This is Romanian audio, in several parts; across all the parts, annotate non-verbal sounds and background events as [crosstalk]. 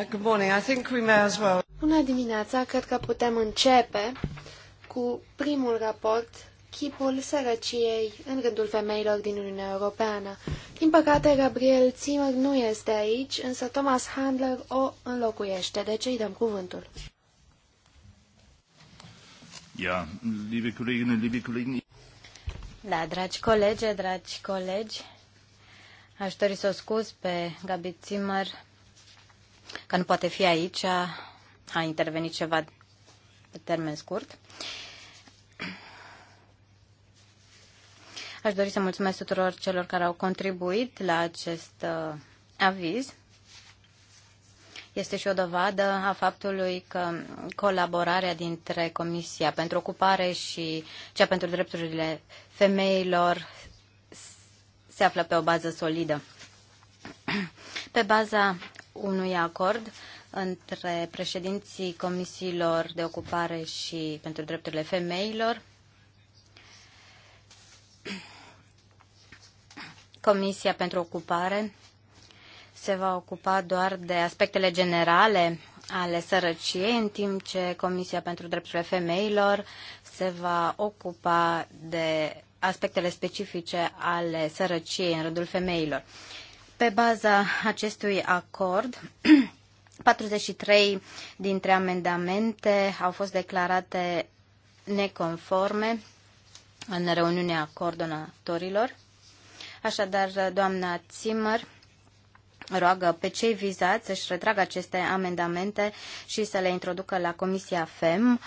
Uh, good morning. I think we may as well. Bună dimineața, cred că putem începe cu primul raport, Chipul sărăciei în rândul femeilor din Uniunea Europeană. Din păcate, Gabriel Zimmer nu este aici, însă Thomas Handler o înlocuiește, deci îi dăm cuvântul. Ja, liebe Kolleginnen, liebe Kollegen. Da, dragi colegi, dragi colegi, aș dori să o scuz pe Gabi Zimmer, că nu poate fi aici, a intervenit ceva pe termen scurt. Aș dori să mulțumesc tuturor celor care au contribuit la acest uh, aviz. Este și o dovadă a faptului că colaborarea dintre Comisia pentru Ocupare și cea pentru drepturile femeilor se află pe o bază solidă. Pe baza unui acord între președinții comisiilor de ocupare și pentru drepturile femeilor, Comisia pentru Ocupare se va ocupa doar de aspectele generale ale sărăciei, în timp ce Comisia pentru Drepturile Femeilor se va ocupa de aspectele specifice ale sărăciei în rândul femeilor. Pe baza acestui acord, 43 [clears throat] dintre amendamente au fost declarate neconforme în reuniunea coordonatorilor. Așadar, doamna Zimmer roagă pe cei vizați să-și retragă aceste amendamente și să le introducă la Comisia FEM.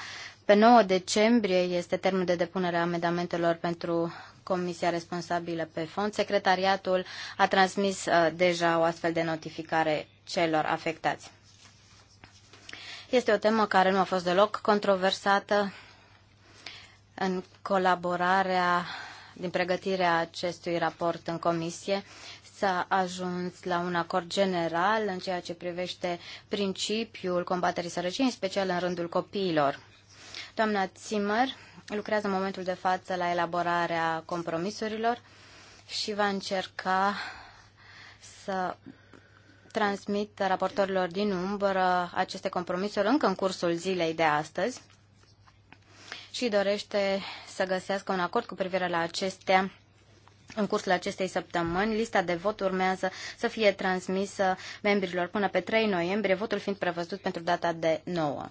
Pe 9 decembrie este termenul de depunere a amendamentelor pentru comisia responsabilă pe fond. Secretariatul a transmis uh, deja o astfel de notificare celor afectați. Este o temă care nu a fost deloc controversată în colaborarea din pregătirea acestui raport în comisie s-a ajuns la un acord general în ceea ce privește principiul combaterii sărăciei, în special în rândul copiilor. Doamna Zimmer lucrează în momentul de față la elaborarea compromisurilor și va încerca să transmit raportorilor din umbră aceste compromisuri încă în cursul zilei de astăzi și dorește să găsească un acord cu privire la acestea în cursul acestei săptămâni. Lista de vot urmează să fie transmisă membrilor până pe 3 noiembrie, votul fiind prevăzut pentru data de 9.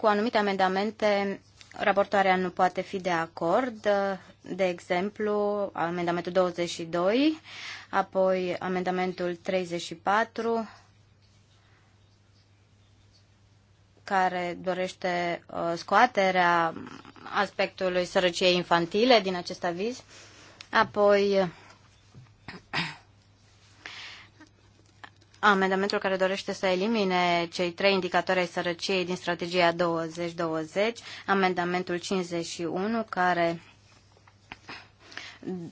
Cu anumite amendamente, raportoarea nu poate fi de acord, de exemplu, amendamentul 22, apoi amendamentul 34, care dorește uh, scoaterea aspectului sărăciei infantile din acest aviz, apoi amendamentul care dorește să elimine cei trei indicatori ai sărăciei din strategia 2020, amendamentul 51 care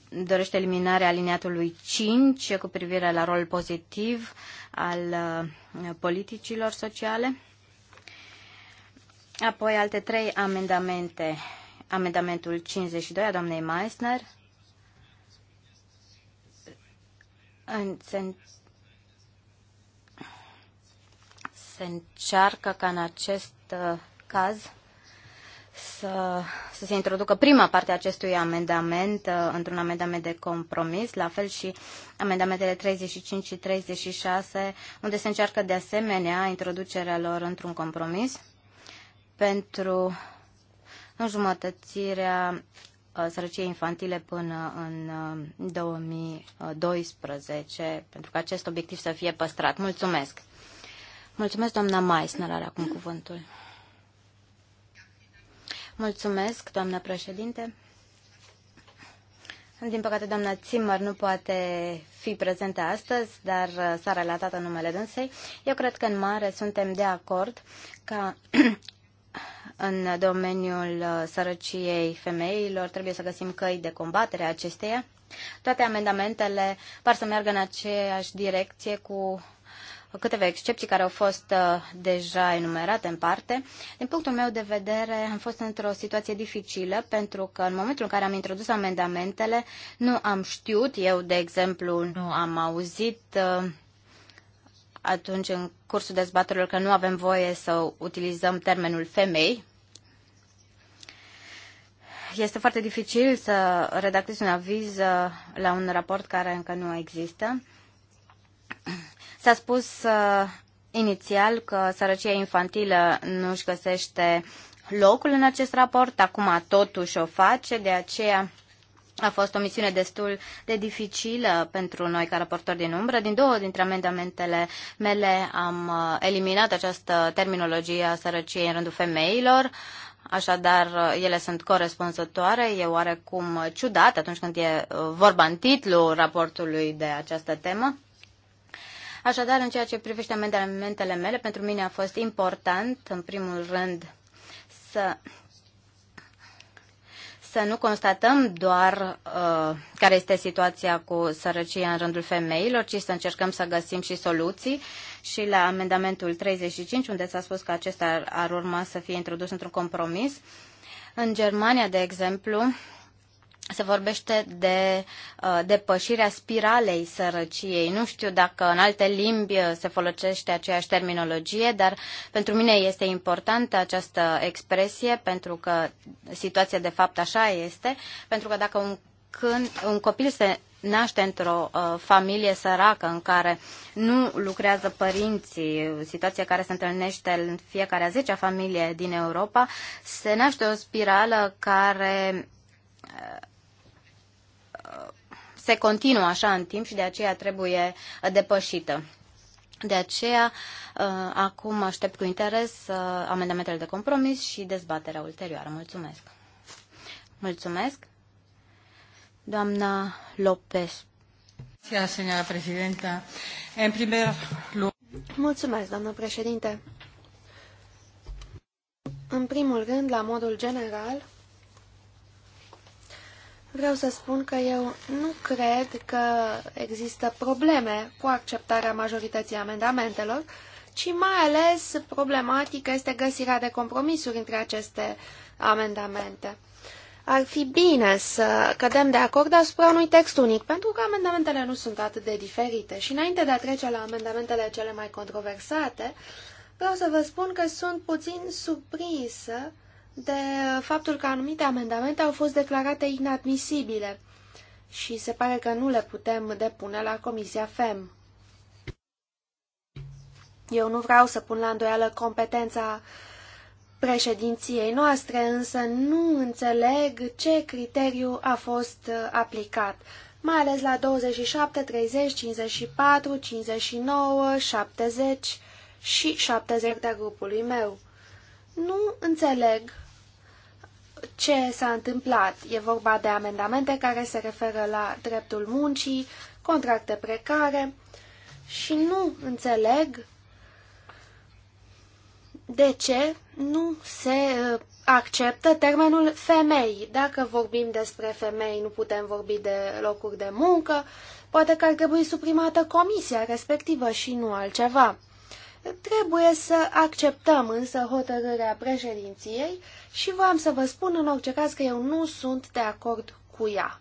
dorește eliminarea aliniatului 5 cu privire la rol pozitiv al uh, politicilor sociale. Apoi alte trei amendamente. Amendamentul 52 a doamnei Meissner în sens se încearcă ca în acest uh, caz să, să se introducă prima parte a acestui amendament uh, într-un amendament de compromis, la fel și amendamentele 35 și 36, unde se încearcă de asemenea introducerea lor într-un compromis pentru înjumătățirea uh, sărăciei infantile până în 2012, pentru că acest obiectiv să fie păstrat. Mulțumesc! Mulțumesc, doamna Meissner, are acum cuvântul. Mulțumesc, doamna președinte. Din păcate, doamna Zimmer nu poate fi prezentă astăzi, dar uh, s-a relatat în numele dânsei. Eu cred că în mare suntem de acord ca [clears throat] în domeniul uh, sărăciei femeilor trebuie să găsim căi de combatere a acesteia. Toate amendamentele par să meargă în aceeași direcție cu câteva excepții care au fost uh, deja enumerate în parte. Din punctul meu de vedere, am fost într-o situație dificilă pentru că în momentul în care am introdus amendamentele, nu am știut, eu de exemplu, nu am auzit uh, atunci în cursul dezbaterilor că nu avem voie să utilizăm termenul femei. Este foarte dificil să redactezi un aviz uh, la un raport care încă nu există. S-a spus uh, inițial că sărăcia infantilă nu își găsește locul în acest raport, acum totuși o face, de aceea a fost o misiune destul de dificilă pentru noi ca raportori din umbră. Din două dintre amendamentele mele am uh, eliminat această terminologie a sărăciei în rândul femeilor. Așadar, uh, ele sunt corespunzătoare, e oarecum ciudat atunci când e uh, vorba în titlul raportului de această temă. Așadar, în ceea ce privește amendamentele mele, pentru mine a fost important, în primul rând, să să nu constatăm doar uh, care este situația cu sărăcia în rândul femeilor, ci să încercăm să găsim și soluții. Și la amendamentul 35, unde s-a spus că acesta ar, ar urma să fie introdus într-un compromis, în Germania, de exemplu, se vorbește de uh, depășirea spiralei sărăciei. Nu știu dacă în alte limbi uh, se folosește aceeași terminologie, dar pentru mine este importantă această expresie pentru că situația de fapt așa este, pentru că dacă un, când, un copil se naște într-o uh, familie săracă în care nu lucrează părinții, situația care se întâlnește în fiecare a zecea familie din Europa, se naște o spirală care uh, se continuă așa în timp și de aceea trebuie depășită. De aceea, uh, acum aștept cu interes uh, amendamentele de compromis și dezbaterea ulterioară. Mulțumesc! Mulțumesc! Doamna Lopez. Mulțumesc, doamnă președinte. În primul rând, la modul general, Vreau să spun că eu nu cred că există probleme cu acceptarea majorității amendamentelor, ci mai ales problematică este găsirea de compromisuri între aceste amendamente. Ar fi bine să cădem de acord asupra unui text unic, pentru că amendamentele nu sunt atât de diferite. Și înainte de a trece la amendamentele cele mai controversate, vreau să vă spun că sunt puțin surprinsă de faptul că anumite amendamente au fost declarate inadmisibile și se pare că nu le putem depune la Comisia FEM. Eu nu vreau să pun la îndoială competența președinției noastre, însă nu înțeleg ce criteriu a fost aplicat, mai ales la 27, 30, 54, 59, 70 și 70 de grupului meu. Nu înțeleg ce s-a întâmplat. E vorba de amendamente care se referă la dreptul muncii, contracte precare și nu înțeleg de ce nu se uh, acceptă termenul femei. Dacă vorbim despre femei, nu putem vorbi de locuri de muncă, poate că ar trebui suprimată comisia respectivă și nu altceva. Trebuie să acceptăm însă hotărârea președinției și voiam să vă spun în orice caz că eu nu sunt de acord cu ea.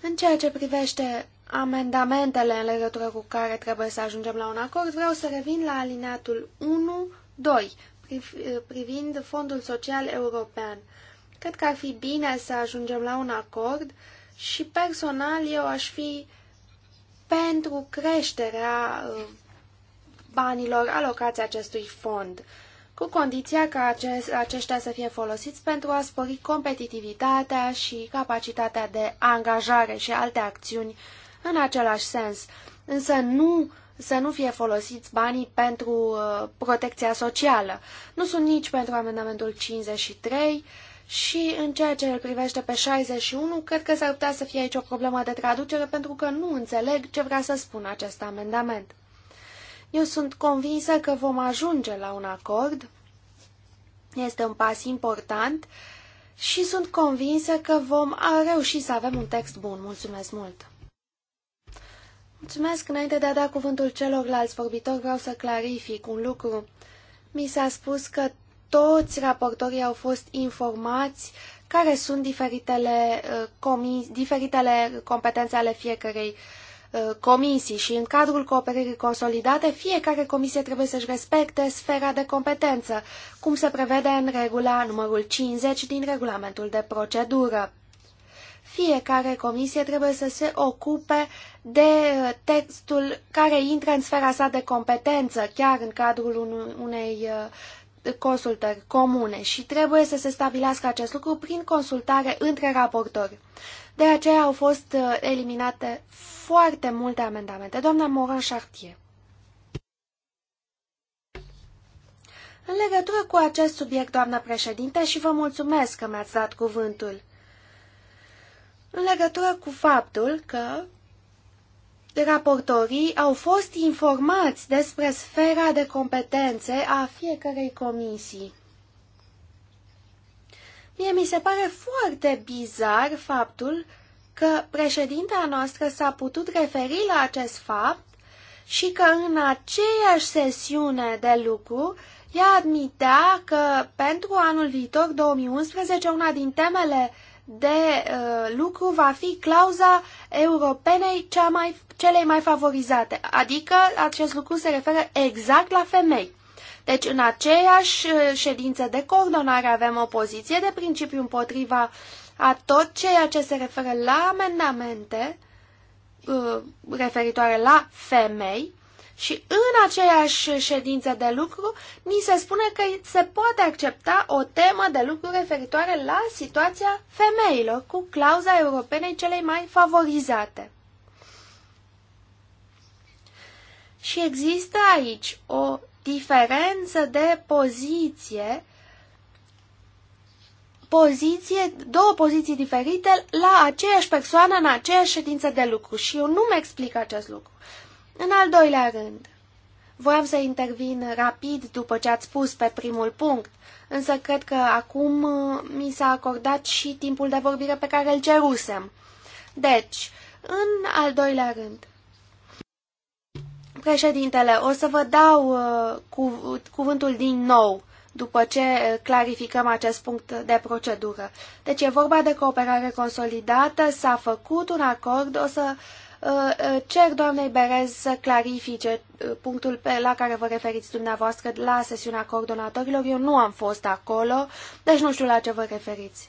În ceea ce privește amendamentele în legătură cu care trebuie să ajungem la un acord, vreau să revin la alineatul 1-2, privind Fondul Social European. Cred că ar fi bine să ajungem la un acord și personal eu aș fi uh, pentru creșterea uh, banilor alocați acestui fond, cu condiția ca aceștia să fie folosiți pentru a spori competitivitatea și capacitatea de angajare și alte acțiuni în același sens, însă nu să nu fie folosiți banii pentru uh, protecția socială. Nu sunt nici pentru amendamentul 53, și în ceea ce îl privește pe 61, cred că s-ar putea să fie aici o problemă de traducere pentru că nu înțeleg ce vrea să spună acest amendament. Eu sunt convinsă că vom ajunge la un acord. Este un pas important și sunt convinsă că vom reuși să avem un text bun. Mulțumesc mult! Mulțumesc! Înainte de a da cuvântul celorlalți vorbitori, vreau să clarific un lucru. Mi s-a spus că toți raportorii au fost informați care sunt diferitele, uh, comis, diferitele competențe ale fiecărei uh, comisii și în cadrul cooperării consolidate, fiecare comisie trebuie să-și respecte sfera de competență, cum se prevede în regula numărul 50 din regulamentul de procedură. Fiecare comisie trebuie să se ocupe de uh, textul care intră în sfera sa de competență, chiar în cadrul unei consultări comune și trebuie să se stabilească acest lucru prin consultare între raportori. De aceea au fost uh, eliminate foarte multe amendamente. Doamna Moran Chartier. În legătură cu acest subiect, doamna președinte, și vă mulțumesc că mi-ați dat cuvântul. În legătură cu faptul că raportorii au fost informați despre sfera de competențe a fiecărei comisii. Mie mi se pare foarte bizar faptul că președinta noastră s-a putut referi la acest fapt și că în aceeași sesiune de lucru ea admitea că pentru anul viitor 2011 una din temele uh, de uh, lucru va fi clauza europenei cea mai, celei mai favorizate, adică acest lucru se referă exact la femei. Deci în aceeași uh, ședință de coordonare avem o poziție de principiu împotriva a tot ceea ce se referă la amendamente uh, referitoare la femei, și în aceeași ședință de lucru, ni se spune că se poate accepta o temă de lucru referitoare la situația femeilor, cu clauza europenei celei mai favorizate. Și există aici o diferență de poziție, poziție, două poziții diferite la aceeași persoană în aceeași ședință de lucru. Și eu nu mi explic acest lucru. În al doilea rând, voiam să intervin rapid după ce ați spus pe primul punct, însă cred că acum uh, mi s-a acordat și timpul de vorbire pe care îl cerusem. Deci, în al doilea rând, președintele, o să vă dau uh, cuvântul din nou după ce uh, clarificăm acest punct de procedură. Deci e vorba de cooperare consolidată, s-a făcut un acord, o să Uh, uh, cer doamnei Berez să clarifice uh, punctul pe la care vă referiți dumneavoastră la sesiunea coordonatorilor. Eu nu am fost acolo, deci nu știu la ce vă referiți.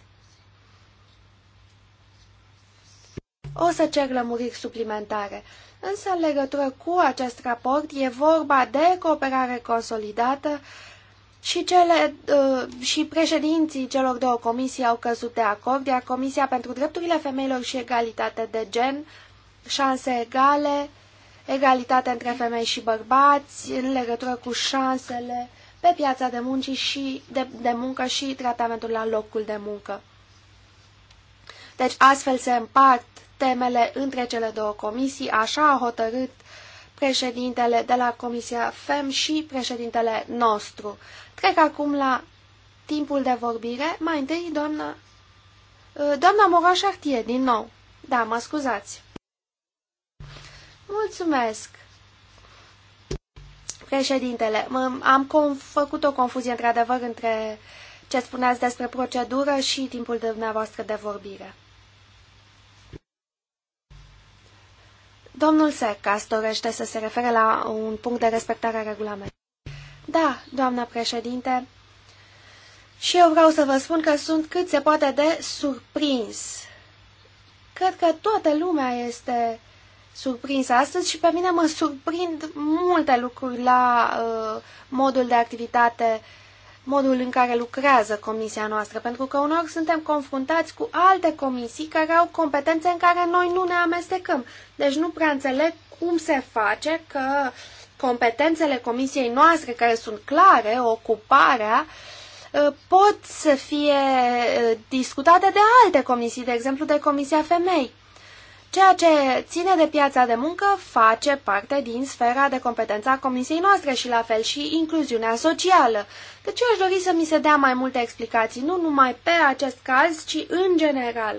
O să cer lămuriri suplimentare. Însă, în legătură cu acest raport, e vorba de cooperare consolidată și, cele, și președinții celor două comisii au căzut de acord, iar Comisia pentru Drepturile Femeilor și Egalitate de Gen șanse egale, egalitate între femei și bărbați, în legătură cu șansele pe piața de, muncii și de, de muncă și tratamentul la locul de muncă. Deci astfel se împart temele între cele două comisii, așa a hotărât președintele de la Comisia FEM și președintele nostru. Trec acum la timpul de vorbire. Mai întâi, doamna... Doamna Moroșartie, din nou. Da, mă scuzați. Mulțumesc! Președintele, am făcut o confuzie într-adevăr între ce spuneați despre procedură și timpul dumneavoastră de vorbire. Domnul Sercas dorește să se refere la un punct de respectare a regulamentului. Da, doamnă președinte, și eu vreau să vă spun că sunt cât se poate de surprins. Cred că toată lumea este surprins astăzi și pe mine mă surprind multe lucruri la uh, modul de activitate, modul în care lucrează comisia noastră, pentru că uneori suntem confruntați cu alte comisii care au competențe în care noi nu ne amestecăm. Deci nu prea înțeleg cum se face că competențele comisiei noastre, care sunt clare, ocuparea, uh, pot să fie uh, discutate de alte comisii, de exemplu de Comisia Femei Ceea ce ține de piața de muncă face parte din sfera de competență a comisiei noastre și la fel și incluziunea socială. Deci eu aș dori să mi se dea mai multe explicații, nu numai pe acest caz, ci în general.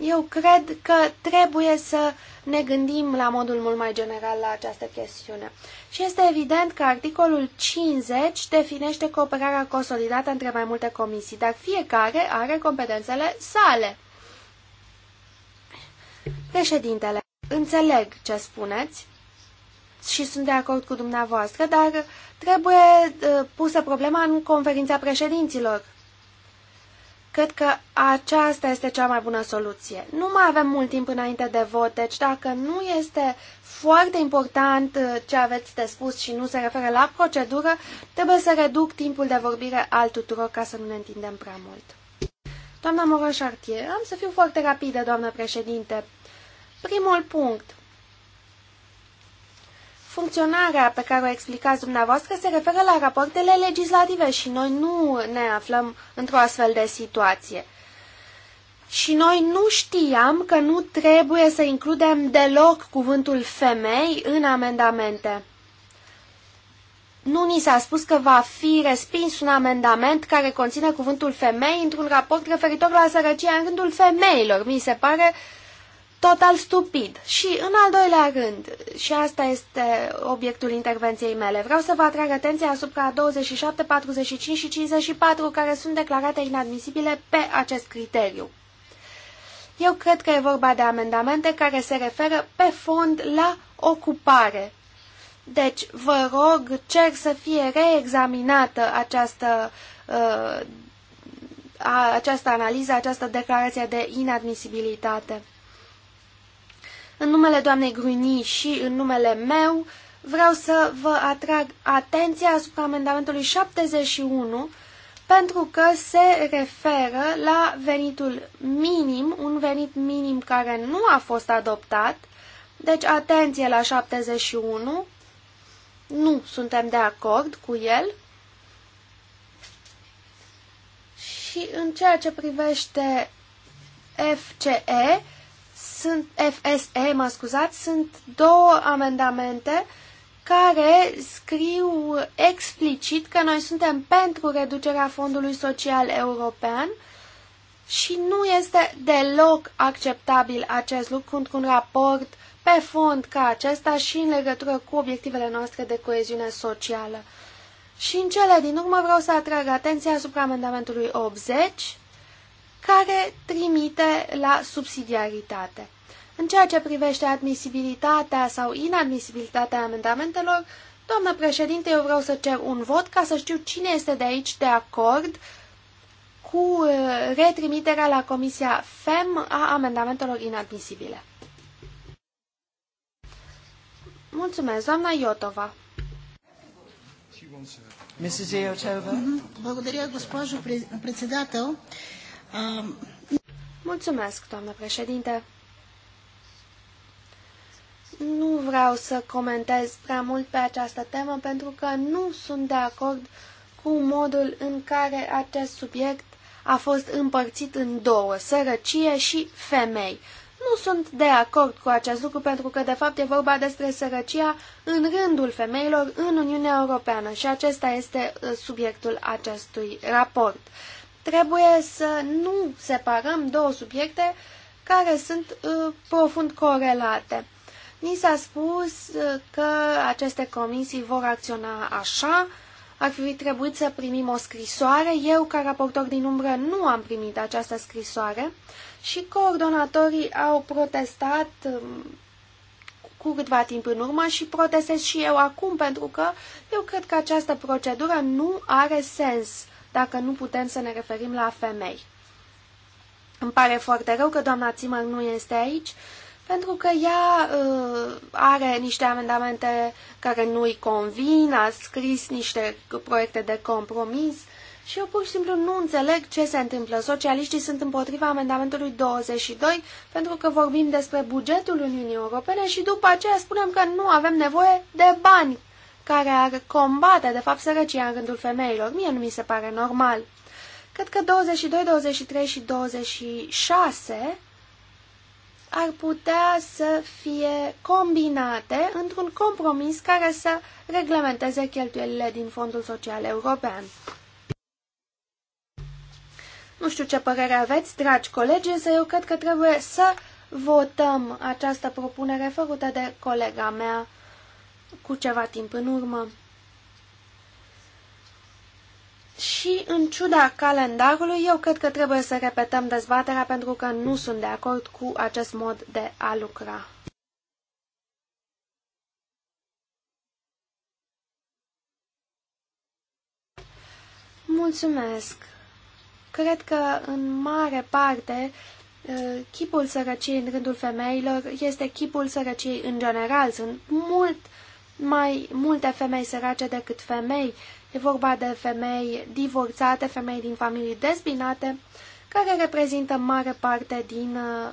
Eu cred că trebuie să ne gândim la modul mult mai general la această chestiune. Și este evident că articolul 50 definește cooperarea consolidată între mai multe comisii, dar fiecare are competențele sale. Președintele, înțeleg ce spuneți și sunt de acord cu dumneavoastră, dar trebuie uh, pusă problema în conferința președinților. Cred că aceasta este cea mai bună soluție. Nu mai avem mult timp înainte de vot, deci dacă nu este foarte important uh, ce aveți de spus și nu se referă la procedură, trebuie să reduc timpul de vorbire al tuturor ca să nu ne întindem prea mult. Doamna Moroșartie, am să fiu foarte rapidă, doamnă președinte. Primul punct. Funcționarea pe care o explicați dumneavoastră se referă la rapoartele legislative și noi nu ne aflăm într-o astfel de situație. Și noi nu știam că nu trebuie să includem deloc cuvântul femei în amendamente. Nu ni s-a spus că va fi respins un amendament care conține cuvântul femei într-un raport referitor la sărăcia în rândul femeilor. Mi se pare uh, total stupid. Și în al doilea rând, și asta este obiectul intervenției mele, vreau să vă atrag atenția asupra 27, 45 și 54 care sunt declarate inadmisibile pe acest criteriu. Eu cred că e vorba de amendamente care se referă pe fond la ocupare. Deci, vă rog, cer să fie reexaminată această, uh, această analiză, această declarație de inadmisibilitate. În numele doamnei Gruni și în numele meu vreau să vă atrag atenția asupra amendamentului 71 pentru că se referă la venitul minim, un venit minim care nu a fost adoptat. Deci atenție la 71, nu suntem de acord cu el. Și în ceea ce privește FCE, sunt, FSE, mă scuzați, sunt două amendamente care scriu explicit că noi suntem pentru reducerea Fondului Social European și nu este deloc acceptabil acest lucru într-un raport pe fond ca acesta și în legătură cu obiectivele noastre de coeziune socială. Și în cele din urmă vreau să atrag atenția asupra amendamentului 80, care trimite la subsidiaritate. În ceea ce privește admisibilitatea sau inadmisibilitatea amendamentelor, doamnă președinte, eu vreau să cer un vot ca să știu cine este de aici de acord cu uh, retrimiterea la Comisia FEM a amendamentelor inadmisibile. Mulțumesc, doamna Iotova. Mrs. Iotova. Mhm. Благодаря, doamnă președinte. Um, Mulțumesc, doamnă președinte. Nu vreau să comentez prea mult pe această temă pentru că nu sunt de acord cu modul în care acest subiect a fost împărțit în două, sărăcie și femei. Nu sunt de acord cu acest lucru pentru că, de fapt, e vorba despre sărăcia în rândul femeilor în Uniunea Europeană și acesta este uh, subiectul acestui raport. Trebuie să nu separăm două subiecte care sunt uh, profund corelate. Ni s-a spus uh, că aceste comisii vor acționa așa, ar fi trebuit să primim o scrisoare, eu ca raportor din umbră nu am primit această scrisoare și coordonatorii au protestat uh, cu câtva timp în urmă și protestez și eu acum pentru că eu cred că această procedură nu are sens dacă nu putem să ne referim la femei. Îmi pare foarte rău că doamna Zimmer nu este aici, pentru că ea uh, are niște amendamente care nu i convin, a scris niște proiecte de compromis și eu pur și simplu nu înțeleg ce se întâmplă. Socialiștii sunt împotriva amendamentului 22 pentru că vorbim despre bugetul Uniunii Europene și după aceea spunem că nu avem nevoie de bani care ar combate, de fapt, sărăcia în rândul femeilor. Mie nu mi se pare normal. Cred că 22, 23 și 26 ar putea să fie combinate într-un compromis care să reglementeze cheltuielile din Fondul Social European. Nu știu ce părere aveți, dragi colegi, însă eu cred că trebuie să votăm această propunere făcută de colega mea, cu ceva timp în urmă. Și, în ciuda calendarului, eu cred că trebuie să repetăm dezbaterea pentru că nu sunt de acord cu acest mod de a lucra. Mulțumesc! Cred că, în mare parte, uh, chipul sărăciei în rândul femeilor este chipul sărăciei în general. Sunt mult uh, mai multe femei sărace decât femei. E vorba de femei divorțate, femei din familii dezbinate, care reprezintă mare parte din uh,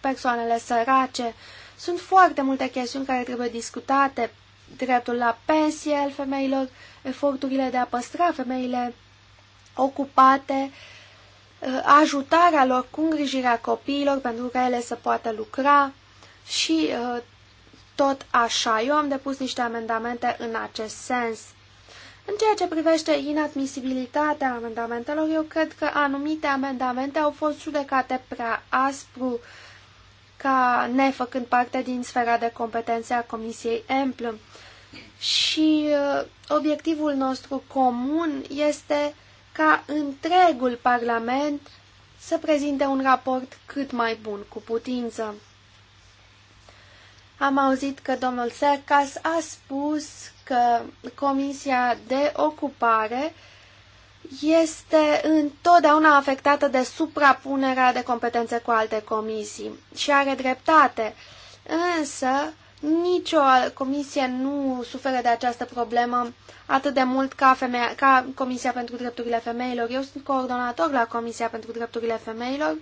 persoanele sărace. Sunt foarte multe chestiuni care trebuie discutate. Dreptul la pensie al femeilor, eforturile de a păstra femeile ocupate, uh, ajutarea lor cu îngrijirea copiilor pentru că ele să poată lucra și uh, tot așa. Eu am depus niște amendamente în acest sens. În ceea ce privește inadmisibilitatea amendamentelor, eu cred că anumite amendamente au fost judecate prea aspru ca nefăcând parte din sfera de competențe a Comisiei Emplă. Și uh, obiectivul nostru comun este ca întregul Parlament să prezinte un raport cât mai bun cu putință. Am auzit că domnul Sercas a spus că Comisia de Ocupare este întotdeauna afectată de suprapunerea de competențe cu alte comisii și are dreptate. Însă, nicio comisie nu suferă de această problemă atât de mult ca, femeia, ca Comisia pentru Drepturile Femeilor. Eu sunt coordonator la Comisia pentru Drepturile Femeilor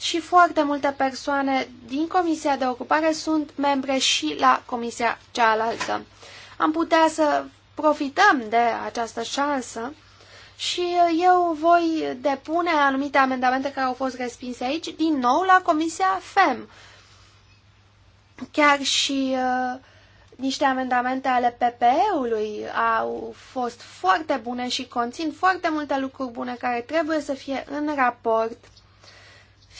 și foarte multe persoane din Comisia de Ocupare sunt membre și la Comisia cealaltă. Am putea să profităm de această șansă și eu voi depune anumite amendamente care au fost respinse aici din nou la Comisia FEM. Chiar și uh, niște amendamente ale PPE-ului au fost foarte bune și conțin foarte multe lucruri bune care trebuie să fie în raport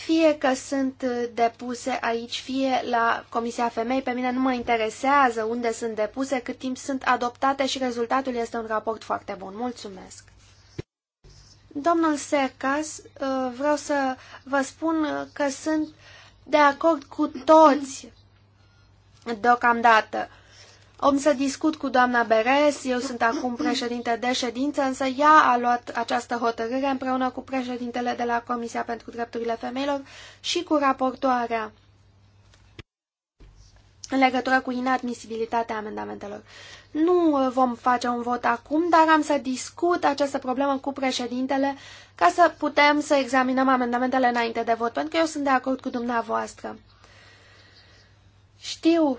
fie că sunt uh, depuse aici, fie la Comisia Femei. Pe mine nu mă interesează unde sunt depuse, cât timp sunt adoptate și rezultatul este un raport foarte bun. Mulțumesc! Domnul Sercas, uh, vreau să vă spun uh, că sunt de acord cu toți deocamdată. Om să discut cu doamna Beres, eu sunt acum președinte de ședință, însă ea a luat această hotărâre împreună cu președintele de la Comisia pentru Drepturile Femeilor și cu raportoarea în legătură cu inadmisibilitatea amendamentelor. Nu uh, vom face un vot acum, dar am să discut această problemă cu președintele ca să putem să examinăm amendamentele înainte de vot, pentru că eu sunt de acord cu dumneavoastră. Știu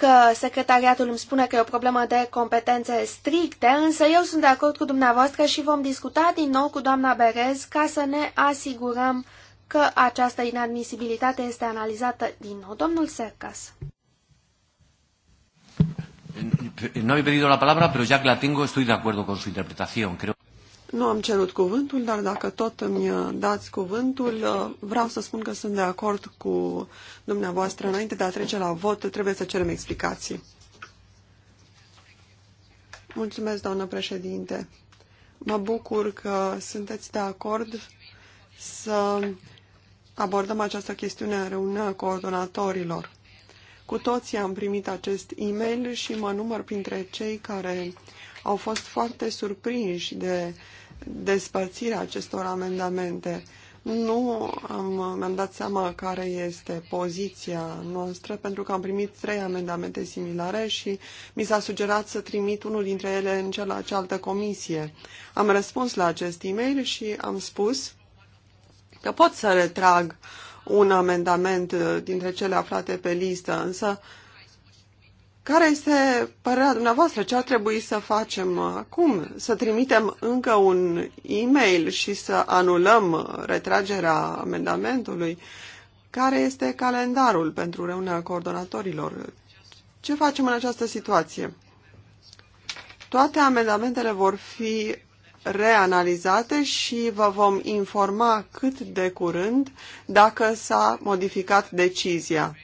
că secretariatul îmi spune că e o problemă de competențe stricte, însă eu sunt de acord cu dumneavoastră și vom discuta din nou cu doamna Berez ca să ne asigurăm că această inadmisibilitate este analizată din nou. Domnul Sercas. No he pedido la palabra, pero ya que la tengo, estoy de acuerdo con su interpretación. Creo... Nu am cerut cuvântul, dar dacă tot îmi uh, dați cuvântul, uh, vreau să spun că sunt de acord cu dumneavoastră. Înainte de a trece la vot, trebuie să cerem explicații. Mulțumesc, doamnă președinte. Mă bucur că sunteți de acord să abordăm această chestiune în reuniunea coordonatorilor. Cu toții am primit acest e-mail și mă număr printre cei care au fost foarte surprinși de despărțirea acestor amendamente. Nu am, mi-am dat seama care este poziția noastră, pentru că am primit trei amendamente similare și mi s-a sugerat să trimit unul dintre ele în cealaltă comisie. Am răspuns la acest e-mail și am spus că pot să retrag un amendament uh, dintre cele aflate pe listă, însă uh, care este părerea dumneavoastră? Ce ar trebui să facem acum? Să trimitem încă un e-mail și să anulăm retragerea amendamentului? Care este calendarul pentru reunea coordonatorilor? Ce facem în această situație? Toate amendamentele vor fi reanalizate și vă vom informa cât de curând dacă s-a modificat decizia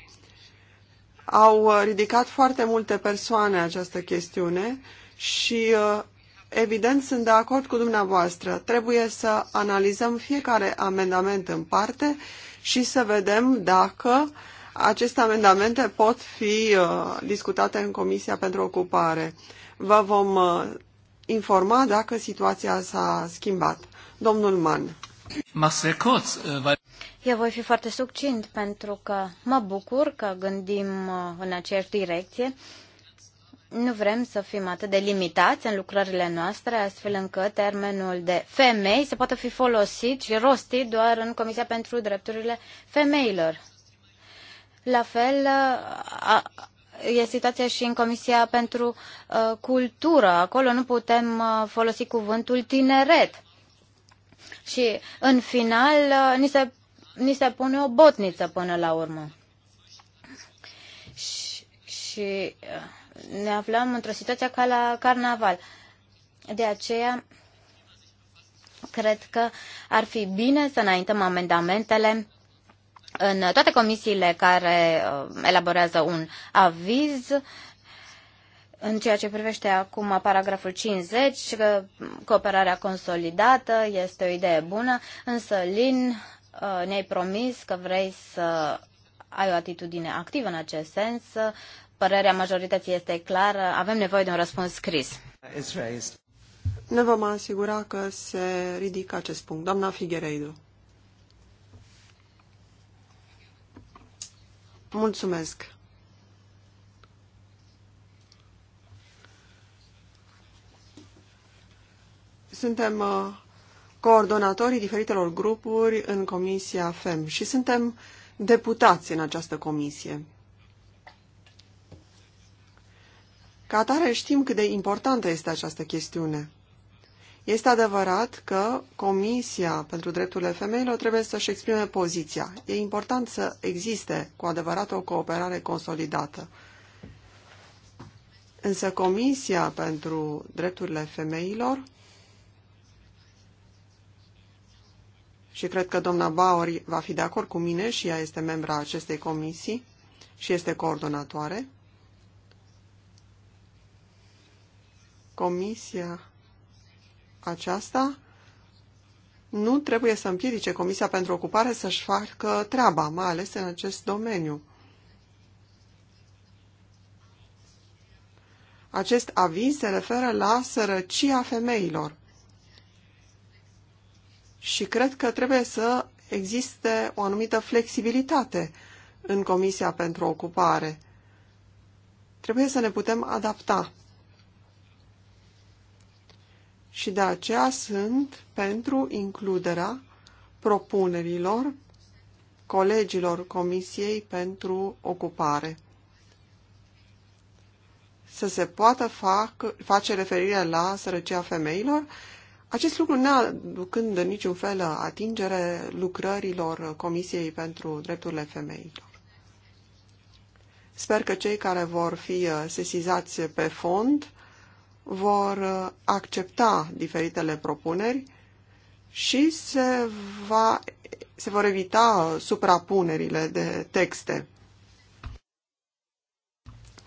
au uh, ridicat foarte multe persoane această chestiune și uh, evident sunt de acord cu dumneavoastră. Trebuie să analizăm fiecare amendament în parte și să vedem dacă aceste amendamente pot fi uh, discutate în Comisia pentru Ocupare. Vă vom informa dacă situația s-a schimbat. Domnul Mann. Eu voi fi foarte succint pentru că mă bucur că gândim uh, în aceeași direcție. Nu vrem să fim atât de limitați în lucrările noastre, astfel încât termenul de femei să poată fi folosit și rostit doar în Comisia pentru Drepturile Femeilor. La fel uh, e situația și în Comisia pentru uh, Cultură. Acolo nu putem folosi cuvântul tineret. Și în final ni se ni se pune o botniță până la urmă. Și, și uh, ne aflăm într-o situație ca la carnaval. De aceea, cred că ar fi bine să înaintăm amendamentele în toate comisiile care uh, elaborează un aviz în ceea ce privește acum paragraful 50, cooperarea consolidată este o idee bună, însă Lin Uh, ne-ai promis că vrei să ai o atitudine activă în acest sens. Părerea majorității este clară. Avem nevoie de un răspuns scris. Ne vom asigura că se ridică acest punct. Doamna Figueiredo. Mulțumesc. Suntem uh, coordonatorii diferitelor grupuri în Comisia FEM și suntem deputați în această comisie. Ca atare știm cât de importantă este această chestiune. Este adevărat că Comisia pentru Drepturile Femeilor trebuie să-și exprime poziția. E important să existe cu adevărat o cooperare consolidată. Însă Comisia pentru Drepturile Femeilor și cred că doamna Bauer va fi de acord cu mine și ea este membra acestei comisii și este coordonatoare. Comisia aceasta nu trebuie să împiedice Comisia pentru Ocupare să-și facă treaba, mai ales în acest domeniu. Acest aviz se referă la sărăcia femeilor și cred că trebuie să existe o anumită flexibilitate în Comisia pentru Ocupare. Trebuie să ne putem adapta. Și de aceea sunt pentru includerea propunerilor colegilor Comisiei pentru Ocupare. Să se poată fac, face referire la sărăcia femeilor acest lucru neaducând în niciun fel atingere lucrărilor Comisiei pentru Drepturile Femeilor. Sper că cei care vor fi uh, sesizați pe fond vor uh, accepta diferitele propuneri și se, va, se vor evita uh, suprapunerile de texte.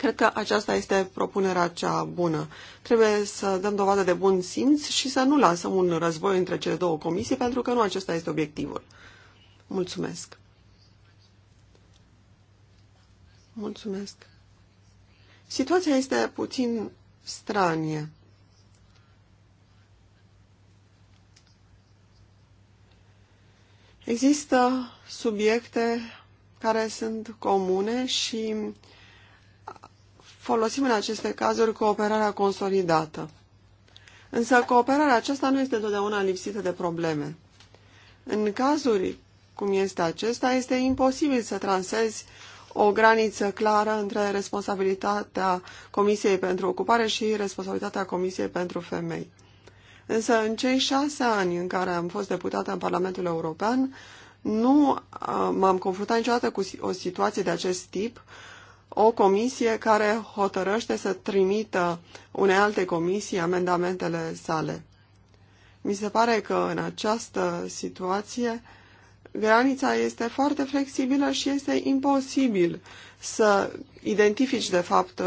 Cred că aceasta este propunerea cea bună. Trebuie să dăm dovadă de bun simț și să nu lansăm un război între cele două comisii, pentru că nu acesta este obiectivul. Mulțumesc. Mulțumesc. Situația este puțin stranie. Există subiecte care sunt comune și uh, folosim în aceste cazuri cooperarea consolidată. Însă cooperarea aceasta nu este totdeauna lipsită de probleme. În cazuri cum este acesta, este imposibil să transezi o graniță clară între responsabilitatea Comisiei pentru Ocupare și responsabilitatea Comisiei pentru Femei. Însă în cei șase ani în care am fost deputată în Parlamentul European, nu uh, m-am confruntat niciodată cu o situație de acest tip, o comisie care hotărăște să trimită unei alte comisii amendamentele sale. Mi se pare că în această situație granița este foarte flexibilă și este imposibil să identifici de fapt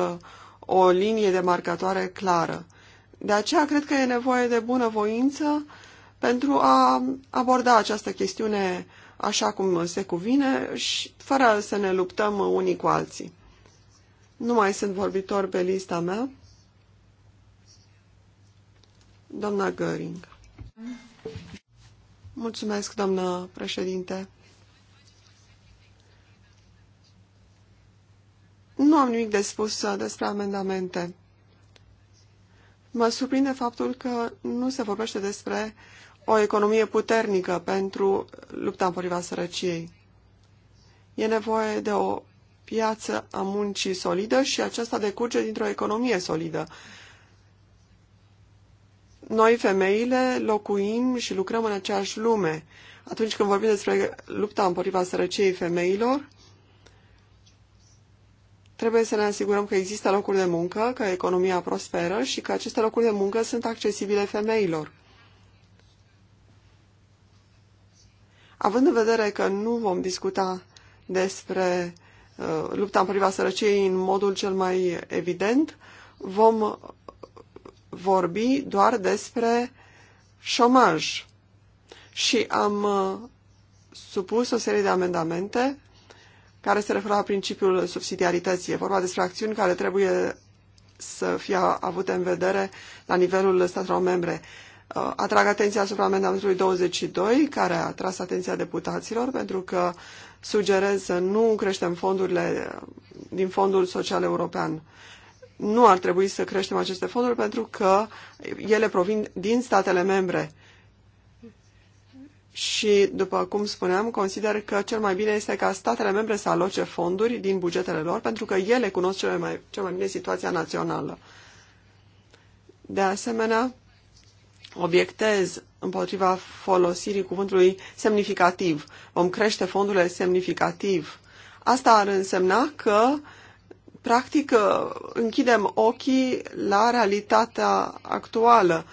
o linie demarcatoare clară. De aceea cred că e nevoie de bună voință pentru a aborda această chestiune așa cum se cuvine și fără să ne luptăm unii cu alții. Nu mai sunt vorbitor pe lista mea. Doamna Göring. Mulțumesc, doamnă președinte. Nu am nimic de spus despre amendamente. Mă surprinde faptul că nu se vorbește despre o economie puternică pentru lupta împotriva sărăciei. E nevoie de o piață a muncii solidă și aceasta decurge dintr-o economie solidă. Noi, femeile, locuim și lucrăm în aceeași lume. Atunci când vorbim despre lupta împotriva sărăciei femeilor, trebuie să ne asigurăm că există locuri de muncă, că economia prosperă și că aceste locuri de muncă sunt accesibile femeilor. Având în vedere că nu vom discuta despre Uh, lupta împotriva sărăciei în modul cel mai evident, vom vorbi doar despre șomaj. Și am uh, supus o serie de amendamente care se referă la principiul subsidiarității. E vorba despre acțiuni care trebuie să fie avute în vedere la nivelul statelor membre. Uh, atrag atenția asupra amendamentului 22, care a tras atenția deputaților, pentru că sugerez să nu creștem fondurile din Fondul Social European. Nu ar trebui să creștem aceste fonduri pentru că ele provin din statele membre. Și, după cum spuneam, consider că cel mai bine este ca statele membre să aloce fonduri din bugetele lor, pentru că ele cunosc cel mai, cel mai bine situația națională. De asemenea, obiectez împotriva folosirii cuvântului semnificativ. Vom crește fondurile semnificativ. Asta ar însemna că, practic, închidem ochii la realitatea actuală.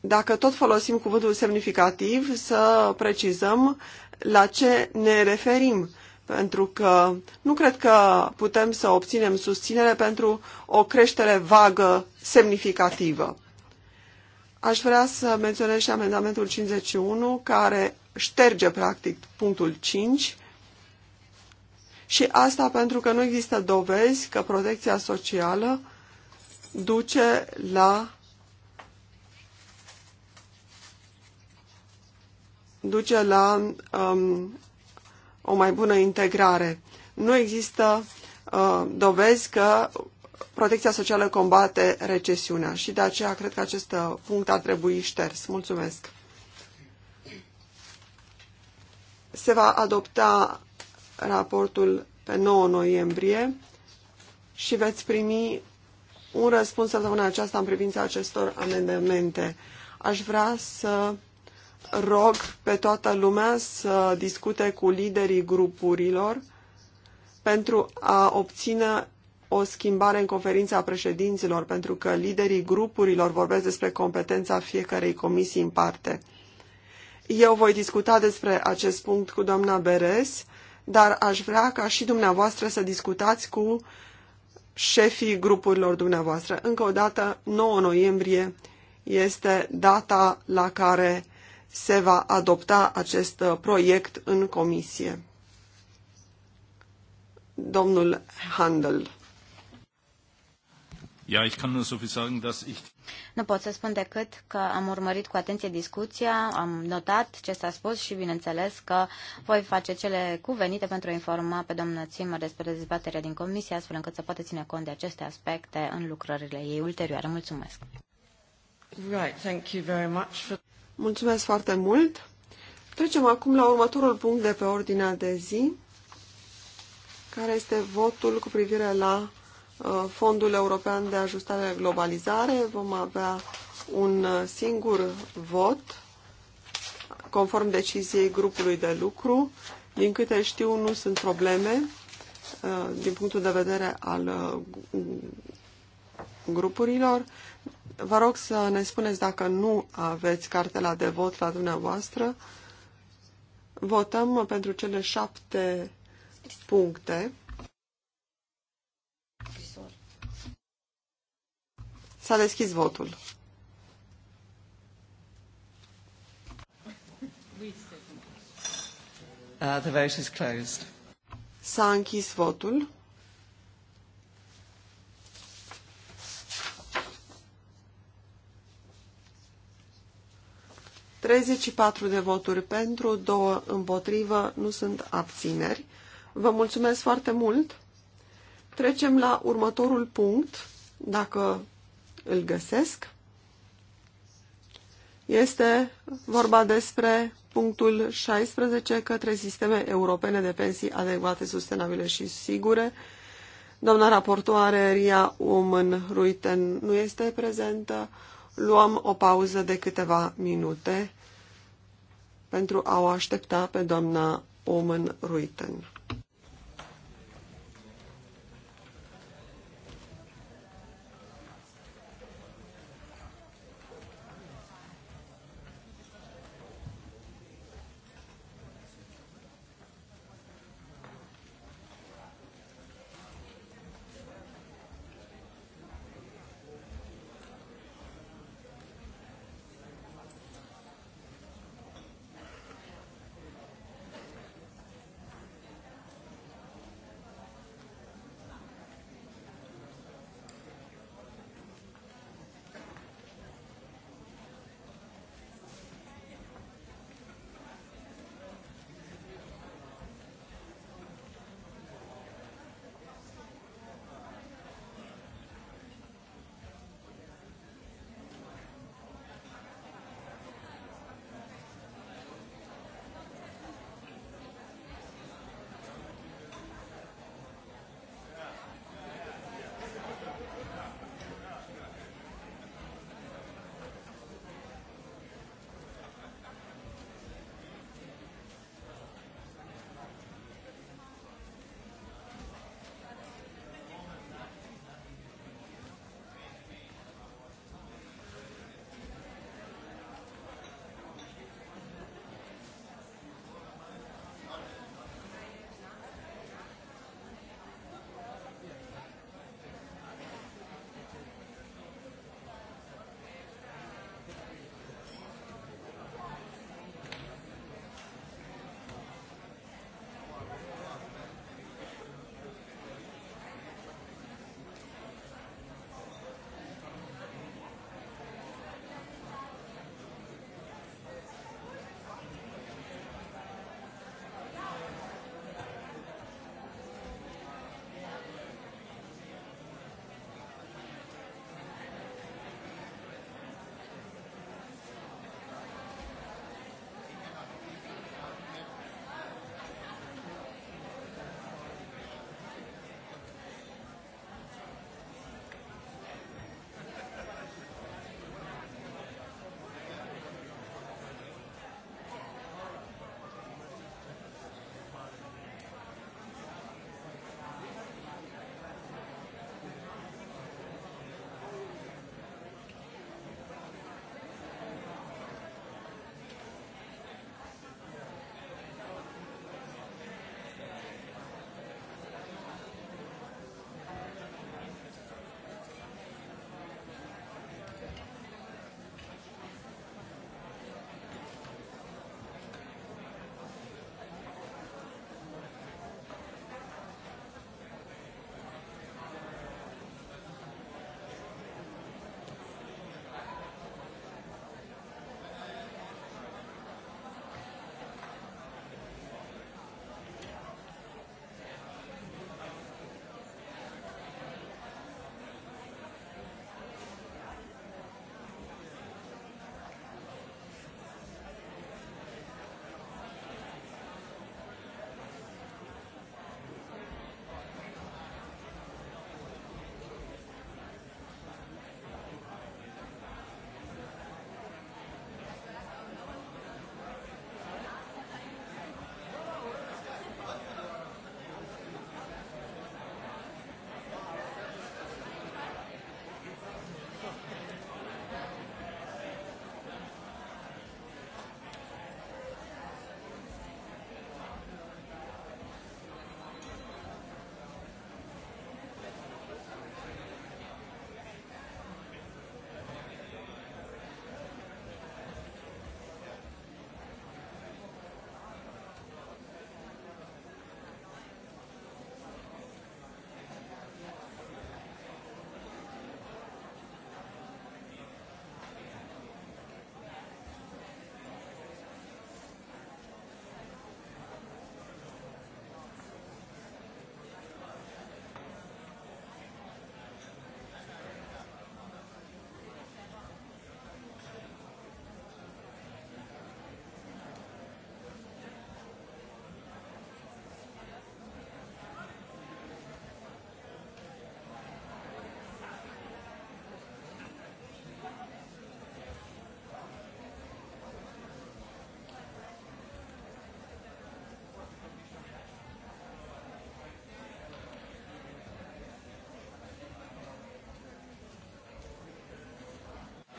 Dacă tot folosim cuvântul semnificativ, să precizăm la ce ne referim pentru că nu cred că putem să obținem susținere pentru o creștere vagă semnificativă. Aș vrea să menționez și amendamentul 51, care șterge, practic, punctul 5. Și asta pentru că nu există dovezi că protecția socială duce la duce la um, o mai bună integrare. Nu există uh, dovezi că protecția socială combate recesiunea și de aceea cred că acest uh, punct ar trebui șters. Mulțumesc. Se va adopta raportul pe 9 noiembrie și veți primi un răspuns săptămâna aceasta în privința acestor amendamente. Aș vrea să rog pe toată lumea să discute cu liderii grupurilor pentru a obține o schimbare în conferința președinților, pentru că liderii grupurilor vorbesc despre competența fiecarei comisii în parte. Eu voi discuta despre acest punct cu doamna Beres, dar aș vrea ca și dumneavoastră să discutați cu șefii grupurilor dumneavoastră. Încă o dată, 9 noiembrie este data la care se va adopta acest proiect în comisie. Domnul Handel. Nu pot să spun decât că am urmărit cu atenție discuția, am notat ce s-a spus și bineînțeles că voi face cele cuvenite pentru a informa pe doamna Țimă despre dezbaterea din comisie, astfel încât să poată ține cont de aceste aspecte în lucrările ei ulterioare. Mulțumesc! Right, thank you very much for... Mulțumesc foarte mult! Trecem acum la următorul punct de pe ordinea de zi, care este votul cu privire la Fondul European de Ajustare la Globalizare. Vom avea un singur vot conform deciziei grupului de lucru. Din câte știu, nu sunt probleme uh, din punctul de vedere al uh, grupurilor. Vă rog să ne spuneți dacă nu aveți cartela de vot la dumneavoastră. Votăm pentru cele șapte puncte. S-a deschis votul. Uh, the vote is closed. S-a închis votul. Treizeci și patru de voturi pentru, două împotrivă, nu sunt abțineri. Vă mulțumesc foarte mult. Trecem la următorul punct, dacă îl găsesc. Este vorba despre punctul 16 către sisteme europene de pensii adecvate, sustenabile și sigure. Doamna raportoare Ria Umân Ruiten nu este prezentă. Luăm o pauză de câteva minute pentru a o aștepta pe doamna Omen Ruiten.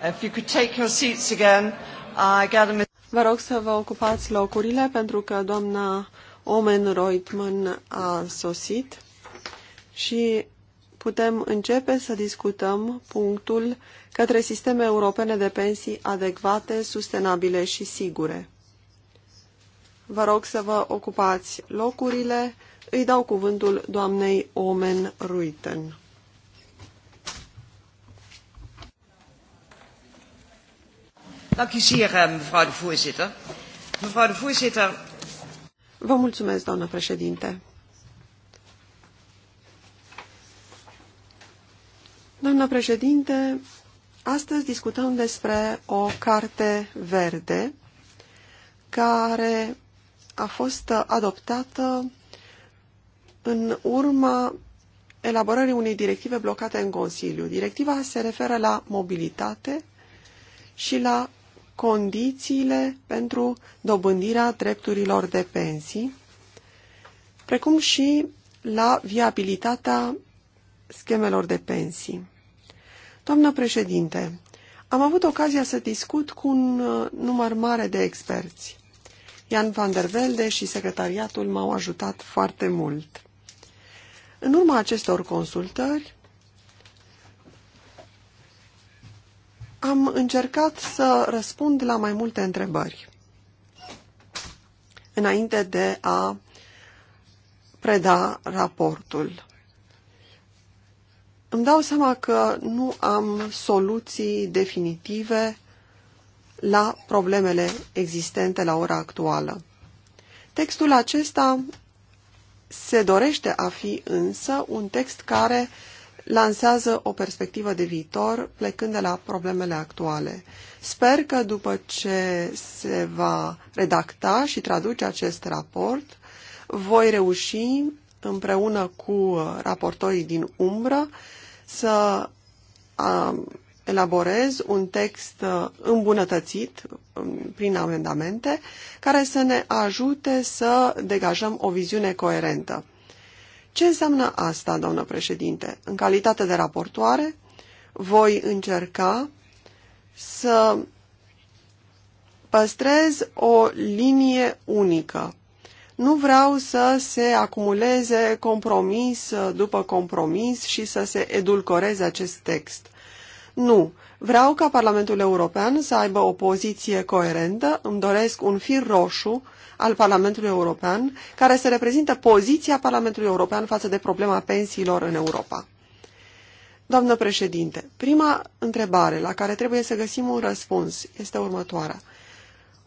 If you could take your seats again, I gather... Vă rog să vă ocupați locurile pentru că doamna Omen Reutmann a sosit și putem începe să discutăm punctul către sisteme europene de pensii adecvate, sustenabile și sigure. Vă rog să vă ocupați locurile. Îi dau cuvântul doamnei Omen Ruiten. Dank u zeer, eh, mevrouw de voorzitter. Mevrouw de voorzitter. Vă mulțumesc, doamnă președinte. Doamnă președinte, astăzi discutăm despre o carte verde care a fost adoptată în urma elaborării unei directive blocate în Consiliu. Directiva se referă la mobilitate și la condițiile pentru dobândirea drepturilor de pensii, precum și la viabilitatea schemelor de pensii. Doamnă președinte, am avut ocazia să discut cu un uh, număr mare de experți. Ian van der Velde și secretariatul m-au ajutat foarte mult. În urma acestor consultări, am încercat să răspund la mai multe întrebări înainte de a preda raportul. Îmi dau seama că nu am soluții definitive la problemele existente la ora actuală. Textul acesta se dorește a fi însă un text care uh, lansează o perspectivă de viitor plecând de la problemele actuale. Sper că după ce se va redacta și traduce acest raport, voi reuși împreună cu raportorii din umbră să elaborez un text îmbunătățit um, prin amendamente care să ne ajute să degajăm o viziune coerentă. Ce înseamnă asta, doamnă președinte? În calitate de raportoare, voi încerca să păstrez o linie unică. Nu vreau să se acumuleze compromis după compromis și să se edulcoreze acest text. Nu. Vreau ca Parlamentul European să aibă o poziție coerentă, îmi doresc un fir roșu al Parlamentului European, care se reprezintă poziția Parlamentului European față de problema pensiilor în Europa. Doamnă președinte, prima întrebare la care trebuie să găsim un răspuns este următoarea.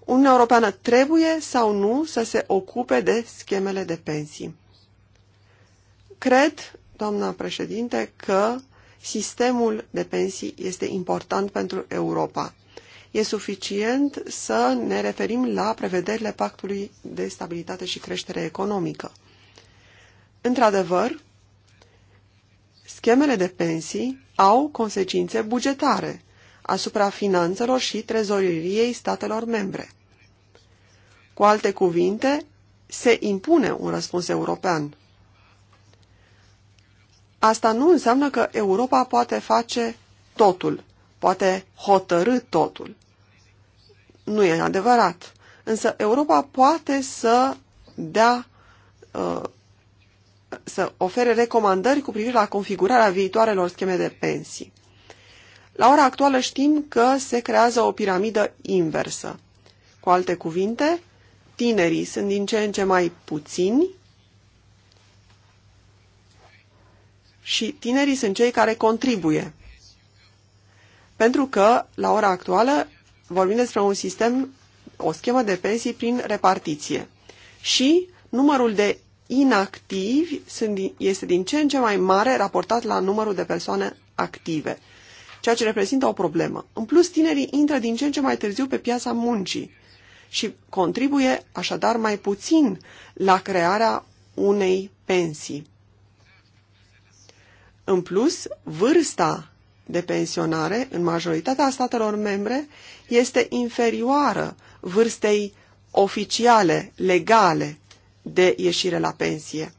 Uniunea Europeană trebuie sau nu să se ocupe de schemele de pensii? Cred, doamna președinte, că sistemul de pensii este important pentru Europa e suficient să ne referim la prevederile Pactului de Stabilitate și Creștere Economică. Într-adevăr, schemele de pensii au consecințe bugetare asupra finanțelor și trezoreriei statelor membre. Cu alte cuvinte, se impune un răspuns european. Asta nu înseamnă că Europa poate face totul, poate hotărâ totul nu e adevărat. Însă Europa poate să dea uh, să ofere recomandări cu privire la configurarea viitoarelor scheme de pensii. La ora actuală știm că se creează o piramidă inversă. Cu alte cuvinte, tinerii sunt din ce în ce mai puțini și tinerii sunt cei care contribuie. Pentru că, la ora actuală, vorbim despre un sistem, o schemă de pensii prin repartiție. Și numărul de inactivi sunt, este din ce în ce mai mare raportat la numărul de persoane active, ceea ce reprezintă o problemă. În plus, tinerii intră din ce în ce mai târziu pe piața muncii și contribuie așadar mai puțin la crearea unei pensii. În plus, vârsta de pensionare în majoritatea statelor membre este inferioară vârstei oficiale, legale, de ieșire la pensie.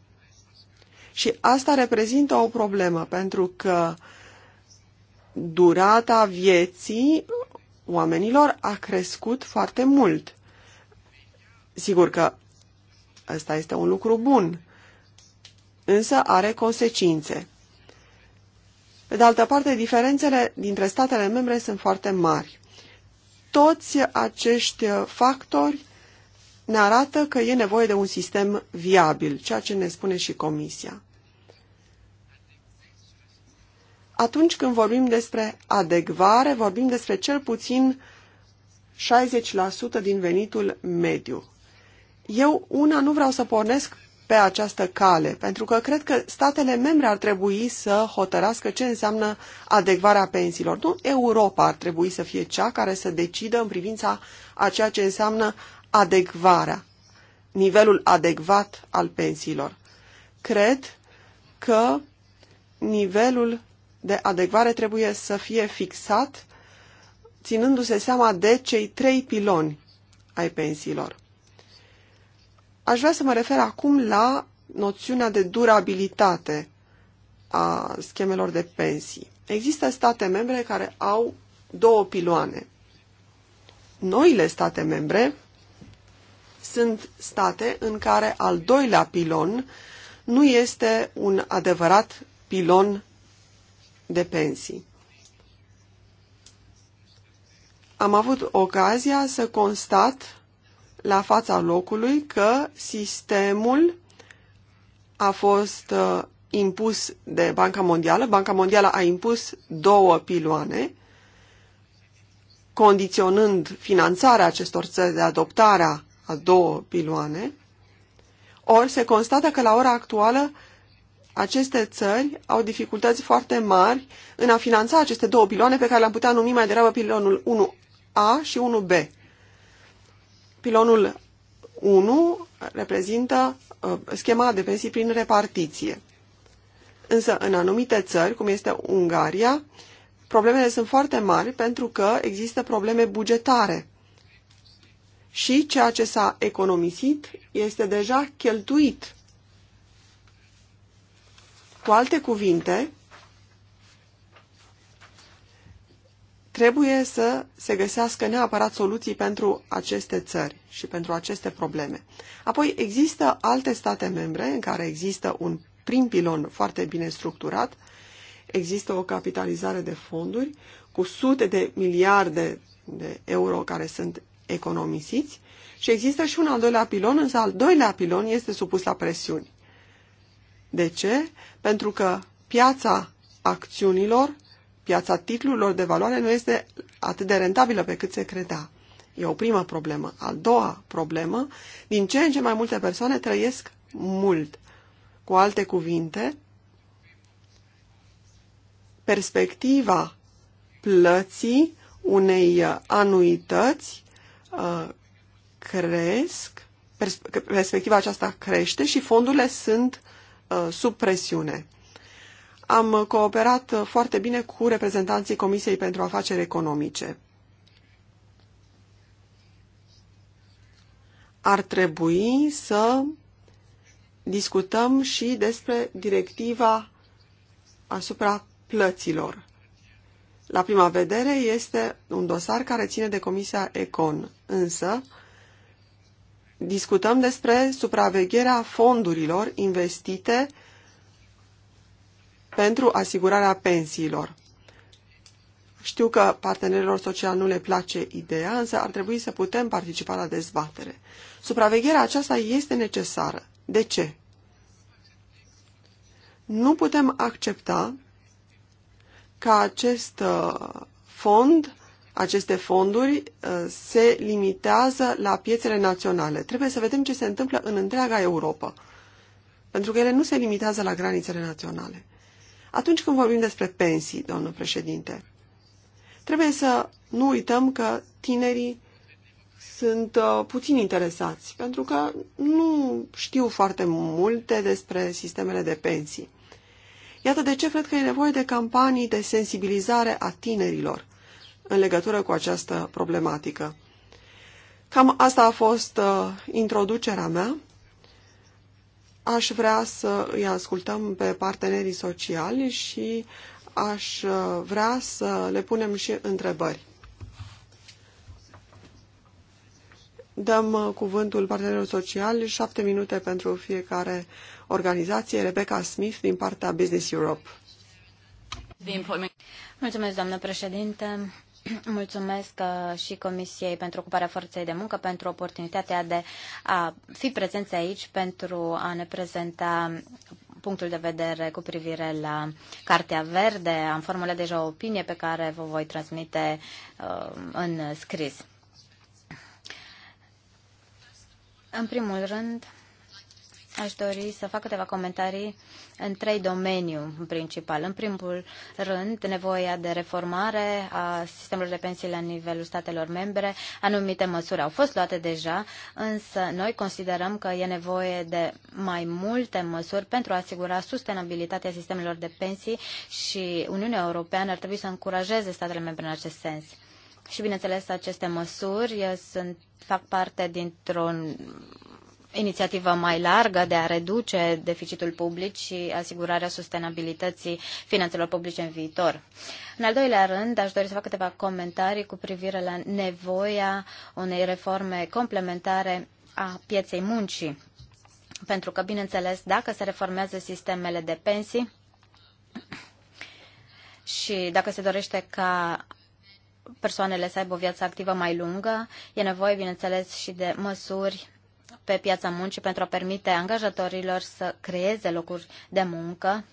Și asta reprezintă o problemă, pentru că durata vieții oamenilor a crescut foarte mult. Sigur că ăsta este un lucru bun, însă are consecințe. Pe de altă parte, diferențele dintre statele membre sunt foarte mari. Toți acești factori ne arată că e nevoie de un sistem viabil, ceea ce ne spune și Comisia. Atunci când vorbim despre adecvare, vorbim despre cel puțin 60% din venitul mediu. Eu, una, nu vreau să pornesc pe această cale, pentru că cred că statele membre ar trebui să hotărască ce înseamnă adecvarea pensiilor. Nu Europa ar trebui să fie cea care să decidă în privința a ceea ce înseamnă adecvarea, nivelul adecvat al pensiilor. Cred că nivelul de adecvare trebuie să fie fixat ținându-se seama de cei trei piloni ai pensiilor. Aș vrea să mă refer acum la noțiunea de durabilitate a schemelor de pensii. Există state membre care au două piloane. Noile state membre sunt state în care al doilea pilon nu este un adevărat pilon de pensii. Am avut ocazia să constat la fața locului că sistemul a fost uh, impus de Banca Mondială. Banca Mondială a impus două piloane, condiționând finanțarea acestor țări de adoptarea a două piloane. Ori se constată că la ora actuală aceste țări au dificultăți foarte mari în a finanța aceste două piloane pe care le-am putea numi mai degrabă pilonul 1A și 1B. Pilonul 1 reprezintă uh, schema de pensii prin repartiție. Însă, în anumite țări, cum este Ungaria, problemele sunt foarte mari pentru că există probleme bugetare. Și ceea ce s-a economisit este deja cheltuit. Cu alte cuvinte, Trebuie să se găsească neapărat soluții pentru aceste țări și pentru aceste probleme. Apoi există alte state membre în care există un prim pilon foarte bine structurat, există o capitalizare de fonduri cu sute de miliarde de euro care sunt economisiți și există și un al doilea pilon, însă al doilea pilon este supus la presiuni. De ce? Pentru că piața acțiunilor piața titlurilor de valoare nu este atât de rentabilă pe cât se credea. E o primă problemă. A doua problemă, din ce în ce mai multe persoane trăiesc mult. Cu alte cuvinte, perspectiva plății unei anuități uh, cresc, perspectiva aceasta crește și fondurile sunt uh, sub presiune am cooperat foarte bine cu reprezentanții Comisiei pentru Afaceri Economice. Ar trebui să discutăm și despre directiva asupra plăților. La prima vedere este un dosar care ține de Comisia Econ, însă discutăm despre supravegherea fondurilor investite pentru asigurarea pensiilor. Știu că partenerilor sociali nu le place ideea, însă ar trebui să putem participa la dezbatere. Supravegherea aceasta este necesară. De ce? Nu putem accepta ca acest uh, fond, aceste fonduri uh, se limitează la piețele naționale. Trebuie să vedem ce se întâmplă în întreaga Europa, pentru că ele nu se limitează la granițele naționale. Atunci când vorbim despre pensii, domnul președinte, trebuie să nu uităm că tinerii sunt uh, puțin interesați, pentru că nu știu foarte multe despre sistemele de pensii. Iată de ce cred că e nevoie de campanii de sensibilizare a tinerilor în legătură cu această problematică. Cam asta a fost uh, introducerea mea. Aș vrea să îi ascultăm pe partenerii sociali și aș uh, vrea să le punem și întrebări. Dăm uh, cuvântul partenerilor sociali, șapte minute pentru fiecare organizație. Rebecca Smith din partea Business Europe. Mulțumesc, doamnă președinte. [clears throat] Mulțumesc uh, și Comisiei pentru ocuparea forței de muncă, pentru oportunitatea de a fi prezenți aici pentru a ne prezenta punctul de vedere cu privire la Cartea Verde. Am formulat deja o opinie pe care vă voi transmite uh, în scris. În primul rând, aș dori să fac câteva comentarii în trei domeniu în principal. În primul rând, nevoia de reformare a sistemului de pensii la nivelul statelor membre. Anumite măsuri au fost luate deja, însă noi considerăm că e nevoie de mai multe măsuri pentru a asigura sustenabilitatea sistemelor de pensii și Uniunea Europeană ar trebui să încurajeze statele membre în acest sens. Și bineînțeles, aceste măsuri sunt, fac parte dintr-un inițiativă mai largă de a reduce deficitul public și asigurarea sustenabilității finanțelor publice în viitor. În al doilea rând, aș dori să fac câteva comentarii cu privire la nevoia unei reforme complementare a pieței muncii. Pentru că, bineînțeles, dacă se reformează sistemele de pensii și dacă se dorește ca persoanele să aibă o viață activă mai lungă, e nevoie, bineînțeles, și de măsuri pe piața muncii pentru a permite angajatorilor să creeze locuri de muncă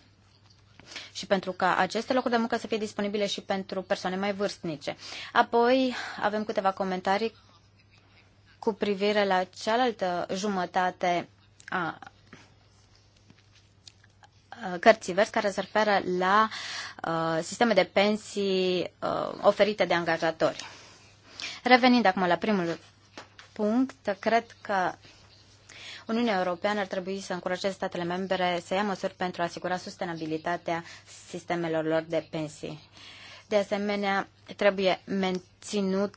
și pentru ca aceste locuri de muncă să fie disponibile și pentru persoane mai vârstnice. Apoi avem câteva comentarii cu privire la cealaltă jumătate a cărții vers care se referă la uh, sisteme de pensii uh, oferite de angajatori. Revenind acum la primul punct, cred că Uniunea Europeană ar trebui să încurajeze statele membre să ia măsuri pentru a asigura sustenabilitatea sistemelor lor de pensii. De asemenea, trebuie menținut,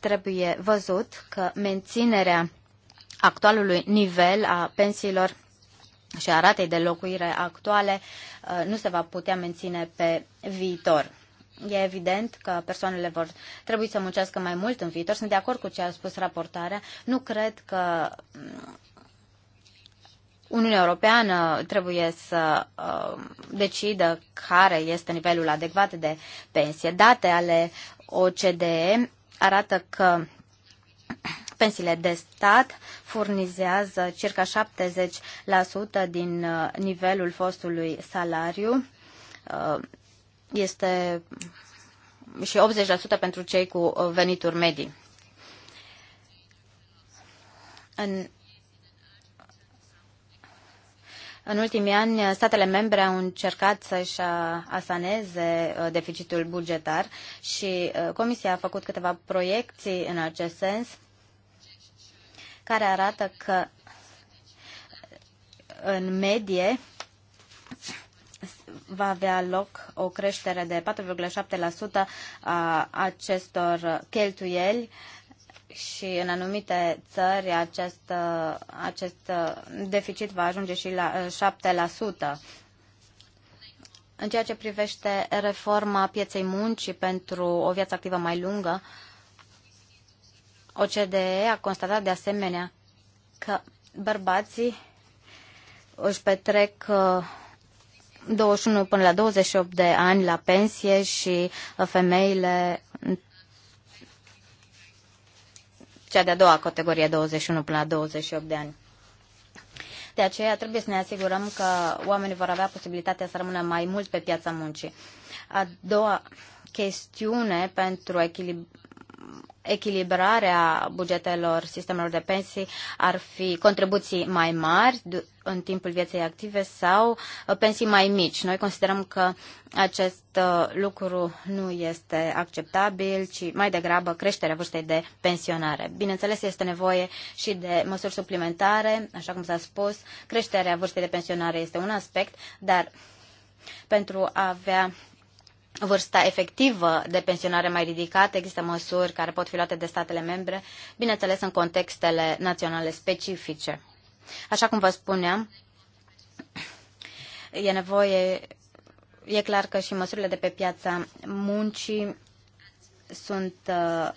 trebuie văzut că menținerea actualului nivel a pensiilor și a ratei de locuire actuale uh, nu se va putea menține pe viitor. E evident că persoanele vor trebui să muncească mai mult în viitor. Sunt de acord cu ce a spus raportarea. Nu cred că Uniunea Europeană trebuie să uh, decidă care este nivelul adecvat de pensie. Date ale OCDE arată că pensiile de stat furnizează circa 70% din uh, nivelul fostului salariu. Uh, este și 80% pentru cei cu venituri medii. În în ultimii ani, statele membre au încercat să-și uh, asaneze uh, deficitul bugetar și uh, Comisia a făcut câteva proiecții în acest sens care arată că în medie va avea loc o creștere de 4,7% a acestor cheltuieli și în anumite țări acest, uh, acest uh, deficit va ajunge și la 7%. Uh, în ceea ce privește reforma pieței muncii pentru o viață activă mai lungă, OCDE a constatat de asemenea că bărbații își petrec 21 până la 28 de ani la pensie și femeile cea de-a doua categorie, 21 până la 28 de ani. De aceea trebuie să ne asigurăm că oamenii vor avea posibilitatea să rămână mai mult pe piața muncii. A doua chestiune pentru echilibru echilibrarea bugetelor sistemelor de pensii ar fi contribuții mai mari în timpul vieții active sau uh, pensii mai mici. Noi considerăm că acest uh, lucru nu este acceptabil, ci mai degrabă creșterea vârstei de pensionare. Bineînțeles, este nevoie și de măsuri suplimentare, așa cum s-a spus. Creșterea vârstei de pensionare este un aspect, dar pentru a avea vârsta efectivă de pensionare mai ridicată, există măsuri care pot fi luate de statele membre, bineînțeles în contextele naționale specifice. Așa cum vă spuneam, e nevoie, e clar că și măsurile de pe piața muncii sunt uh,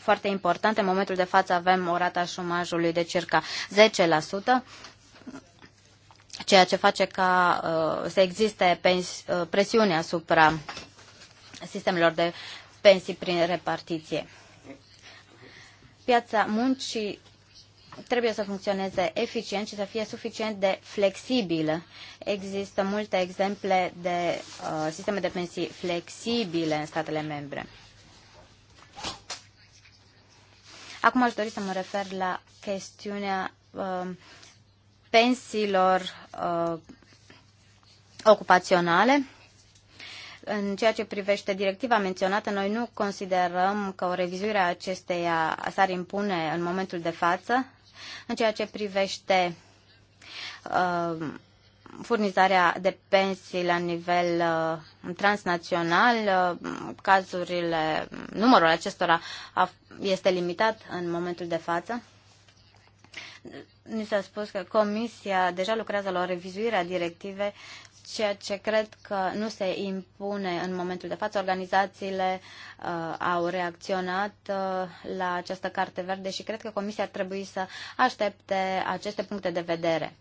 foarte importante. În momentul de față avem o rata șomajului de circa ceea ce face ca uh, să existe uh, presiune asupra sistemelor de pensii prin repartiție. Piața muncii trebuie să funcționeze eficient și să fie suficient de flexibilă. Există multe exemple de uh, sisteme de pensii flexibile în statele membre. Acum aș dori să mă refer la chestiunea uh, pensiilor uh, ocupaționale. În ceea ce privește directiva menționată, noi nu considerăm că o revizuire a acesteia s-ar impune în momentul de față. În ceea ce privește uh, furnizarea de pensii la nivel uh, transnațional, uh, cazurile, numărul acestora a, este limitat în momentul de față. Ni s-a spus că Comisia deja lucrează la o revizuire a directivei, ceea ce cred că nu se impune în momentul de față. Organizațiile uh, au reacționat uh, la această carte verde și cred că Comisia ar trebui să aștepte aceste puncte de vedere.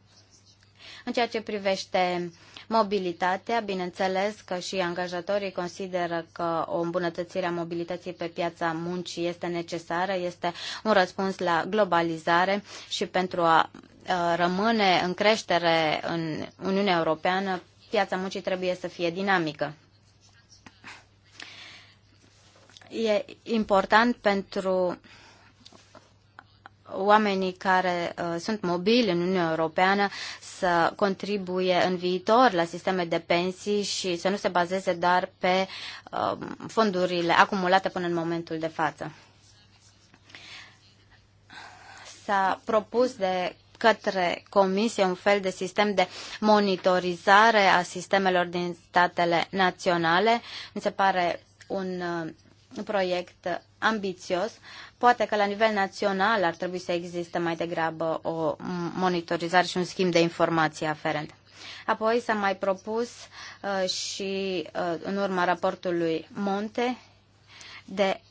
În ceea ce privește Mobilitatea, bineînțeles că și angajatorii consideră că o îmbunătățire a mobilității pe piața muncii este necesară, este un răspuns la globalizare și pentru a rămâne în creștere în Uniunea Europeană, piața muncii trebuie să fie dinamică. E important pentru oamenii care uh, sunt mobili în Uniunea Europeană să contribuie în viitor la sisteme de pensii și să nu se bazeze doar pe uh, fondurile acumulate până în momentul de față. S-a propus de către Comisie un fel de sistem de monitorizare a sistemelor din statele naționale. Mi se pare un uh, proiect ambițios. Poate că la nivel național ar trebui să existe mai degrabă o monitorizare și un schimb de informații aferent. Apoi s-a mai propus uh, și uh, în urma raportului Monte de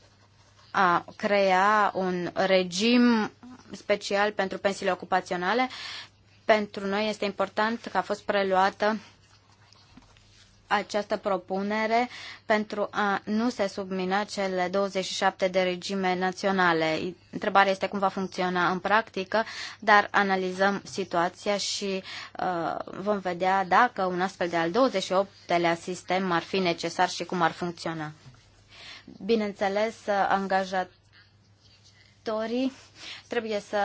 a crea un regim special pentru pensiile ocupaționale. Pentru noi este important că a fost preluată această propunere pentru a nu se submina cele 27 de regime naționale. Întrebarea este cum va funcționa în practică, dar analizăm situația și uh, vom vedea dacă un astfel de al 28-lea sistem ar fi necesar și cum ar funcționa. Bineînțeles, angajatorii trebuie să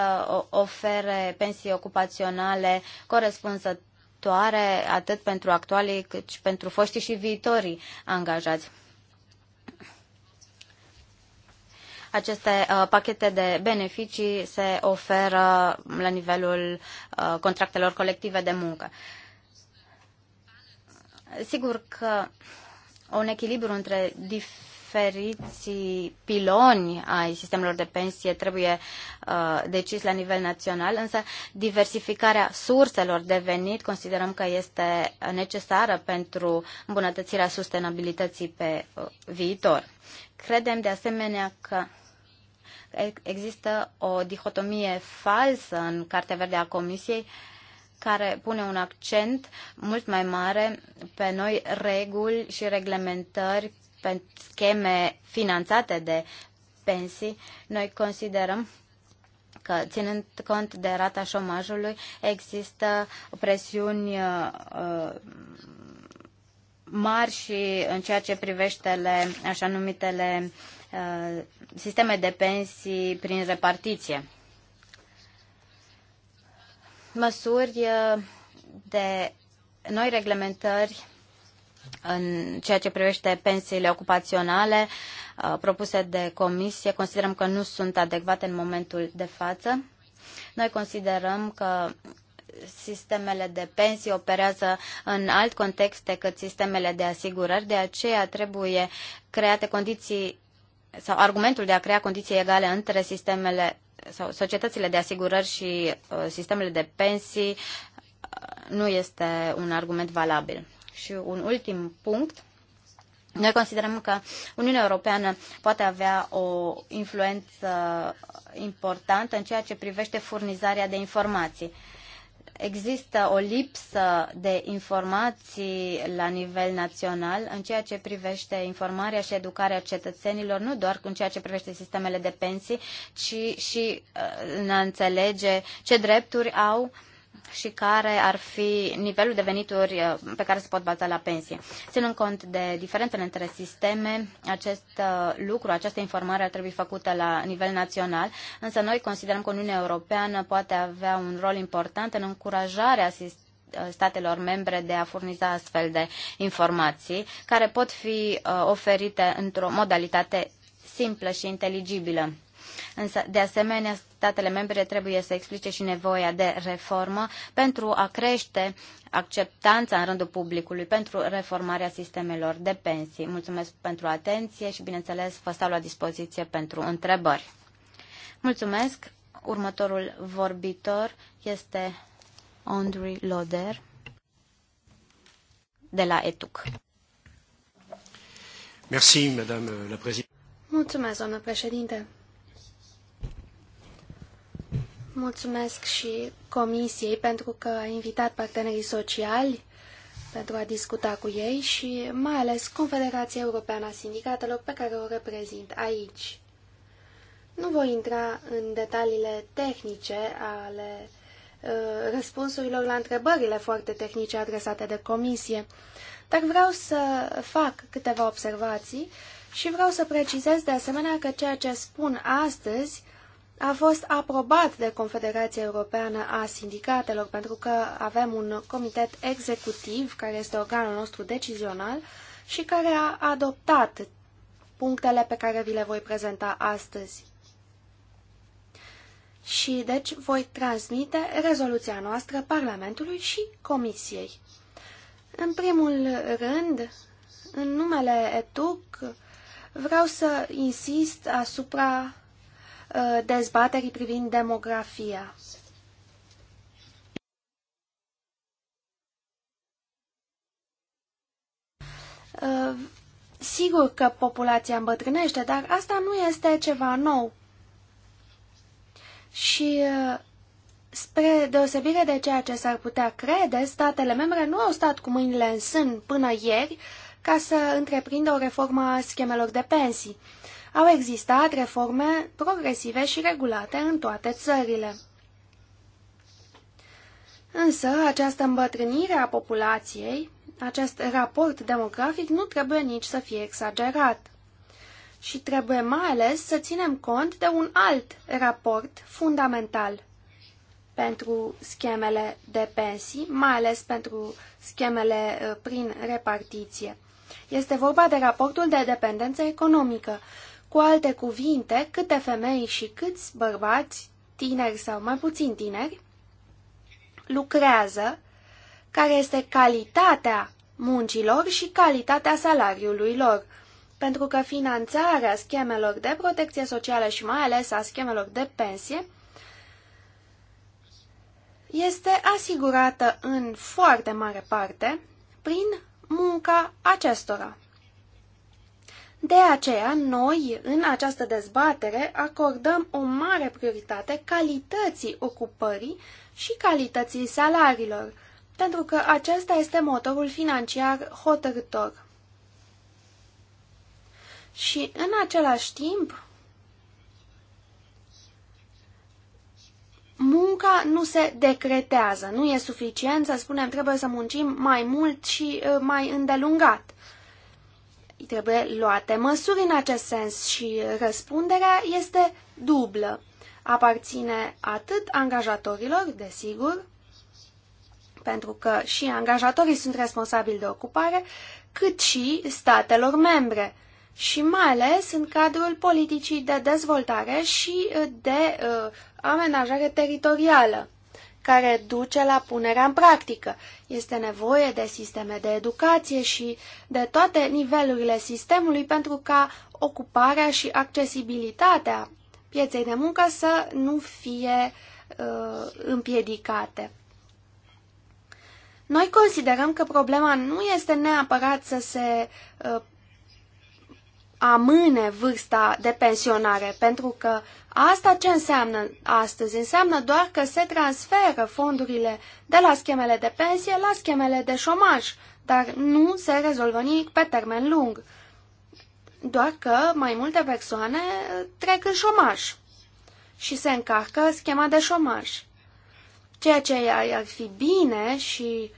ofere pensii ocupaționale corespunzătoare viitoare, atât pentru actualii cât și pentru foștii și viitorii angajați. Aceste uh, pachete de beneficii se oferă la nivelul uh, contractelor colective de muncă. Sigur că un echilibru între dif- diferiți piloni ai sistemelor de pensie trebuie uh, decis la nivel național, însă diversificarea surselor de venit considerăm că este necesară pentru îmbunătățirea sustenabilității pe uh, viitor. Credem de asemenea că există o dihotomie falsă în Cartea Verde a Comisiei care pune un accent mult mai mare pe noi reguli și reglementări pentru scheme finanțate de pensii, noi considerăm că, ținând cont de rata șomajului, există presiuni uh, uh, mari și în ceea ce privește le, așa numitele uh, sisteme de pensii prin repartiție. Măsuri uh, de noi reglementări în ceea ce privește pensiile ocupaționale uh, propuse de comisie, considerăm că nu sunt adecvate în momentul de față. Noi considerăm că sistemele de pensii operează în alt context decât sistemele de asigurări, de aceea trebuie create condiții sau argumentul de a crea condiții egale între sistemele sau societățile de asigurări și uh, sistemele de pensii uh, nu este un argument valabil. Și un ultim punct. Noi considerăm că Uniunea Europeană poate avea o influență importantă în ceea ce privește furnizarea de informații. Există o lipsă de informații la nivel național în ceea ce privește informarea și educarea cetățenilor, nu doar în ceea ce privește sistemele de pensii, ci și uh, în a înțelege ce drepturi au uh, și care ar fi nivelul de venituri uh, pe care se pot baza la pensie. Ținând cont de diferențele între sisteme, acest uh, lucru, această informare ar trebui făcută la nivel național, însă noi considerăm că Uniunea Europeană poate avea un rol important în încurajarea uh, statelor membre de a furniza astfel de informații care pot fi oferite într-o modalitate simplă și inteligibilă. Însă, de asemenea, statele membre trebuie să explice și nevoia de reformă pentru a crește acceptanța în rândul publicului pentru reformarea sistemelor de pensii. Mulțumesc pentru atenție și, bineînțeles, vă stau la dispoziție pentru întrebări. Mulțumesc! Următorul vorbitor este Andrei Loder de la ETUC. Mulțumesc, doamnă președinte. Mulțumesc și Comisiei pentru că a invitat partenerii sociali pentru a discuta cu ei și mai ales Confederația Europeană a Sindicatelor pe care o reprezint aici. Nu voi intra în detaliile tehnice ale uh, răspunsurilor la întrebările foarte tehnice adresate de comisie, dar vreau să fac câteva observații și vreau să precizez de asemenea că ceea ce spun astăzi a fost aprobat de Confederația Europeană a Sindicatelor, pentru că avem un comitet executiv, care este organul nostru decizional, și care a adoptat punctele pe care vi le voi prezenta astăzi. Și deci voi transmite rezoluția noastră Parlamentului și Comisiei. În primul rând, în numele ETUC, vreau să insist asupra Uh, dezbaterii privind demografia. Uh, sigur că populația îmbătrânește, dar asta nu este ceva nou. Și uh, spre deosebire de ceea ce s-ar putea crede, statele membre nu au stat cu mâinile în sân până ieri ca să întreprindă o reformă a schemelor de pensii. Au existat reforme progresive și regulate în toate țările. Însă, această îmbătrânire a populației, acest raport demografic nu trebuie nici să fie exagerat. Și trebuie mai ales să ținem cont de un alt raport fundamental pentru schemele de pensii, mai ales pentru schemele uh, prin repartiție. Este vorba de raportul de dependență economică. Cu alte cuvinte, câte femei și câți bărbați, tineri sau mai puțin tineri, lucrează, care este calitatea muncilor și calitatea salariului lor, pentru că finanțarea schemelor de protecție socială și mai ales a schemelor de pensie este asigurată în foarte mare parte prin munca acestora. De aceea, noi, în această dezbatere, acordăm o mare prioritate calității ocupării și calității salariilor, pentru că acesta este motorul financiar hotărător. Și în același timp, munca nu se decretează, nu e suficient să spunem trebuie să muncim mai mult și uh, mai îndelungat. Trebuie luate măsuri în acest sens și răspunderea este dublă. Aparține atât angajatorilor, desigur, pentru că și angajatorii sunt responsabili de ocupare, cât și statelor membre, și mai ales în cadrul politicii de dezvoltare și de uh, amenajare teritorială care duce la punerea în practică. Este nevoie de sisteme de educație și de toate nivelurile sistemului pentru ca ocuparea și accesibilitatea pieței de muncă să nu fie uh, împiedicate. Noi considerăm că problema nu este neapărat să se uh, amâne vârsta de pensionare, pentru că asta ce înseamnă astăzi? Înseamnă doar că se transferă fondurile de la schemele de pensie la schemele de șomaj, dar nu se rezolvă nimic pe termen lung. Doar că mai multe persoane trec în șomaj și se încarcă schema de șomaj. Ceea ce ar fi bine și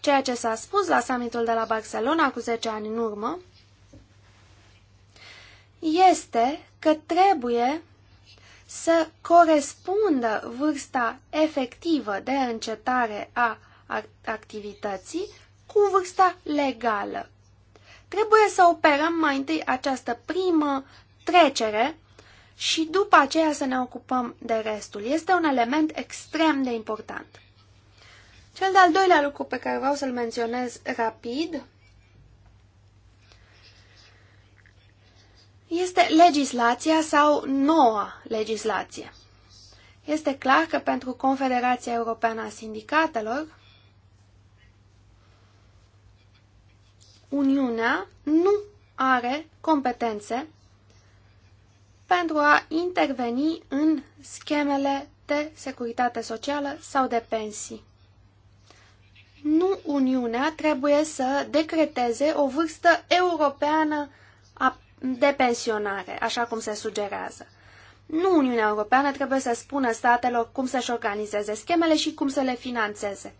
ceea ce s-a spus la summitul de la Barcelona cu 10 ani în urmă, este că trebuie să corespundă vârsta efectivă de încetare a activității cu vârsta legală. Trebuie să operăm mai întâi această primă trecere și după aceea să ne ocupăm de restul. Este un element extrem de important. Cel de-al doilea lucru pe care vreau să-l menționez rapid este legislația sau noua legislație. Este clar că pentru Confederația Europeană a Sindicatelor, Uniunea nu are competențe pentru a interveni în schemele de securitate socială sau de pensii. Nu Uniunea trebuie să decreteze o vârstă europeană de pensionare, așa cum se sugerează. Nu Uniunea Europeană trebuie să spună statelor cum să-și organizeze schemele și cum să le financeze.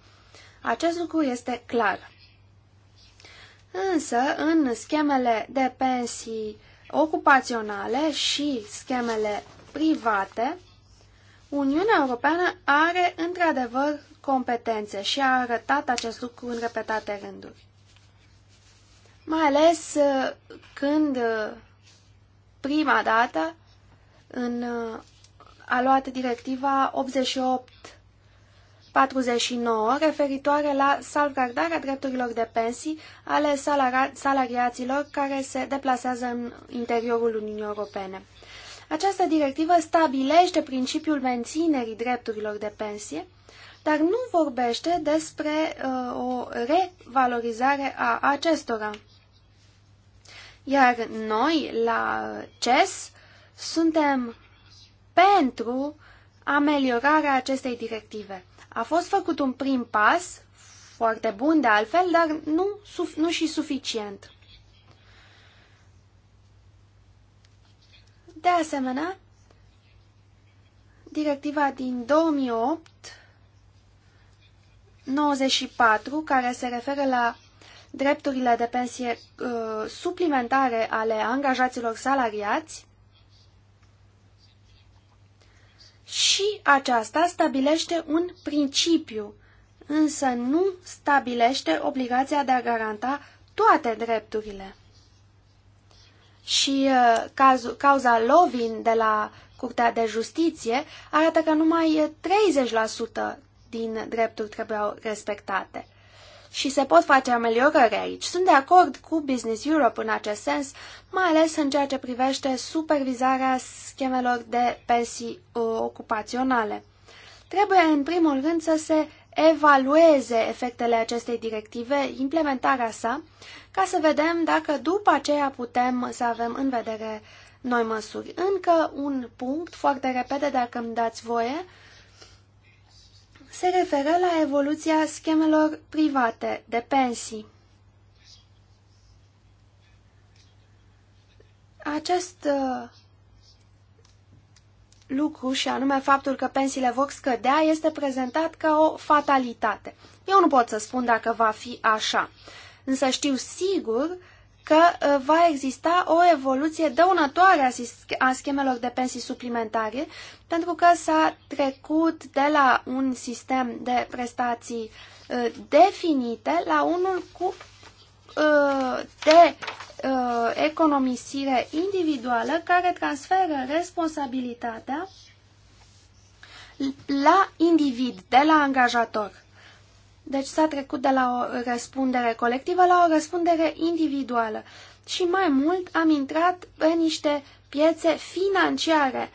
Acest lucru este clar. Însă, în schemele de pensii ocupaționale și schemele private, Uniunea Europeană are într-adevăr competențe și a arătat acest lucru în repetate rânduri mai ales uh, când uh, prima dată în, uh, a luat directiva 88-49 referitoare la salvgardarea drepturilor de pensii ale salariaților care se deplasează în interiorul Uniunii Europene. Această directivă stabilește principiul menținerii drepturilor de pensie, dar nu vorbește despre uh, o revalorizare a acestora. Iar noi, la CES, suntem pentru ameliorarea acestei directive. A fost făcut un prim pas, foarte bun de altfel, dar nu, nu și suficient. De asemenea, directiva din 2008 94, care se referă la drepturile de pensie uh, suplimentare ale angajaților salariați și aceasta stabilește un principiu, însă nu stabilește obligația de a garanta toate drepturile. Și uh, caz, cauza Lovin de la Curtea de Justiție arată că numai 30% din drepturi trebuiau respectate și se pot face ameliorări aici. Sunt de acord cu Business Europe în acest sens, mai ales în ceea ce privește supervizarea schemelor de pensii uh, ocupaționale. Trebuie în primul rând să se evalueze efectele acestei directive, implementarea sa, ca să vedem dacă după aceea putem să avem în vedere noi măsuri. Încă un punct, foarte repede, dacă îmi dați voie, se referă la evoluția schemelor private de pensii. Acest uh, lucru și anume faptul că pensiile vor scădea este prezentat ca o fatalitate. Eu nu pot să spun dacă va fi așa, însă știu sigur că uh, va exista o evoluție dăunătoare a schemelor de pensii suplimentare, pentru că s-a trecut de la un sistem de prestații uh, definite la unul cu uh, de economisire individuală care transferă responsabilitatea la individ, de la angajator. Deci s-a trecut de la o răspundere colectivă la o răspundere individuală. Și mai mult am intrat pe niște piețe financiare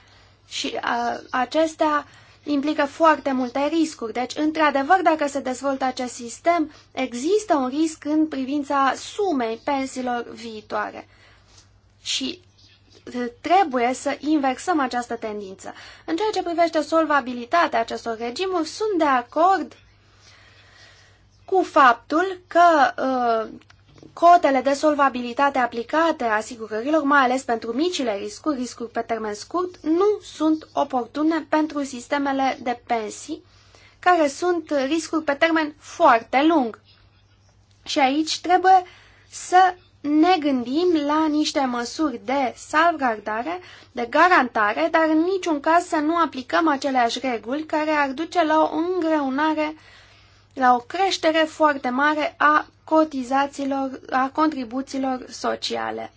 și a, acestea implică foarte multe riscuri. Deci, într-adevăr, dacă se dezvoltă acest sistem, există un risc în privința sumei pensiilor viitoare. Și trebuie să inversăm această tendință. În ceea ce privește solvabilitatea acestor regimuri, sunt de acord cu faptul că uh, cotele de solvabilitate aplicate asigurărilor, mai ales pentru micile riscuri, riscuri pe termen scurt, nu sunt oportune pentru sistemele de pensii, care sunt riscuri pe termen foarte lung. Și aici trebuie să ne gândim la niște măsuri de salvgardare, de garantare, dar în niciun caz să nu aplicăm aceleași reguli care ar duce la o îngreunare uh, la o creștere foarte mare a cotizațiilor, a contribuțiilor sociale.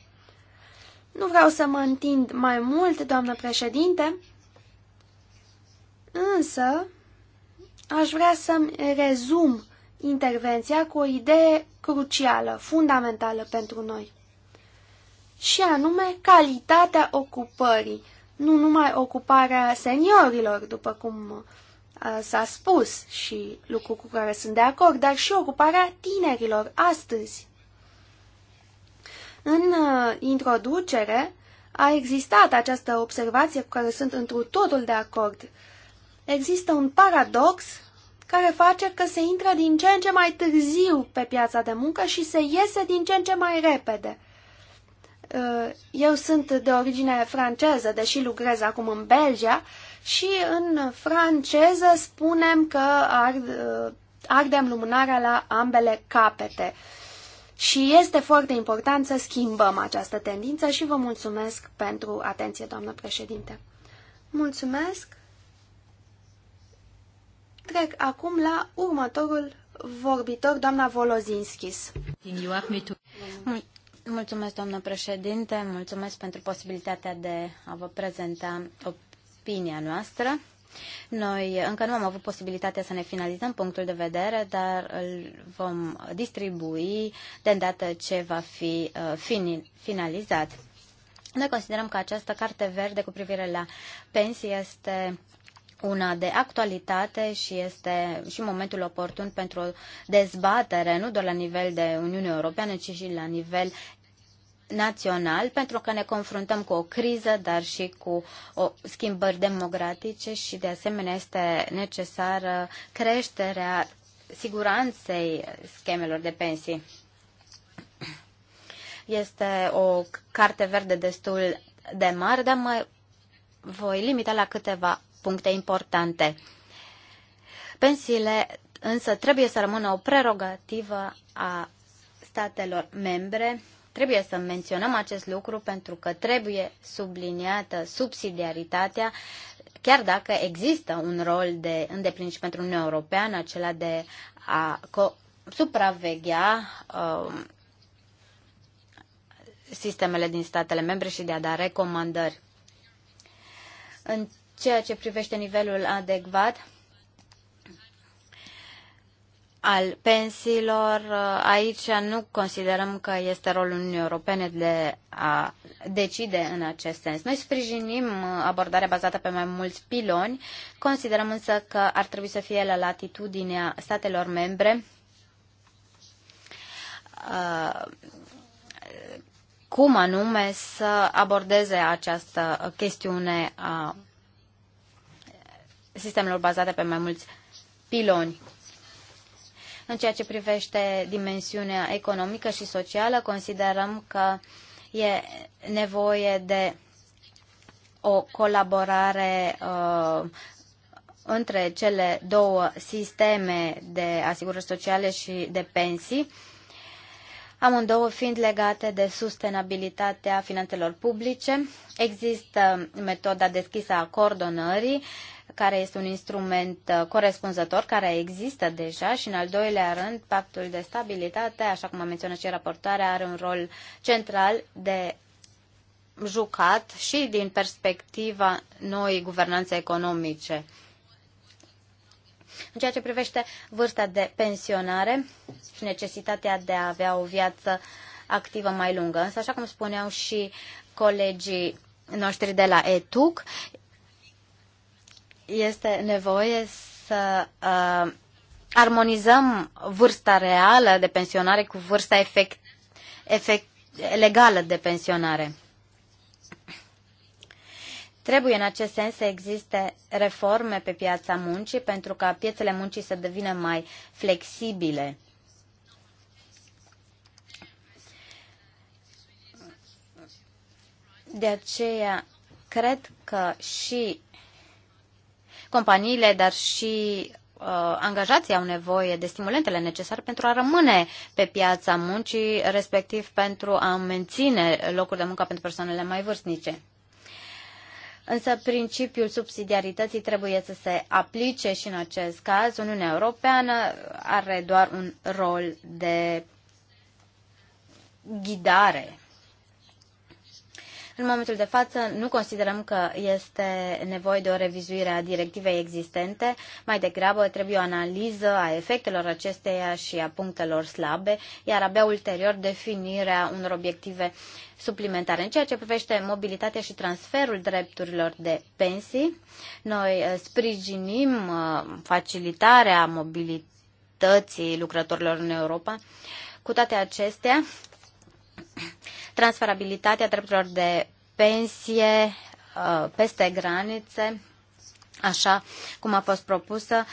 Nu vreau să mă întind mai mult, doamnă președinte, însă aș vrea să-mi rezum intervenția cu o idee crucială, fundamentală pentru noi. Și anume, calitatea ocupării, nu numai ocuparea seniorilor, după cum uh, Uh, s-a spus și lucru cu care sunt de acord, dar și ocuparea tinerilor astăzi. În uh, introducere a existat această observație cu care sunt întru totul de acord. Există un paradox care face că se intră din ce în ce mai târziu pe piața de muncă și se iese din ce în ce mai repede. Uh, eu sunt de origine franceză, deși lucrez acum în Belgia, și în franceză spunem că ar, ardem lumânarea la ambele capete. Și este foarte important să schimbăm această tendință și vă mulțumesc pentru atenție, doamnă președinte. Mulțumesc! Trec acum la următorul vorbitor, doamna Volozinskis. mulțumesc, doamnă președinte, mulțumesc pentru posibilitatea de a vă prezenta opinia noastră. Noi încă nu am avut posibilitatea să ne finalizăm punctul de vedere, dar îl vom distribui de îndată ce va fi uh, finalizat. Noi considerăm că această carte verde cu privire la pensii este una de actualitate și este și momentul oportun pentru o dezbatere, nu doar la nivel de Uniune Europeană, ci și la nivel național, pentru că ne confruntăm cu o criză, dar și cu o schimbări democratice și de asemenea este necesară creșterea siguranței schemelor de pensii. Este o carte verde destul de mare, dar mă voi limita la câteva puncte importante. Pensiile însă trebuie să rămână o prerogativă a statelor membre Trebuie să menționăm acest lucru pentru că trebuie subliniată subsidiaritatea, chiar dacă există un rol de îndeplinit și pentru Uniunea Europeană, acela de a supraveghea uh, sistemele din statele membre și de a da recomandări. În ceea ce privește nivelul adecvat, al pensiilor, uh, aici nu considerăm că este rolul Uniunii Europene de a decide în acest sens. Noi sprijinim uh, abordarea bazată pe mai mulți piloni, considerăm însă că ar trebui să fie la latitudinea statelor membre uh, cum anume să abordeze această chestiune a sistemelor bazate pe mai mulți piloni. În ceea ce privește dimensiunea economică și socială, considerăm că e nevoie de o colaborare uh, între cele două sisteme de asigurări sociale și de pensii, amândouă fiind legate de sustenabilitatea finanțelor publice. Există metoda deschisă a coordonării care este un instrument uh, corespunzător, care există deja și, în al doilea rând, pactul de stabilitate, așa cum a menționat și raportarea, are un rol central de jucat și din perspectiva noi guvernanțe economice. În ceea ce privește vârsta de pensionare și necesitatea de a avea o viață activă mai lungă, însă așa cum spuneau și colegii noștri de la ETUC, este nevoie să uh, armonizăm vârsta reală de pensionare cu vârsta efect, efect, legală de pensionare. Trebuie în acest sens să existe reforme pe piața muncii pentru ca piețele muncii să devină mai flexibile. De aceea, cred că și companiile, dar și uh, angajații au nevoie de stimulentele necesare pentru a rămâne pe piața muncii, respectiv pentru a menține locuri de muncă pentru persoanele mai vârstnice. Însă principiul subsidiarității trebuie să se aplice și în acest caz. Uniunea Europeană are doar un rol de ghidare în momentul de față nu considerăm că este nevoie de o revizuire a directivei existente, mai degrabă trebuie o analiză a efectelor acesteia și a punctelor slabe, iar abia ulterior definirea unor obiective suplimentare. În ceea ce privește mobilitatea și transferul drepturilor de pensii, noi uh, sprijinim uh, facilitarea mobilității lucrătorilor în Europa. Cu toate acestea, transferabilitatea drepturilor de pensie uh, peste granițe, așa cum a fost propusă,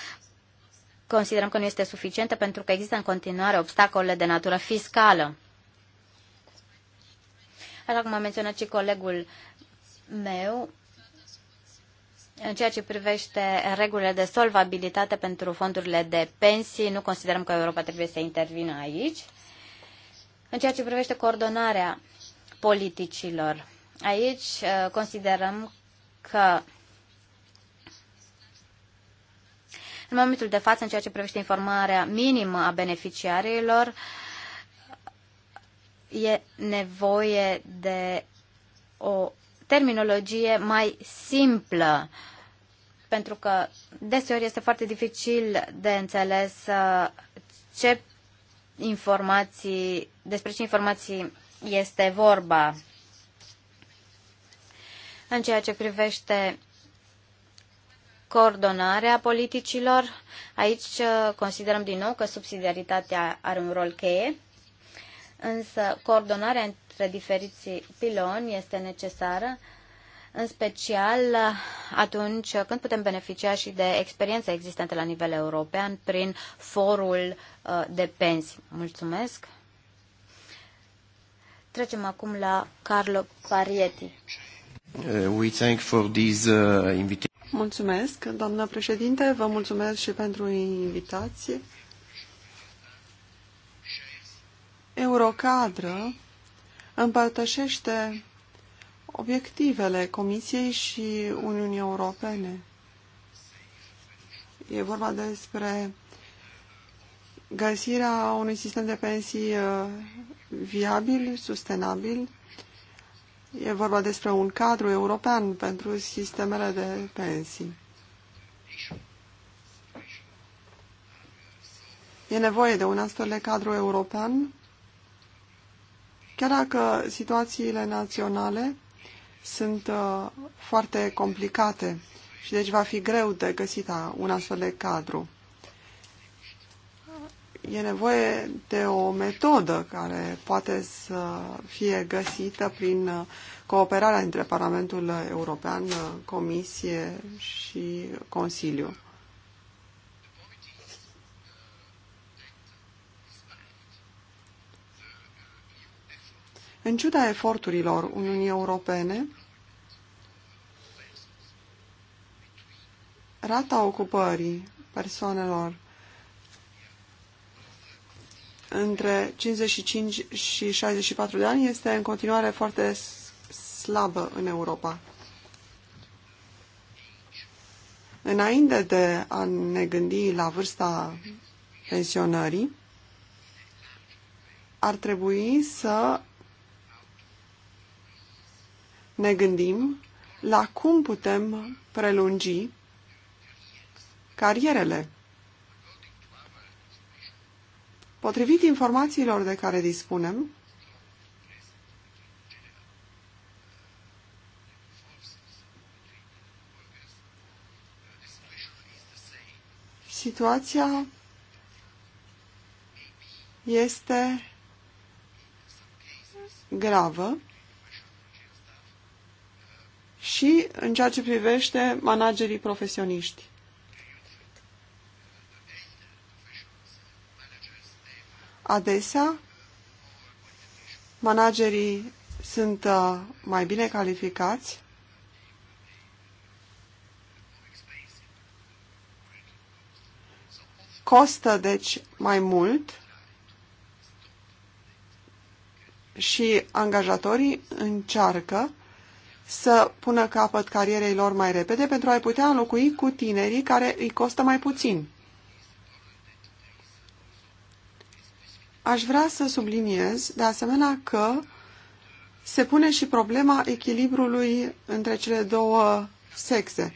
considerăm că nu este suficientă pentru că există în continuare obstacole de natură fiscală. Așa cum a menționat și colegul meu, în ceea ce privește regulile de solvabilitate pentru fondurile de pensii, nu considerăm că Europa trebuie să intervină aici. În ceea ce privește coordonarea politicilor, aici uh, considerăm că în momentul de față, în ceea ce privește informarea minimă a beneficiarilor, e nevoie de o terminologie mai simplă, pentru că deseori este foarte dificil de înțeles uh, ce informații, despre ce informații este vorba. În ceea ce privește coordonarea politicilor, aici uh, considerăm din nou că subsidiaritatea are un rol cheie, însă coordonarea între diferiții piloni este necesară în special atunci când putem beneficia și de experiența existentă la nivel european prin forul uh, de pensii. Mulțumesc! Trecem acum la Carlo Parieti. Uh, we thank for this uh, mulțumesc, doamnă președinte, vă mulțumesc și pentru invitație. Eurocadră împărtășește obiectivele Comisiei și Uniunii Europene. E vorba despre găsirea unui sistem de pensii uh, viabil, sustenabil. E vorba despre un cadru european pentru sistemele de pensii. E nevoie de un astfel de cadru european, chiar dacă situațiile naționale sunt uh, foarte complicate și deci va fi greu de găsit un astfel de cadru. E nevoie de o metodă care poate să fie găsită prin uh, cooperarea între Parlamentul European, uh, Comisie și Consiliu. În ciuda eforturilor Uniunii Europene, rata ocupării persoanelor între 55 și 64 de ani este în continuare foarte slabă în Europa. Înainte de a ne gândi la vârsta pensionării, ar trebui să ne gândim la cum putem prelungi carierele. Potrivit informațiilor de care dispunem, situația este gravă și în ceea ce privește managerii profesioniști. Adesea, managerii sunt uh, mai bine calificați costă deci mai mult și angajatorii încearcă să pună capăt carierei lor mai repede pentru a-i putea înlocui cu tinerii care îi costă mai puțin. Aș vrea să subliniez, de asemenea, că se pune și problema echilibrului între cele două sexe.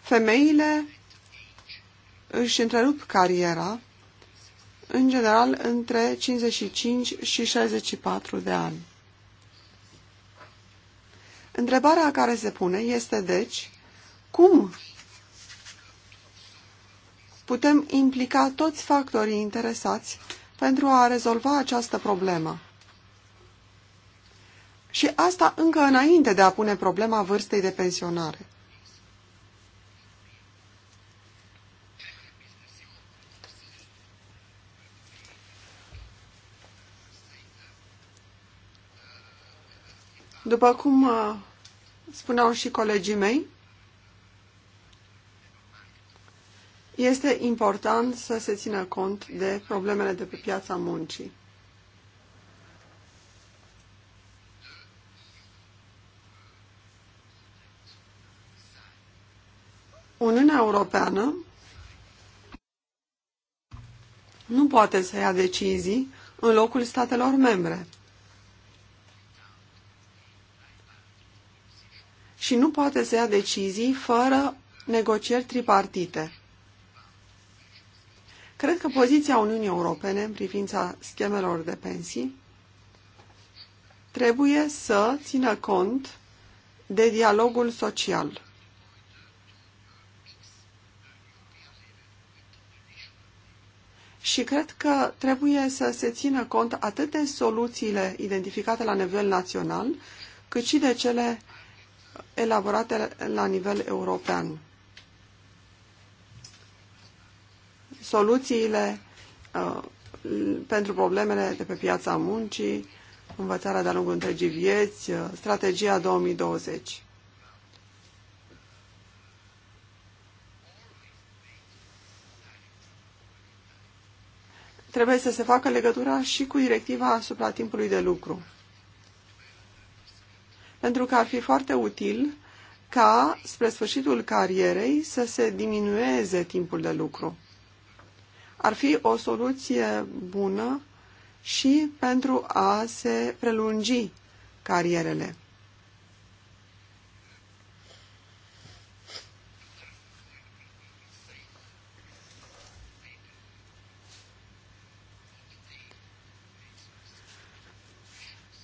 Femeile își întrerup cariera, în general, între 55 și 64 de ani. Întrebarea care se pune este, deci, cum putem implica toți factorii interesați pentru a rezolva această problemă. Și asta încă înainte de a pune problema vârstei de pensionare. După cum uh, spuneau și colegii mei, Este important să se țină cont de problemele de pe piața muncii. Uniunea Europeană nu poate să ia decizii în locul statelor membre. Și nu poate să ia decizii fără negocieri tripartite. Cred că poziția Uniunii Europene în privința schemelor de pensii trebuie să țină cont de dialogul social. Și cred că trebuie să se țină cont atât de soluțiile identificate la nivel național, cât și de cele elaborate la nivel european. soluțiile uh, pentru problemele de pe piața muncii, învățarea de-a lungul întregii vieți, uh, strategia 2020. Trebuie să se facă legătura și cu directiva asupra timpului de lucru. Pentru că ar fi foarte util ca, spre sfârșitul carierei, să se diminueze timpul de lucru ar fi o soluție bună și pentru a se prelungi carierele.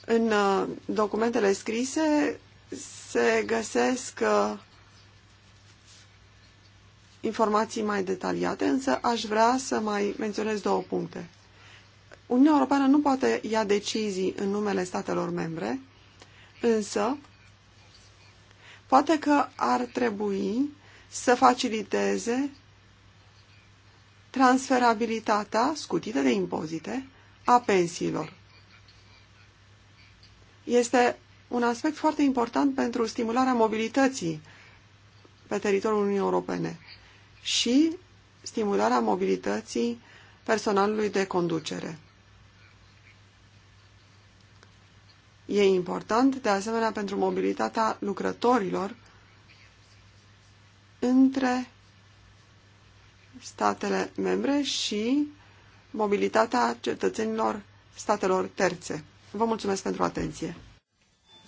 În uh, documentele scrise se găsesc uh, informații mai detaliate, însă aș vrea să mai menționez două puncte. Uniunea Europeană nu poate ia decizii în numele statelor membre, însă poate că ar trebui să faciliteze transferabilitatea scutită de impozite a pensiilor. Este un aspect foarte important pentru stimularea mobilității pe teritoriul Uniunii Europene și stimularea mobilității personalului de conducere. E important, de asemenea, pentru mobilitatea lucrătorilor între statele membre și mobilitatea cetățenilor statelor terțe. Vă mulțumesc pentru atenție.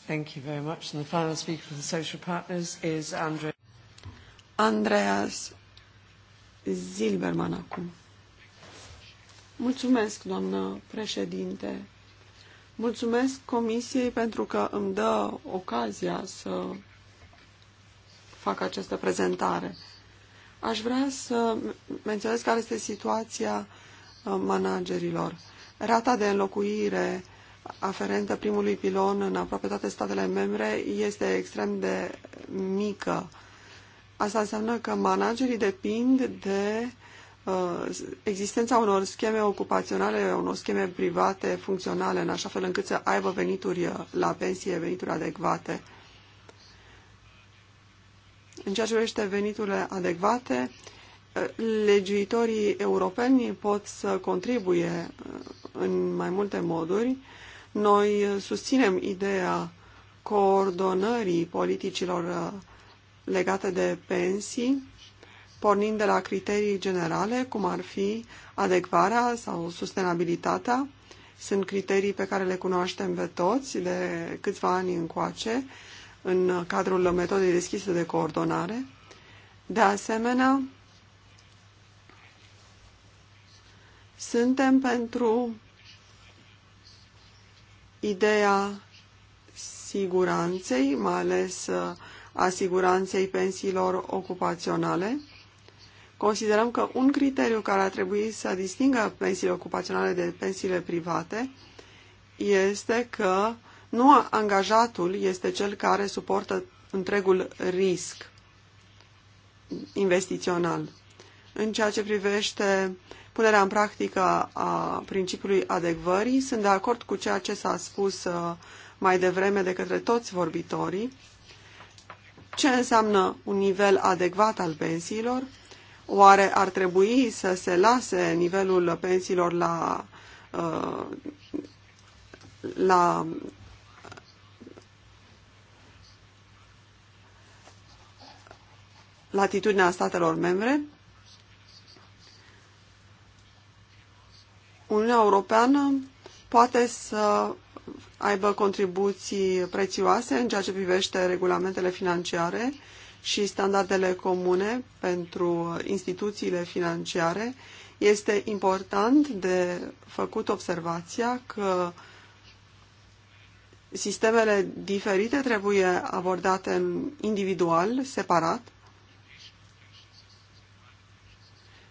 Thank you very much. And the final speaker for the social partners is Andreas Zilberman acum. Mulțumesc, doamnă președinte. Mulțumesc Comisiei pentru că îmi dă ocazia să fac această prezentare. Aș vrea să menționez care este situația uh, managerilor. Rata de înlocuire aferentă primului pilon în aproape toate statele membre este extrem de mică. Asta înseamnă că managerii depind de uh, existența unor scheme ocupaționale, unor scheme private, funcționale, în așa fel încât să aibă venituri uh, la pensie, venituri adecvate. În ceea ce privește veniturile adecvate, uh, legiuitorii europeni pot să contribuie în mai multe moduri. Noi susținem ideea coordonării politicilor legate de pensii, pornind de la criterii generale, cum ar fi adecvarea sau sustenabilitatea. Sunt criterii pe care le cunoaștem pe toți de câțiva ani încoace în cadrul metodei deschise de coordonare. De asemenea, suntem pentru ideea siguranței, mai ales uh, asiguranței pensiilor ocupaționale. Considerăm că un criteriu care ar trebui să distingă pensiile ocupaționale de pensiile private este că nu angajatul este cel care suportă întregul risc investițional. În ceea ce privește punerea în practică a principiului adecvării, sunt de acord cu ceea ce s-a spus uh, mai devreme de către toți vorbitorii. Ce înseamnă un nivel adecvat al pensiilor? Oare ar trebui să se lase nivelul pensiilor la, uh, la latitudinea statelor membre? Uniunea Europeană poate să aibă contribuții prețioase în ceea ce privește regulamentele financiare și standardele comune pentru instituțiile financiare, este important de făcut observația că sistemele diferite trebuie abordate individual, separat,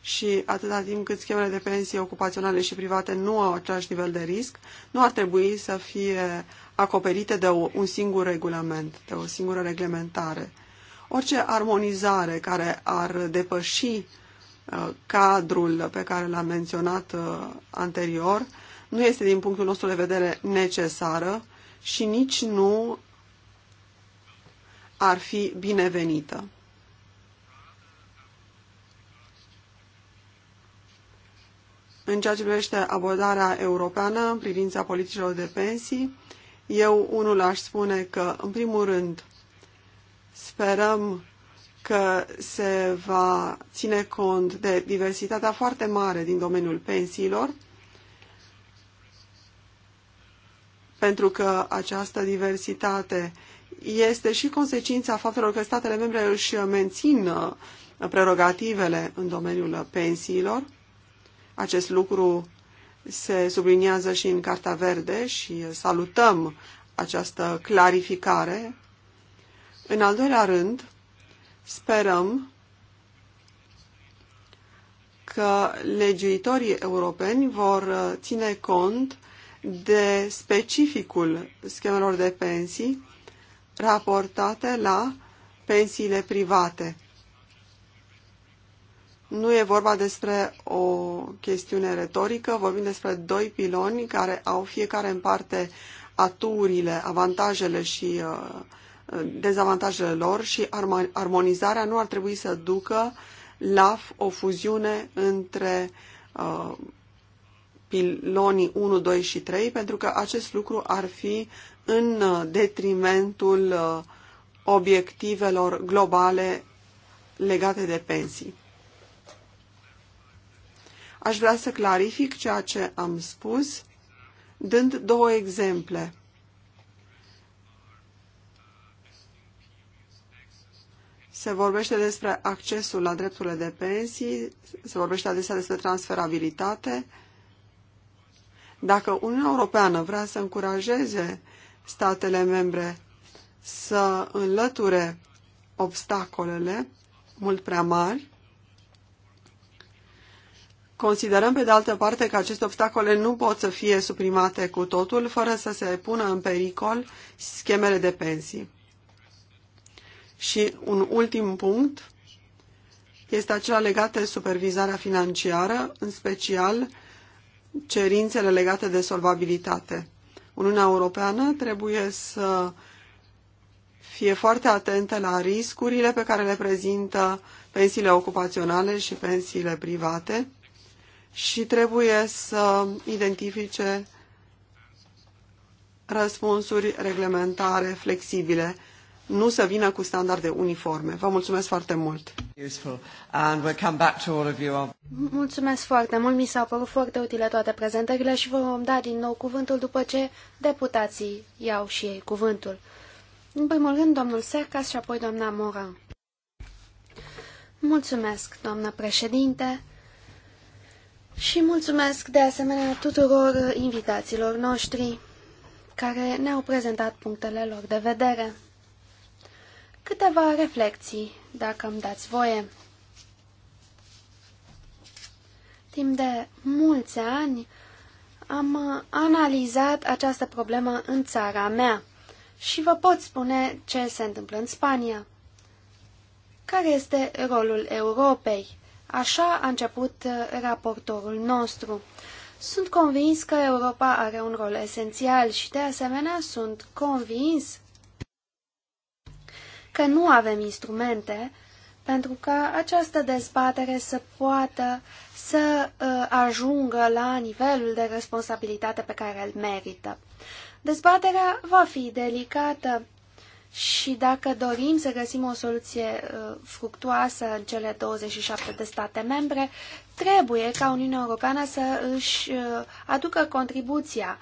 și atâta timp cât schemele de pensie ocupaționale și private nu au același nivel de risc, nu ar trebui să fie acoperite de un singur regulament, de o singură reglementare. Orice armonizare care ar depăși uh, cadrul pe care l-am menționat uh, anterior nu este din punctul nostru de vedere necesară și nici nu ar fi binevenită. În ceea ce privește abordarea europeană în privința politicilor de pensii, eu unul aș spune că, în primul rând, sperăm că se va ține cont de diversitatea foarte mare din domeniul pensiilor, pentru că această diversitate este și consecința faptelor că statele membre își mențin prerogativele în domeniul pensiilor acest lucru se subliniază și în Carta Verde și salutăm această clarificare. În al doilea rând, sperăm că legiuitorii europeni vor ține cont de specificul schemelor de pensii raportate la pensiile private. Nu e vorba despre o chestiune retorică, vorbim despre doi piloni care au fiecare în parte aturile, avantajele și uh, uh, dezavantajele lor și armonizarea nu ar trebui să ducă la o fuziune între uh, pilonii 1, 2 și 3, pentru că acest lucru ar fi în detrimentul obiectivelor globale legate de pensii. Aș vrea să clarific ceea ce am spus, dând două exemple. Se vorbește despre accesul la drepturile de pensii, se vorbește adesea despre transferabilitate. Dacă Uniunea Europeană vrea să încurajeze statele membre să înlăture obstacolele mult prea mari, Considerăm, pe de altă parte, că aceste obstacole nu pot să fie suprimate cu totul, fără să se pună în pericol schemele de pensii. Și un ultim punct este acela legat de supervizarea financiară, în special cerințele legate de solvabilitate. Uniunea Europeană trebuie să fie foarte atentă la riscurile pe care le prezintă pensiile ocupaționale și pensiile private, și trebuie să identifice răspunsuri reglementare flexibile, nu să vină cu standarde uniforme. Vă mulțumesc foarte mult! Mulțumesc foarte mult! Mi s-au părut foarte utile toate prezentările și vă vom da din nou cuvântul după ce deputații iau și ei cuvântul. În primul rând, domnul Sercas și apoi doamna Moran. Mulțumesc, doamnă președinte! Și mulțumesc de asemenea tuturor invitațiilor noștri care ne-au prezentat punctele lor de vedere. Câteva reflexii, dacă îmi dați voie. Timp de mulți ani am analizat această problemă în țara mea și vă pot spune ce se întâmplă în Spania. Care este rolul Europei? Așa a început uh, raportorul nostru. Sunt convins că Europa are un rol esențial și, de asemenea, sunt convins că nu avem instrumente pentru ca această dezbatere să poată să uh, ajungă la nivelul de responsabilitate pe care îl merită. Dezbaterea va fi delicată și dacă dorim să găsim o soluție uh, fructuoasă în cele 27 de state membre, trebuie ca Uniunea Europeană să își uh, aducă contribuția.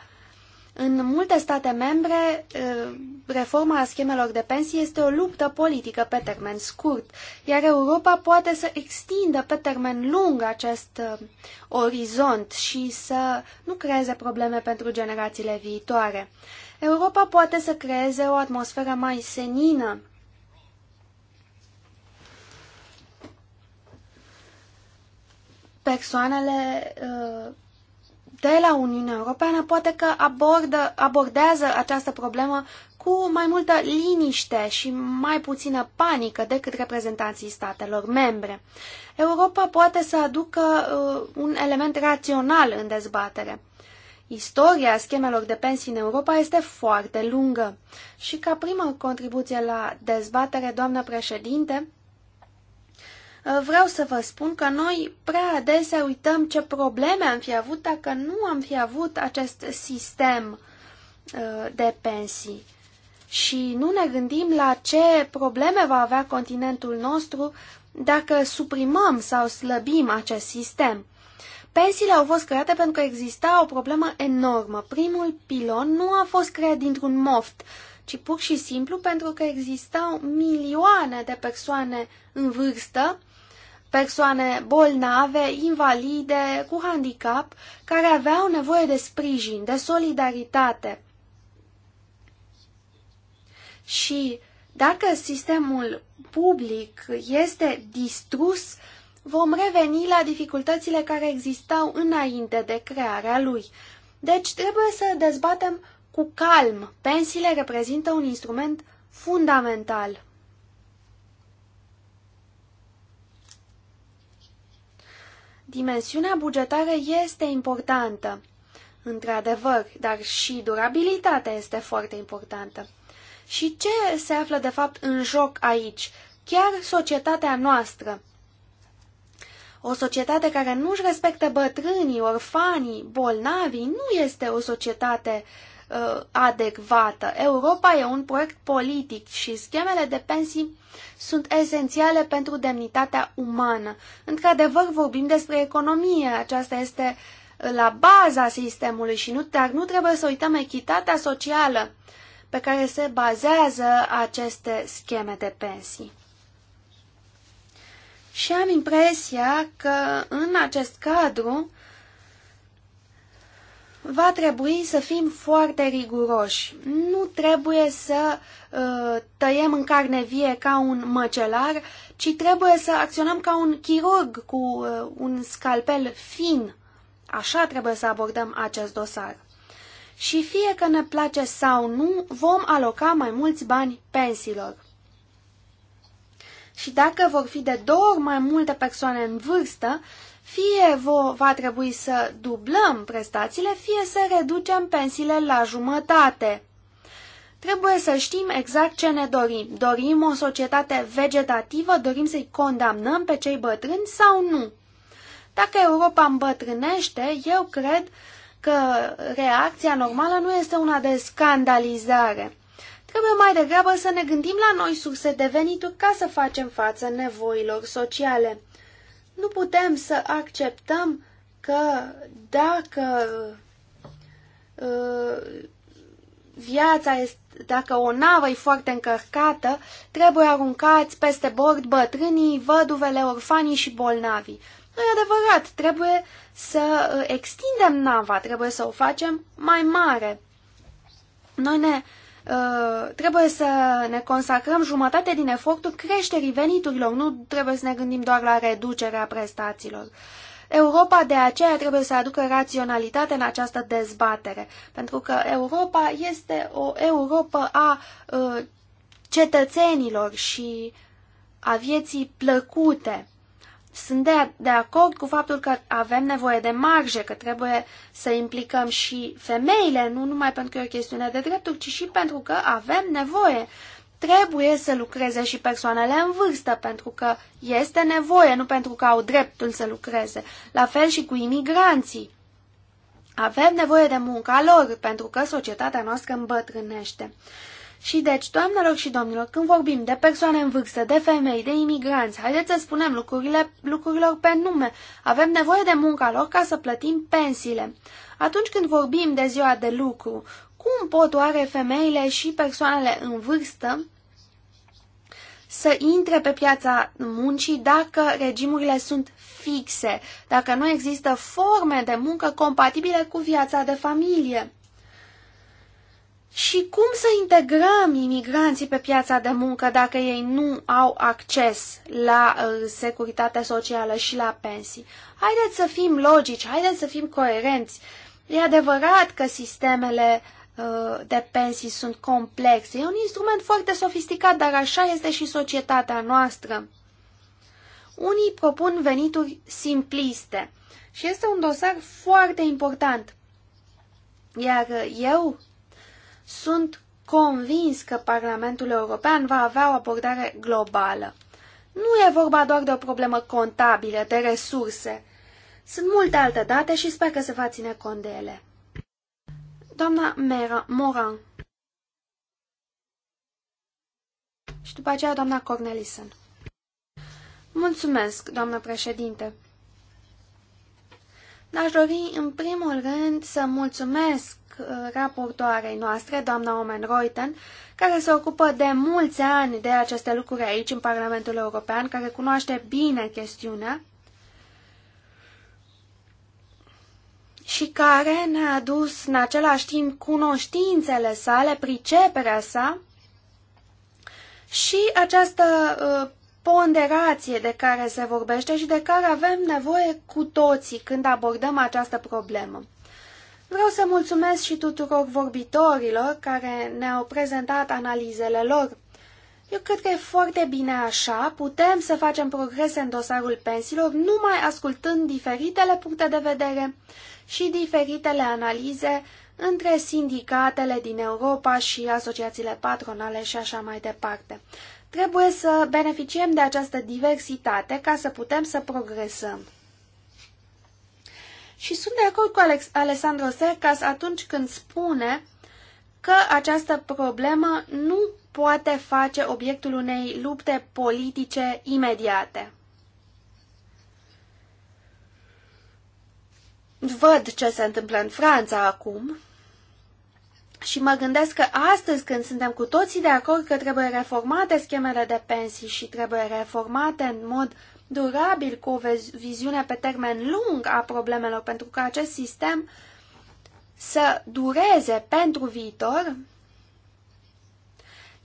În multe state membre, uh, reforma schemelor de pensii este o luptă politică pe termen scurt, iar Europa poate să extindă pe termen lung acest orizont și să nu creeze probleme pentru generațiile viitoare. Europa poate să creeze o atmosferă mai senină. Persoanele uh, de la Uniunea Europeană poate că abordă, abordează această problemă cu mai multă liniște și mai puțină panică decât reprezentanții statelor membre. Europa poate să aducă uh, un element rațional în dezbatere. Istoria schemelor de pensii în Europa este foarte lungă și ca primă contribuție la dezbatere, doamnă președinte, vreau să vă spun că noi prea adesea uităm ce probleme am fi avut dacă nu am fi avut acest sistem uh, de pensii. Și nu ne gândim la ce probleme va avea continentul nostru dacă suprimăm sau slăbim acest sistem. Pensiile au fost create pentru că exista o problemă enormă. Primul pilon nu a fost creat dintr-un moft, ci pur și simplu pentru că existau milioane de persoane în vârstă, persoane bolnave, invalide, cu handicap, care aveau nevoie de sprijin, de solidaritate. Și dacă sistemul public este distrus, uh, vom reveni la dificultățile care existau înainte de crearea lui. Deci trebuie să dezbatem cu calm. Pensiile reprezintă un instrument fundamental. Dimensiunea bugetară este importantă, într-adevăr, dar și durabilitatea este foarte importantă. Și ce se află de fapt în joc aici? Chiar societatea noastră, o societate care nu-și respectă bătrânii, orfanii, bolnavii, nu este o societate uh, adecvată. Europa e un proiect politic și schemele de pensii sunt esențiale pentru demnitatea umană. Într-adevăr, vorbim despre economie. Aceasta este la baza sistemului, și nu, dar nu trebuie să uităm echitatea socială pe care se bazează aceste scheme de pensii. Și am impresia că în acest cadru va trebui să fim foarte riguroși. Nu trebuie să uh, tăiem în carne vie ca un măcelar, ci trebuie să acționăm ca un chirurg cu uh, un scalpel fin. Așa trebuie să abordăm acest dosar. Și fie că ne place sau nu, vom aloca mai mulți bani pensiilor și dacă vor fi de două ori mai multe persoane în vârstă, fie va trebui să dublăm prestațiile, fie să reducem pensiile la jumătate. Trebuie să știm exact ce ne dorim. Dorim o societate vegetativă, dorim să-i condamnăm pe cei bătrâni sau nu? Dacă Europa îmbătrânește, eu cred că reacția normală nu este una de scandalizare. Trebuie mai degrabă să ne gândim la noi surse de venituri ca să facem față nevoilor sociale. Nu putem să acceptăm că dacă uh, viața este, dacă o navă e foarte încărcată, trebuie aruncați peste bord bătrânii, văduvele, orfanii și bolnavii. Nu e adevărat, trebuie să uh, extindem nava, trebuie să o facem mai mare. Noi ne Uh, trebuie să ne consacrăm jumătate din efortul creșterii veniturilor, nu trebuie să ne gândim doar la reducerea prestațiilor. Europa de aceea trebuie să aducă raționalitate în această dezbatere, pentru că Europa este o Europa a uh, cetățenilor și a vieții plăcute. Sunt de, de acord cu faptul că avem nevoie de marge, că trebuie să implicăm și femeile, nu numai pentru că e o chestiune de drepturi, ci și pentru că avem nevoie. Trebuie să lucreze și persoanele în vârstă, pentru că este nevoie, nu pentru că au dreptul să lucreze. La fel și cu imigranții. Avem nevoie de munca lor, pentru că societatea noastră îmbătrânește. Și deci, doamnelor și domnilor, când vorbim de persoane în vârstă, de femei, de imigranți, haideți să spunem lucrurile, lucrurilor pe nume. Avem nevoie de munca lor ca să plătim pensiile. Atunci când vorbim de ziua de lucru, cum pot oare femeile și persoanele în vârstă să intre pe piața muncii dacă regimurile sunt fixe, dacă nu există forme de muncă compatibile cu viața de familie? Și cum să integrăm imigranții pe piața de muncă dacă ei nu au acces la uh, securitate socială și la pensii? Haideți să fim logici, haideți să fim coerenți. E adevărat că sistemele uh, de pensii sunt complexe. E un instrument foarte sofisticat, dar așa este și societatea noastră. Unii propun venituri simpliste și este un dosar foarte important. Iar eu sunt convins că Parlamentul European va avea o abordare globală. Nu e vorba doar de o problemă contabilă, de resurse. Sunt multe alte date și sper că se va ține cont de ele. Doamna Mera, Moran. Și după aceea doamna Cornelison. Mulțumesc, doamnă președinte. N-aș dori în primul rând să mulțumesc raportoarei noastre, doamna Omen Reuten, care se ocupă de mulți ani de aceste lucruri aici, în Parlamentul European, care cunoaște bine chestiunea și care ne-a adus în același timp cunoștințele sale, priceperea sa și această uh, ponderație de care se vorbește și de care avem nevoie cu toții când abordăm această problemă. Vreau să mulțumesc și tuturor vorbitorilor care ne-au prezentat analizele lor. Eu cred că e foarte bine așa, putem să facem progrese în dosarul pensiilor numai ascultând diferitele puncte de vedere și diferitele analize între sindicatele din Europa și asociațiile patronale și așa mai departe. Trebuie să beneficiem de această diversitate ca să putem să progresăm. Și sunt de acord cu Alex Alessandro Sercas atunci când spune că această problemă nu poate face obiectul unei lupte politice imediate. Văd ce se întâmplă în Franța acum și mă gândesc că astăzi, când suntem cu toții de acord că trebuie reformate schemele de pensii și trebuie reformate în mod durabil, cu o viziune pe termen lung a problemelor, pentru că acest sistem să dureze pentru viitor,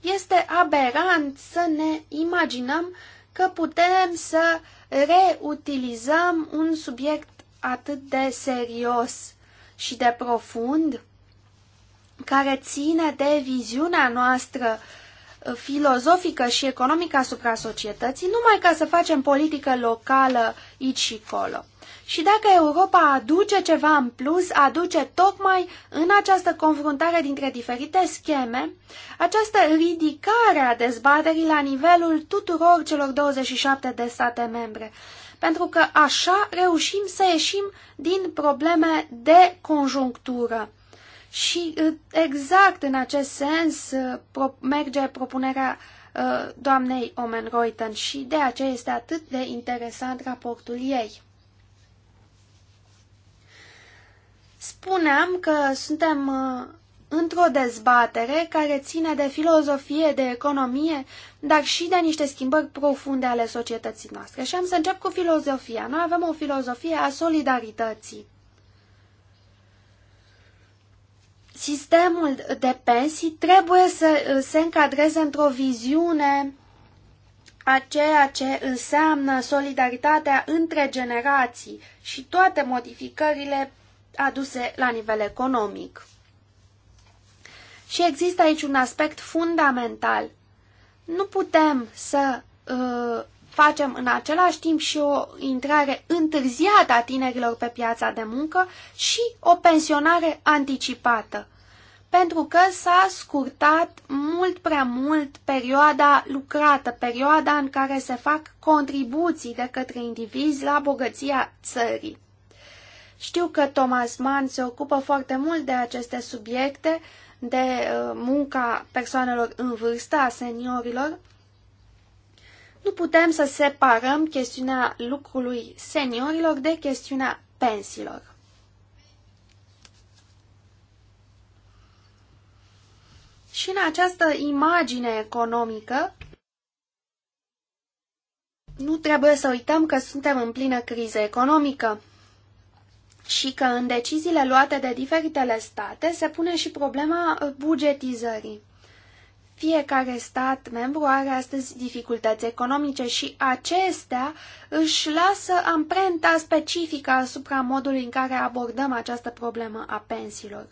este aberant să ne imaginăm că putem să reutilizăm un subiect atât de serios și de profund, care ține de viziunea noastră filozofică și economică asupra societății, numai ca să facem politică locală aici și colo. Și dacă Europa aduce ceva în plus, aduce tocmai în această confruntare dintre diferite scheme, această ridicare a dezbaterii la nivelul tuturor celor 27 de state membre. Pentru că așa reușim să ieșim din probleme de conjunctură și uh, exact în acest sens uh, merge propunerea uh, doamnei Omen Reuten și de aceea este atât de interesant raportul ei. Spuneam că suntem într-o dezbatere care ține de filozofie, de economie, dar și de niște schimbări profunde ale societății noastre. Și am să încep cu filozofia. Noi avem o filozofie a solidarității. Sistemul de pensii trebuie să uh, se încadreze într-o viziune a ceea ce înseamnă solidaritatea între generații și toate modificările aduse la nivel economic. Și există aici un aspect fundamental. Nu putem să uh, facem în același timp și o intrare întârziată a tinerilor pe piața de muncă și o pensionare anticipată pentru că s-a scurtat mult prea mult perioada lucrată, perioada în care se fac contribuții de către indivizi la bogăția țării. Știu că Thomas Mann se ocupă foarte mult de aceste subiecte, de uh, munca persoanelor în vârstă, a seniorilor. Nu putem să separăm chestiunea lucrului seniorilor de chestiunea pensiilor. Și în această imagine economică, nu trebuie să uităm că suntem în plină criză economică și că în deciziile luate de diferitele state se pune și problema uh, bugetizării. Fiecare stat membru are astăzi dificultăți economice și acestea își lasă amprenta specifică asupra modului în care abordăm această problemă a pensiilor.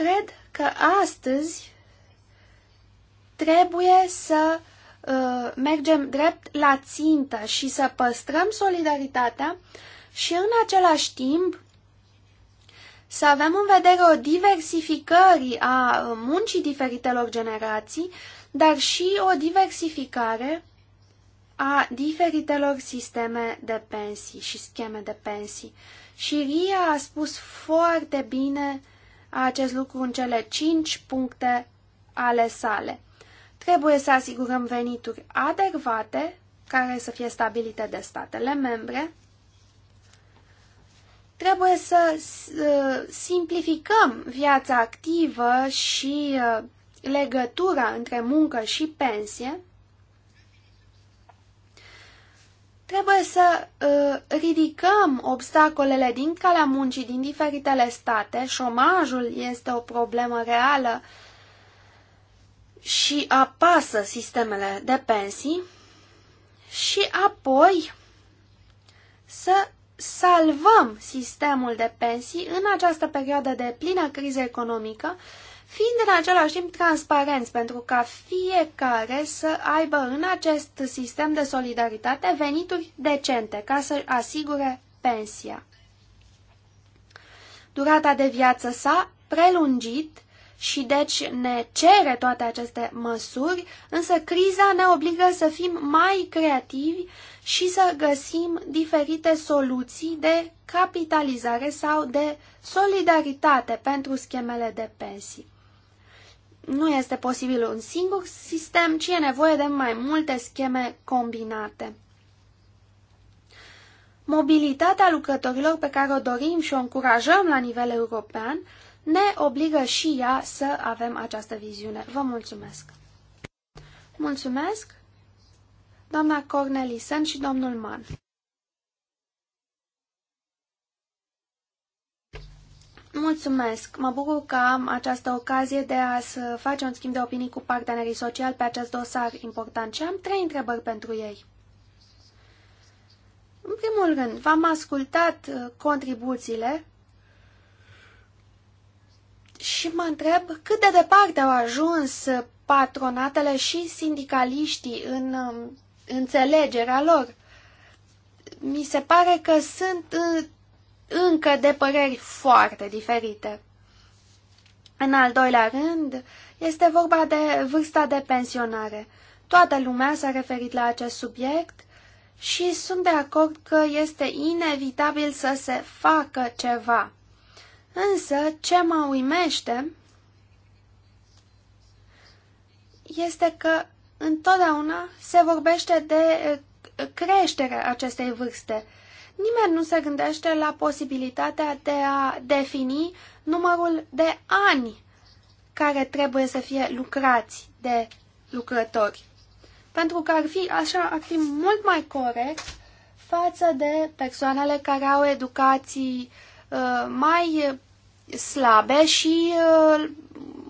cred că astăzi trebuie să uh, mergem drept la țintă și să păstrăm solidaritatea și în același timp să avem în vedere o diversificare a muncii diferitelor generații, dar și o diversificare a diferitelor sisteme de pensii și scheme de pensii. Și Ria a spus foarte bine acest lucru în cele cinci puncte ale sale. Trebuie să asigurăm venituri adecvate, care să fie stabilite de statele membre. Trebuie să simplificăm viața activă și uh, legătura între muncă și pensie. Trebuie să uh, ridicăm obstacolele din calea muncii din diferitele state. Șomajul este o problemă reală și apasă sistemele de pensii. Și apoi să salvăm sistemul de pensii în această perioadă de plină criză economică fiind în același timp transparenți, pentru ca fiecare să aibă în acest sistem de solidaritate venituri decente ca să asigure pensia. Durata de viață s-a prelungit și deci ne cere toate aceste măsuri, însă criza ne obligă să fim mai creativi și să găsim diferite soluții de capitalizare sau de solidaritate pentru schemele de pensii nu este posibil un singur sistem, ci e nevoie de mai multe scheme combinate. Mobilitatea lucrătorilor pe care o dorim și o încurajăm la nivel european ne obligă și ea să avem această viziune. Vă mulțumesc! Mulțumesc, doamna Cornelisen și domnul Mann. Mulțumesc! Mă bucur că am această ocazie de a face un schimb de opinii cu partenerii sociali pe acest dosar important și am trei întrebări pentru ei. În primul rând, v-am ascultat uh, contribuțiile și mă întreb cât de departe au ajuns patronatele și sindicaliștii în um, înțelegerea lor. Mi se pare că sunt uh, încă de păreri foarte diferite. În al doilea rând, este vorba de vârsta de pensionare. Toată lumea s-a referit la acest subiect și sunt de acord că este inevitabil să se facă ceva. Însă, ce mă uimește este că întotdeauna se vorbește de creșterea acestei vârste. Nimeni nu se gândește la posibilitatea de a defini numărul de ani care trebuie să fie lucrați de lucrători. Pentru că ar fi așa, ar fi mult mai corect față de persoanele care au educații uh, mai slabe și uh,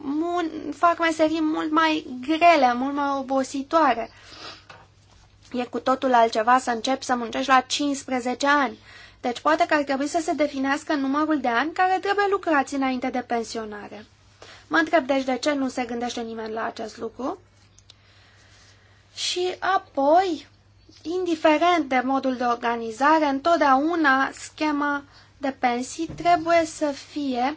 mun, fac meserii mult mai grele, mult mai obositoare. Uh, E cu totul altceva să începi să muncești la 15 ani. Deci poate că ar trebui să se definească numărul de ani care trebuie lucrați înainte de pensionare. Mă întreb deci de ce nu se gândește nimeni la acest lucru. Și apoi, indiferent de modul de organizare, întotdeauna schema de pensii trebuie să fie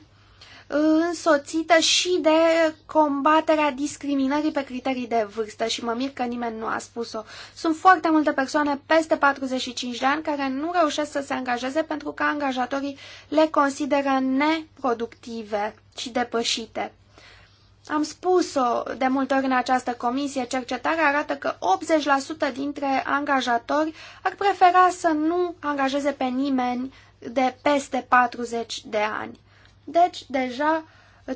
însoțită și de combaterea discriminării pe criterii de vârstă și mă mir că nimeni nu a spus-o. Sunt foarte multe persoane peste 45 de ani care nu reușesc să se angajeze pentru că angajatorii le consideră neproductive și depășite. Am spus-o de multe ori în această comisie, cercetarea arată că 80% dintre angajatori ar prefera să nu angajeze pe nimeni de peste 40 de ani. Deci, deja,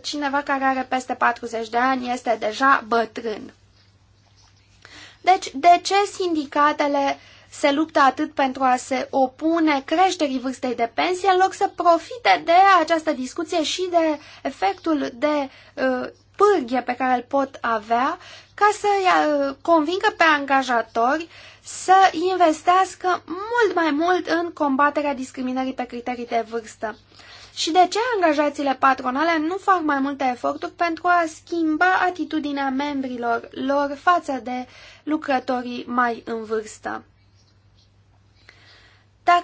cineva care are peste 40 de ani este deja bătrân. Deci, de ce sindicatele se luptă atât pentru a se opune creșterii vârstei de pensie, în loc să profite de această discuție și de efectul de uh, pârghie pe care îl pot avea, ca să uh, convingă pe angajatori să investească mult mai mult în combaterea discriminării pe criterii de vârstă. Uh, și de ce angajațiile patronale nu fac mai multe eforturi pentru a schimba atitudinea membrilor lor față de lucrătorii mai în vârstă? Dacă,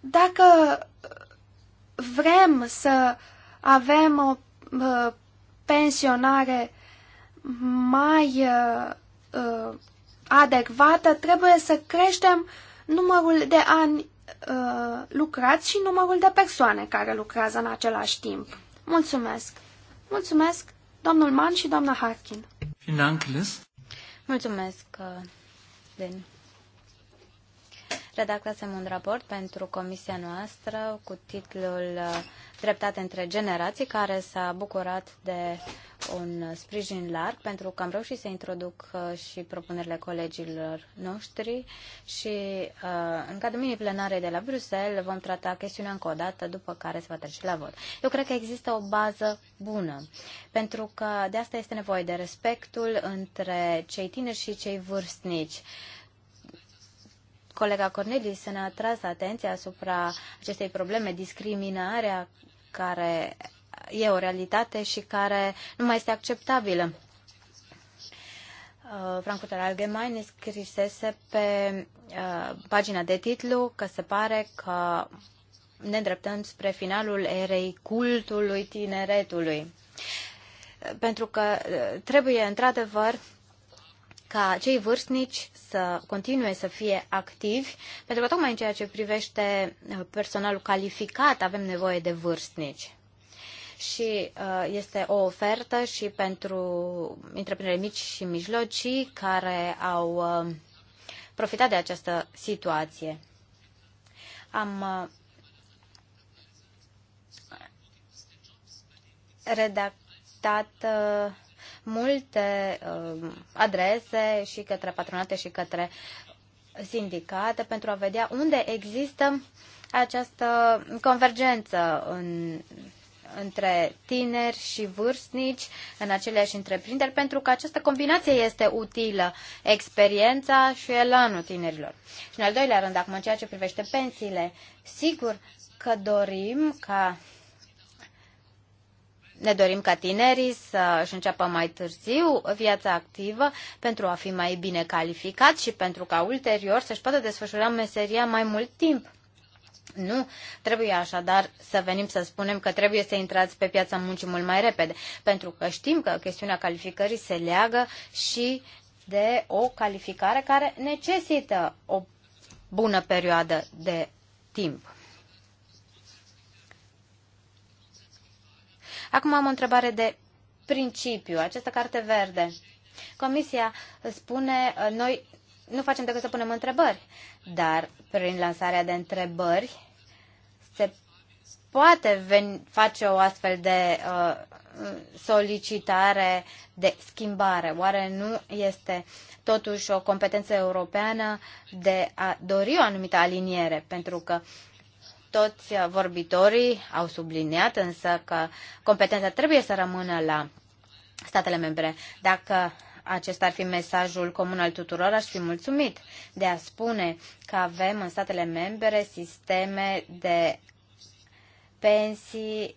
dacă vrem să avem o uh, pensionare mai uh, uh, adecvată, trebuie să creștem numărul de ani uh, lucrați și numărul de persoane care lucrează în același timp. Mulțumesc! Mulțumesc, domnul Mann și doamna Harkin! Mulțumesc, Denis! Uh, redactasem un raport pentru comisia noastră cu titlul uh, Dreptate între generații, care s-a bucurat de un sprijin larg pentru că am reușit să introduc uh, și propunerile colegilor noștri și uh, în cadrul mini plenarei de la Bruxelles vom trata chestiunea încă o dată, după care se va trece la vot. Eu cred că există o bază bună, pentru că de asta este nevoie de respectul între cei tineri și cei vârstnici. Colega Cornelis ne-a atras atenția asupra acestei probleme, discriminarea care e o realitate și care nu mai este acceptabilă. Uh, Frankfurter Allgemein scrisese pe uh, pagina de titlu că se pare că ne îndreptăm spre finalul erei cultului tineretului. Pentru că uh, trebuie, într-adevăr, ca cei vârstnici să continue să fie activi, pentru că tocmai în ceea ce privește uh, personalul calificat avem nevoie de vârstnici. Și uh, este o ofertă și pentru întreprinderi mici și mijlocii care au uh, profitat de această situație. Am redactat multe uh, adrese și către patronate și către sindicate pentru a vedea unde există această convergență în, între tineri și vârstnici în aceleași întreprinderi, pentru că această combinație este utilă, experiența și elanul tinerilor. Și în al doilea rând, acum, în ceea ce privește pensiile, sigur că dorim ca ne dorim ca tinerii să își înceapă mai târziu viața activă pentru a fi mai bine calificat și pentru ca ulterior să-și poată desfășura meseria mai mult timp. Nu, trebuie așadar să venim să spunem că trebuie să intrați pe piața muncii mult mai repede, pentru că știm că chestiunea calificării se leagă și de o calificare care necesită o bună perioadă de timp. Acum am o întrebare de principiu. Această carte verde. Comisia spune, uh, noi nu facem decât să punem întrebări, dar prin lansarea de întrebări se poate veni, face o astfel de uh, solicitare de schimbare. Oare nu este totuși o competență europeană de a dori o anumită aliniere? Pentru că toți vorbitorii au subliniat însă că competența trebuie să rămână la statele membre. Dacă acesta ar fi mesajul comun al tuturor, aș fi mulțumit de a spune că avem în statele membre sisteme de pensii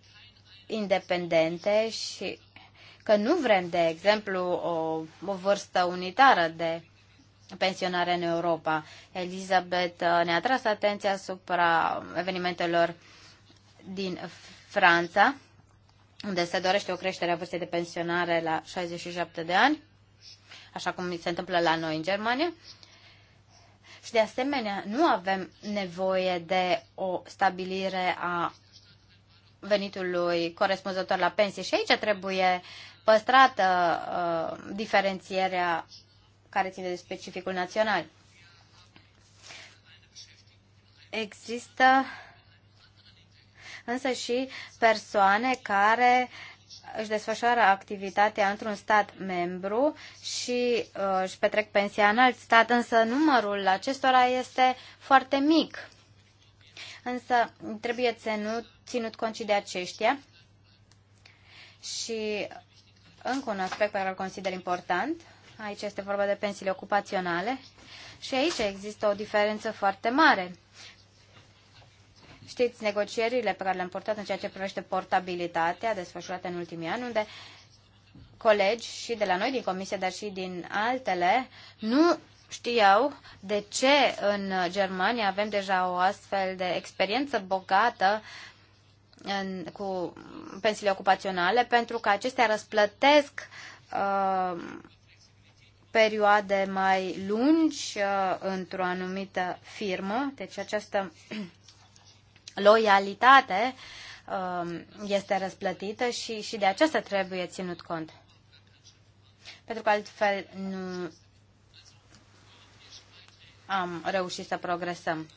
independente și că nu vrem, de exemplu, o, o vârstă unitară de pensionare în Europa. Elizabeth uh, ne-a tras atenția asupra evenimentelor din Franța, unde se dorește o creștere a vârstei de pensionare la 67 de ani, așa cum se întâmplă la noi în Germania. Și de asemenea, nu avem nevoie de o stabilire a venitului corespunzător la pensie și aici trebuie păstrată uh, diferențierea care ține de specificul național. Există însă și persoane care își desfășoară activitatea într-un stat membru și uh, își petrec pensia în alt stat, însă numărul acestora este foarte mic. Însă trebuie ținut, ținut cont și de aceștia și încă un aspect pe care îl consider important – Aici este vorba de pensiile ocupaționale. Și aici există o diferență foarte mare. Știți, negocierile pe care le-am portat în ceea ce privește portabilitatea desfășurată în ultimii ani, unde colegi și de la noi din comisie, dar și din altele, nu știau de ce în Germania avem deja o astfel de experiență bogată în, cu pensiile ocupaționale, pentru că acestea răsplătesc uh, perioade mai lungi uh, într-o anumită firmă. Deci această [clears throat] loialitate um, este răsplătită și, și de aceasta trebuie ținut cont. Pentru că altfel nu am reușit să progresăm.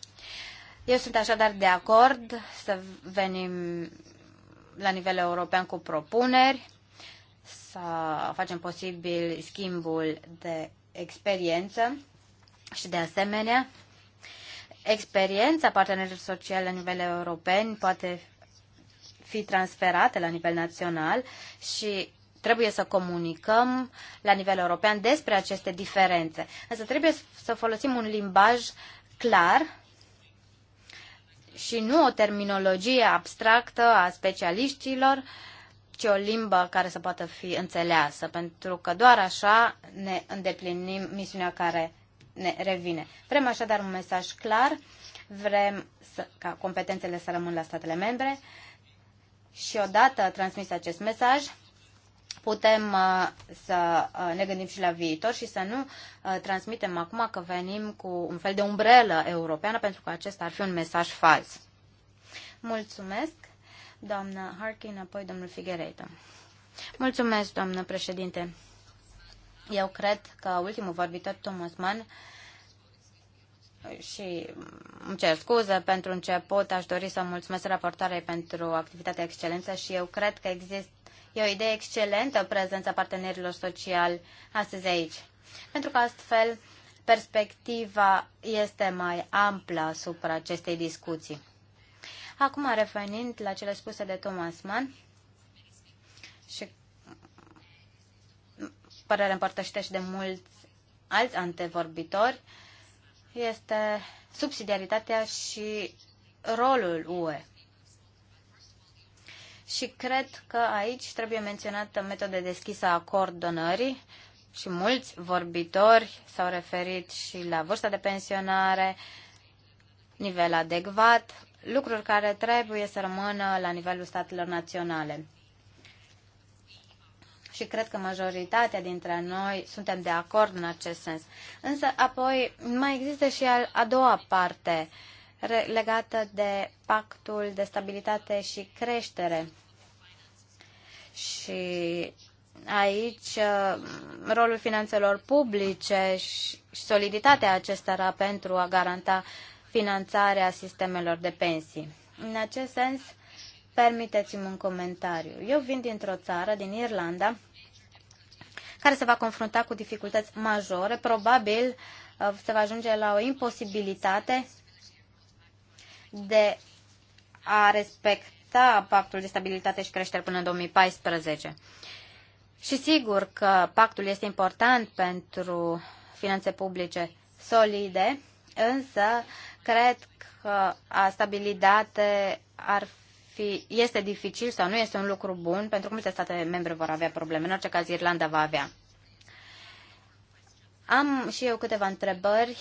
Eu sunt așadar de acord să venim la nivel european cu propuneri să facem posibil schimbul de experiență și de asemenea experiența partenerilor sociale la nivel european poate fi transferată la nivel național și trebuie să comunicăm la nivel european despre aceste diferențe. Însă trebuie să folosim un limbaj clar și nu o terminologie abstractă a specialiștilor uh, ci o limbă care să poată fi înțeleasă, pentru că doar așa ne îndeplinim misiunea care ne revine. Vrem așadar un mesaj clar, vrem să, ca competențele să rămână la statele membre și odată transmis acest mesaj, putem uh, să uh, ne gândim și la viitor și să nu uh, transmitem acum că venim cu un fel de umbrelă europeană, pentru că acesta ar fi un mesaj fals. Mulțumesc! doamna Harkin, apoi domnul Figueiredo. Mulțumesc, doamnă președinte. Eu cred că ultimul vorbitor, Thomas Mann, și îmi cer scuze pentru început, aș dori să mulțumesc raportarei pentru activitatea excelență și eu cred că există e o idee excelentă prezența partenerilor sociali astăzi aici. Pentru că astfel perspectiva este mai amplă asupra acestei discuții. Acum, revenind la cele spuse de Thomas Mann și părere împărtășită și de mulți alți antevorbitori, este subsidiaritatea și rolul UE. Și cred că aici trebuie menționată metoda deschisă a coordonării și mulți vorbitori s-au referit și la vârsta de pensionare, nivel adecvat, lucruri care trebuie să rămână la nivelul statelor naționale. Și cred că majoritatea dintre noi suntem de acord în acest sens. Însă apoi mai există și a doua parte legată de pactul de stabilitate și creștere. Și aici uh, rolul finanțelor publice și soliditatea acestora pentru a garanta uh, finanțarea sistemelor de pensii. În acest sens, permiteți-mi un comentariu. Eu vin dintr-o țară, din Irlanda, care se va confrunta cu dificultăți majore, probabil uh, se va ajunge la o imposibilitate de a respecta pactul de stabilitate și creștere până în 2014. Și sigur că pactul este important pentru finanțe publice solide, însă Cred că a stabili date ar fi, este dificil sau nu este un lucru bun, pentru că multe state membre vor avea probleme. În orice caz, Irlanda va avea. Am și eu câteva întrebări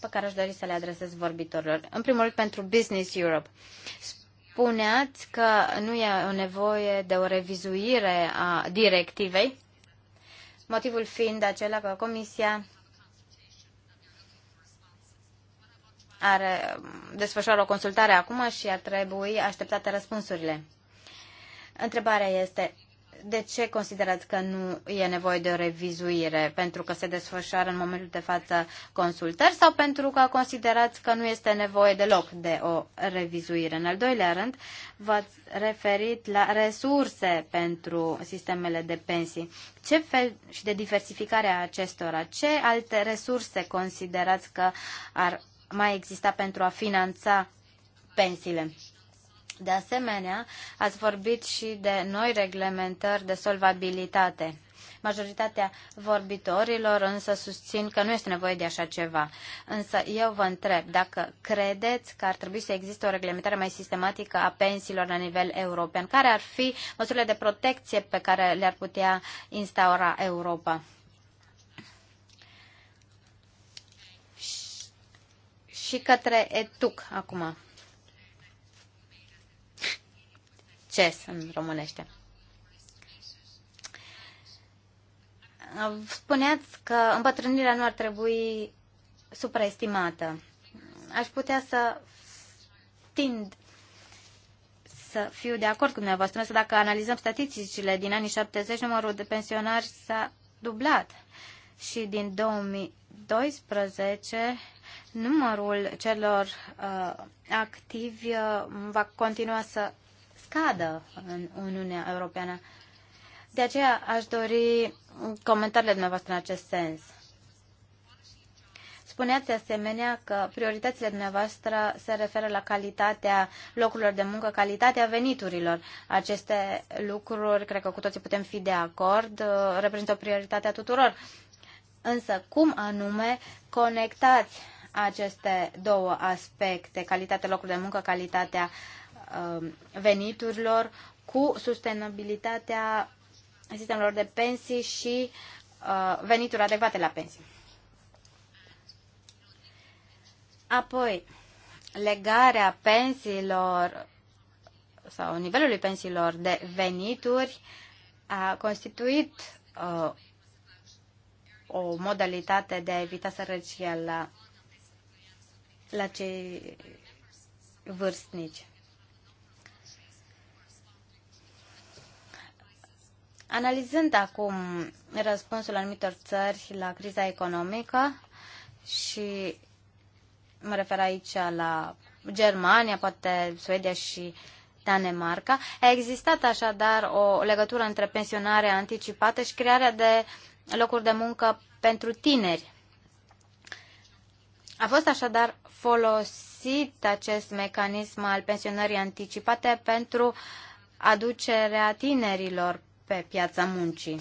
pe care aș dori să le adresez vorbitorilor. În primul rând, pentru Business Europe. Spuneați că nu e o nevoie de o revizuire a directivei, motivul fiind acela că Comisia are, desfășoară o consultare acum și ar trebui așteptate răspunsurile. Întrebarea este, de ce considerați că nu e nevoie de o revizuire? Pentru că se desfășoară în momentul de față consultări sau pentru că considerați că nu este nevoie deloc de o revizuire? În al doilea rând, v-ați referit la resurse pentru sistemele de pensii. Ce fel și de diversificarea acestora? Ce alte resurse considerați că ar mai exista pentru a finanța pensiile. De asemenea, ați vorbit și de noi reglementări de solvabilitate. Majoritatea vorbitorilor însă susțin că nu este nevoie de așa ceva. Însă eu vă întreb dacă credeți că ar trebui să existe o reglementare mai sistematică a pensiilor la nivel european. Care ar fi măsurile de protecție pe care le-ar putea instaura Europa? și către ETUC acum. Ce în românește. Spuneați că îmbătrânirea nu ar trebui supraestimată. Aș putea să tind să fiu de acord cu dumneavoastră, însă dacă analizăm statisticile din anii 70, numărul de pensionari s-a dublat și din 2012 numărul celor uh, activi uh, va continua să scadă în Uniunea Europeană. De aceea aș dori comentariile dumneavoastră în acest sens. Spuneați asemenea că prioritățile dumneavoastră se referă la calitatea locurilor de muncă, calitatea veniturilor. Aceste lucruri, cred că cu toții putem fi de acord, uh, reprezintă o prioritate a tuturor. Însă, cum anume conectați aceste două aspecte, calitatea locului de muncă, calitatea um, veniturilor, cu sustenabilitatea sistemelor de pensii și uh, venituri adecvate la pensii. Apoi, legarea pensiilor sau nivelului pensiilor de venituri a constituit uh, o modalitate de a evita sărăcia la la cei vârstnici. Analizând acum răspunsul anumitor țări la criza economică și mă refer aici la Germania, poate Suedia și Danemarca, a existat așadar o legătură între pensionarea anticipată și crearea de locuri de muncă pentru tineri. A fost așadar folosit acest mecanism al pensionării anticipate pentru aducerea tinerilor pe piața muncii.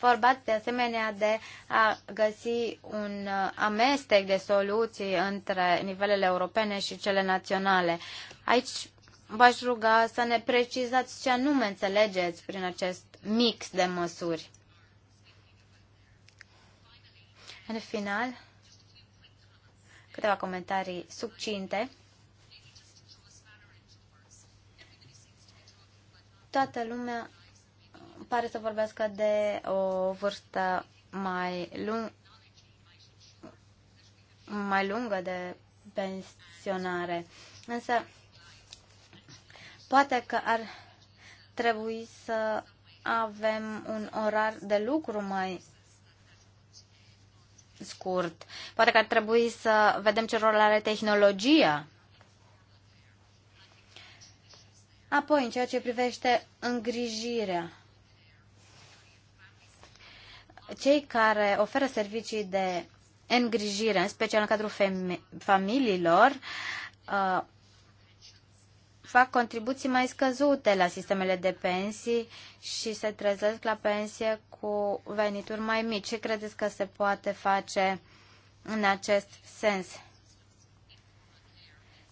Vorbați de asemenea de a găsi un amestec de soluții între nivelele europene și cele naționale. Aici v-aș ruga să ne precizați ce anume înțelegeți prin acest mix de măsuri. În final, Câteva comentarii subcinte. Toată lumea pare să vorbească de o vârstă mai, lung, mai lungă de pensionare. Însă, poate că ar trebui să avem un orar de lucru mai scurt. Poate că ar trebui să vedem ce rol are tehnologia. Apoi, în ceea ce privește îngrijirea, cei care oferă servicii de îngrijire, în special în cadrul familiilor, uh, fac contribuții mai scăzute la sistemele de pensii și se trezesc la pensie cu venituri mai mici. Ce credeți că se poate face în acest sens?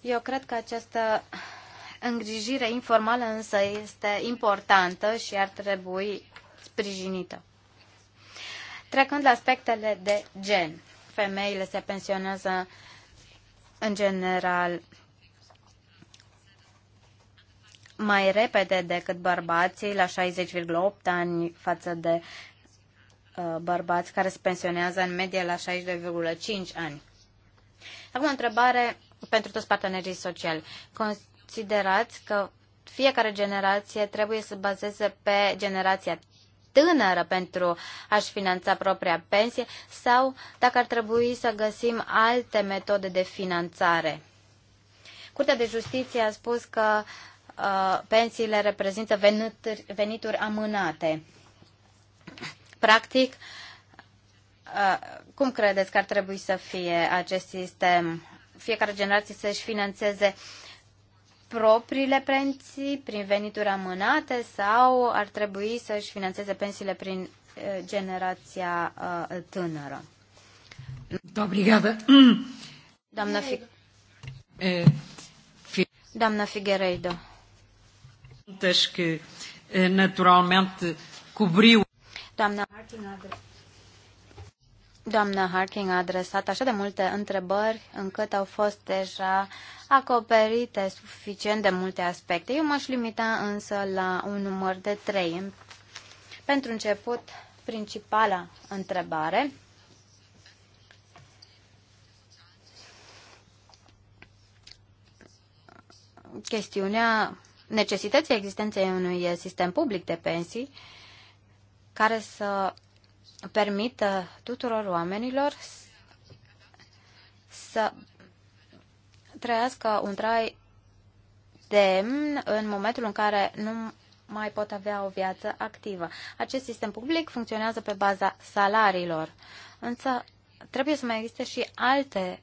Eu cred că această îngrijire informală însă este importantă și ar trebui sprijinită. Trecând la aspectele de gen, femeile se pensionează în general mai repede decât bărbații, la 60,8 ani față de uh, bărbați care se pensionează în medie la 62,5 ani. Acum o întrebare pentru toți partenerii sociali. Considerați că fiecare generație trebuie să bazeze pe generația tânără pentru a-și finanța propria pensie sau dacă ar trebui să găsim alte metode de finanțare. Curtea de Justiție a spus că Uh, pensiile reprezintă venituri, venituri amânate. Practic, uh, cum credeți că ar trebui să fie acest sistem? Fiecare generație să-și financeze propriile pensii prin venituri amânate sau ar trebui să-și financeze pensiile prin uh, generația tânără? Obrigada. Doamna Fi... Doamna Figueiredo que eh, naturalmente cobriu. Doamna Harkin Doamna Harking a adresat așa de multe întrebări încât au fost deja acoperite suficient de multe aspecte. Eu m-aș limita însă la un număr de trei. Pentru început, principala întrebare chestiunea necesității existenței unui sistem public de pensii care să permită tuturor oamenilor să trăiască un trai demn în momentul în care nu mai pot avea o viață activă. Acest sistem public funcționează pe baza salariilor, însă trebuie să mai existe și alte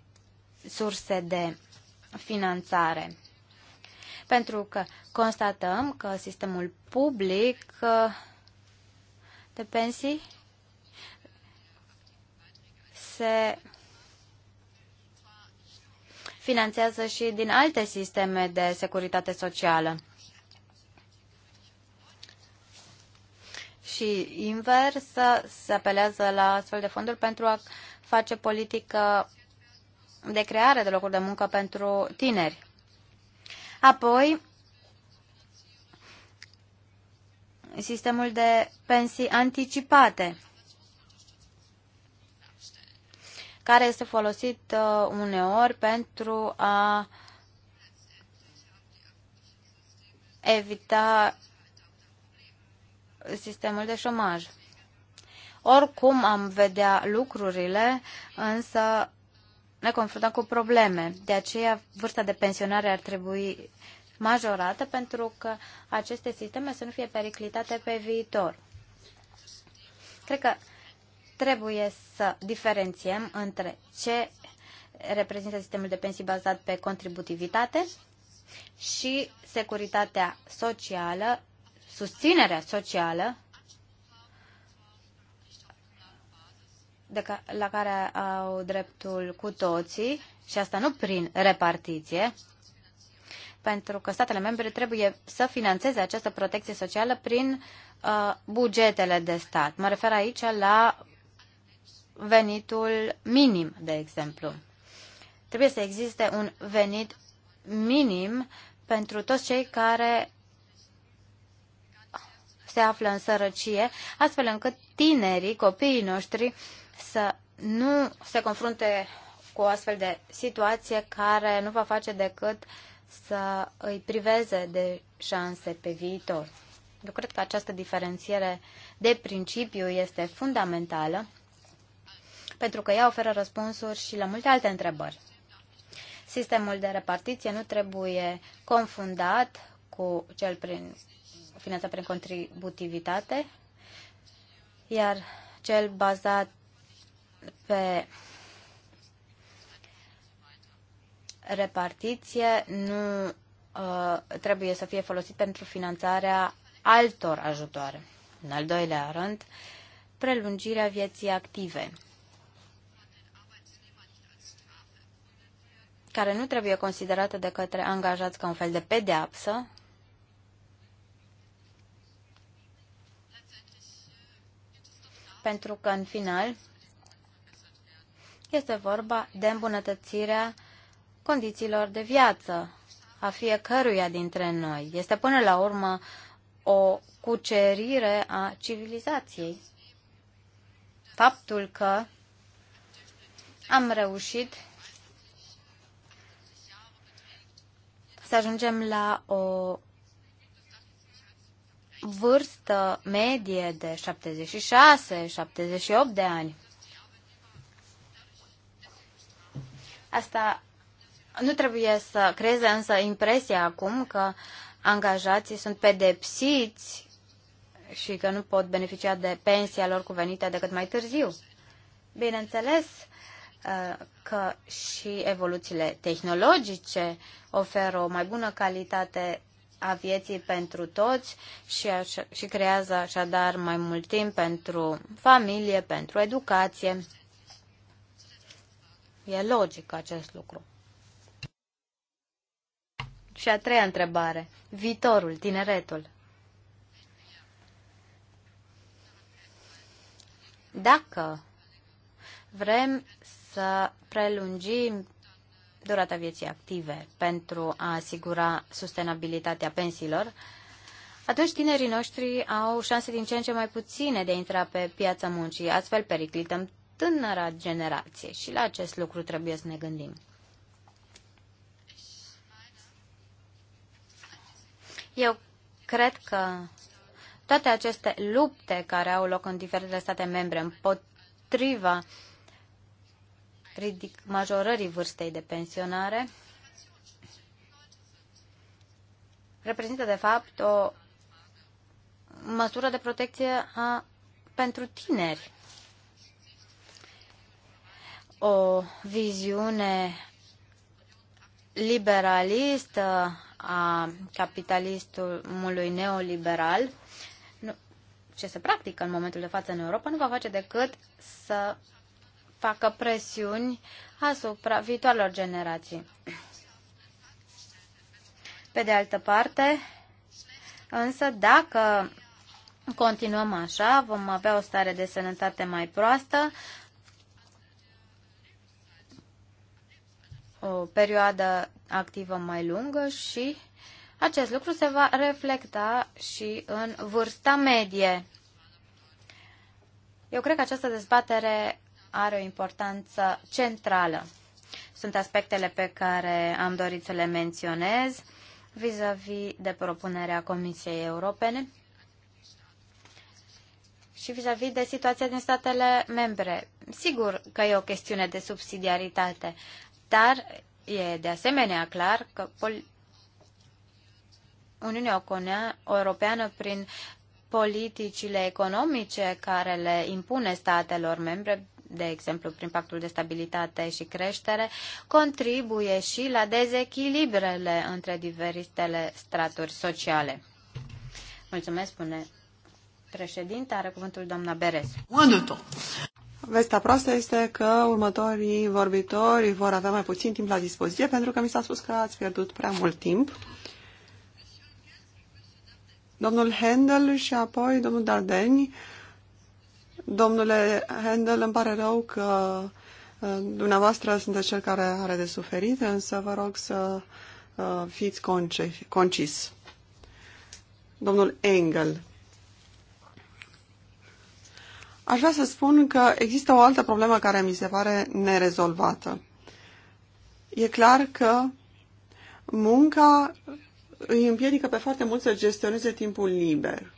surse de finanțare pentru că constatăm că sistemul public uh, de pensii se finanțează și din alte sisteme de securitate socială. Și invers, se apelează la astfel de fonduri pentru a face politică de creare de locuri de muncă pentru tineri. Apoi, sistemul de pensii anticipate, care este folosit uh, uneori pentru a evita sistemul de șomaj. Oricum am vedea lucrurile, însă ne confruntăm cu probleme. De aceea, vârsta de pensionare ar trebui majorată pentru că aceste sisteme să nu fie periclitate pe viitor. Cred că trebuie să diferențiem între ce reprezintă sistemul de pensii bazat pe contributivitate și securitatea socială, susținerea socială de ca, la care au dreptul cu toții, și asta nu prin repartiție, pentru că statele membre trebuie să financeze această protecție socială prin uh, bugetele de stat. Mă refer aici la venitul minim, de exemplu. Trebuie să existe un venit minim pentru toți cei care se află în sărăcie, astfel încât tinerii, copiii noștri, uh, să nu se confrunte cu o astfel de situație care nu va face decât să îi priveze de șanse pe viitor. Eu cred că această diferențiere de principiu este fundamentală pentru că ea oferă răspunsuri și la multe alte întrebări. Sistemul de repartiție nu trebuie confundat cu cel prin finanțat prin contributivitate, iar cel bazat pe repartiție nu uh, trebuie să fie folosit pentru finanțarea altor ajutoare. În al doilea rând, prelungirea vieții active, care nu trebuie considerată de către angajați ca un fel de pedeapsă, pentru că, în final, este vorba de îmbunătățirea condițiilor de viață a fiecăruia dintre noi. Este până la urmă o cucerire a civilizației. Faptul că am reușit să ajungem la o vârstă medie de 76-78 de ani. Asta nu trebuie să creeze însă impresia acum că angajații sunt pedepsiți și că nu pot beneficia de pensia lor cuvenită decât mai târziu. Bineînțeles uh, că și evoluțiile tehnologice oferă o mai bună calitate a vieții pentru toți și, așa, și creează așadar mai mult timp pentru familie, pentru educație. E logic acest lucru. Și a treia întrebare. Viitorul, tineretul. Dacă vrem să prelungim durata vieții active pentru a asigura sustenabilitatea pensiilor, atunci tinerii noștri au șanse din ce în ce mai puține de a intra pe piața muncii, astfel periclităm tânăra generație și la acest lucru trebuie să ne gândim. Eu cred că toate aceste lupte care au loc în diferite state membre împotriva ridic, majorării vârstei de pensionare reprezintă de fapt o măsură de protecție a, pentru tineri o viziune liberalistă a capitalismului neoliberal, ce se practică în momentul de față în Europa, nu va face decât să facă presiuni asupra viitoarelor generații. Pe de altă parte, însă, dacă continuăm așa, vom avea o stare de sănătate mai proastă, o perioadă activă mai lungă și acest lucru se va reflecta și în vârsta medie. Eu cred că această dezbatere are o importanță centrală. Sunt aspectele pe care am dorit să le menționez vis-a-vis -vis de propunerea Comisiei Europene și vis-a-vis -vis de situația din statele membre. Sigur că e o chestiune de subsidiaritate, dar e de asemenea clar că Uniunea Europeană, prin politicile economice care le impune statelor membre, de exemplu prin pactul de stabilitate și creștere, contribuie și la dezechilibrele între diferitele straturi sociale. Mulțumesc, spune președinte. Are cuvântul doamna Beres. Vestea proastă este că următorii vorbitori vor avea mai puțin timp la dispoziție pentru că mi s-a spus că ați pierdut prea mult timp. Domnul Handel și apoi domnul Dardeni. Domnule Handel, îmi pare rău că uh, dumneavoastră sunteți cel care are de suferit, însă vă rog să uh, fiți concis. Domnul Engel. Aș vrea să spun că există o altă problemă care mi se pare nerezolvată. E clar că munca îi împiedică pe foarte mult să gestioneze timpul liber.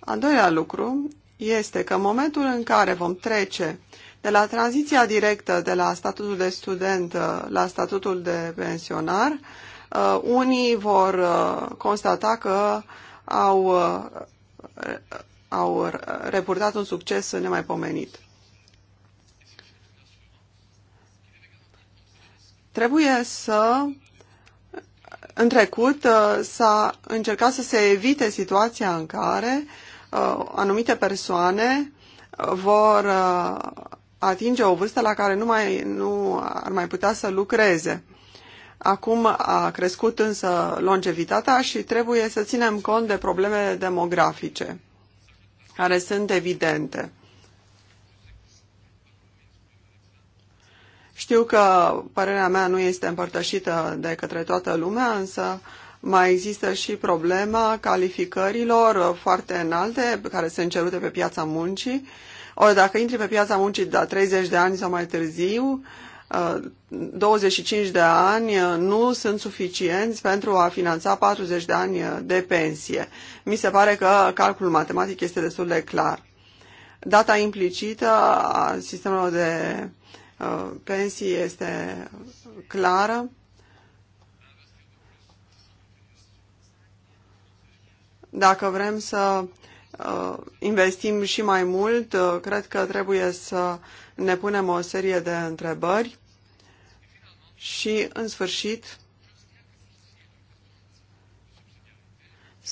Al doilea lucru este că în momentul în care vom trece de la tranziția directă de la statutul de student uh, la statutul de pensionar, uh, unii vor uh, constata că au au reportat un succes nemaipomenit. Trebuie să... În trecut uh, s-a încercat să se evite situația în care uh, anumite persoane uh, vor atinge o vârstă la care nu, mai, nu ar mai putea să lucreze. Acum a crescut însă longevitatea și trebuie să ținem cont de problemele demografice care sunt evidente. Știu că părerea mea nu este împărtășită de către toată lumea, însă mai există și problema calificărilor foarte înalte care sunt cerute pe piața muncii. Ori dacă intri pe piața muncii de la 30 de ani sau mai târziu, 25 de ani nu sunt suficienți pentru a finanța 40 de ani de pensie. Mi se pare că calculul matematic este destul de clar. Data implicită a sistemului de uh, pensii este clară. Dacă vrem să uh, investim și mai mult, uh, cred că trebuie să ne punem o serie de întrebări și, în sfârșit,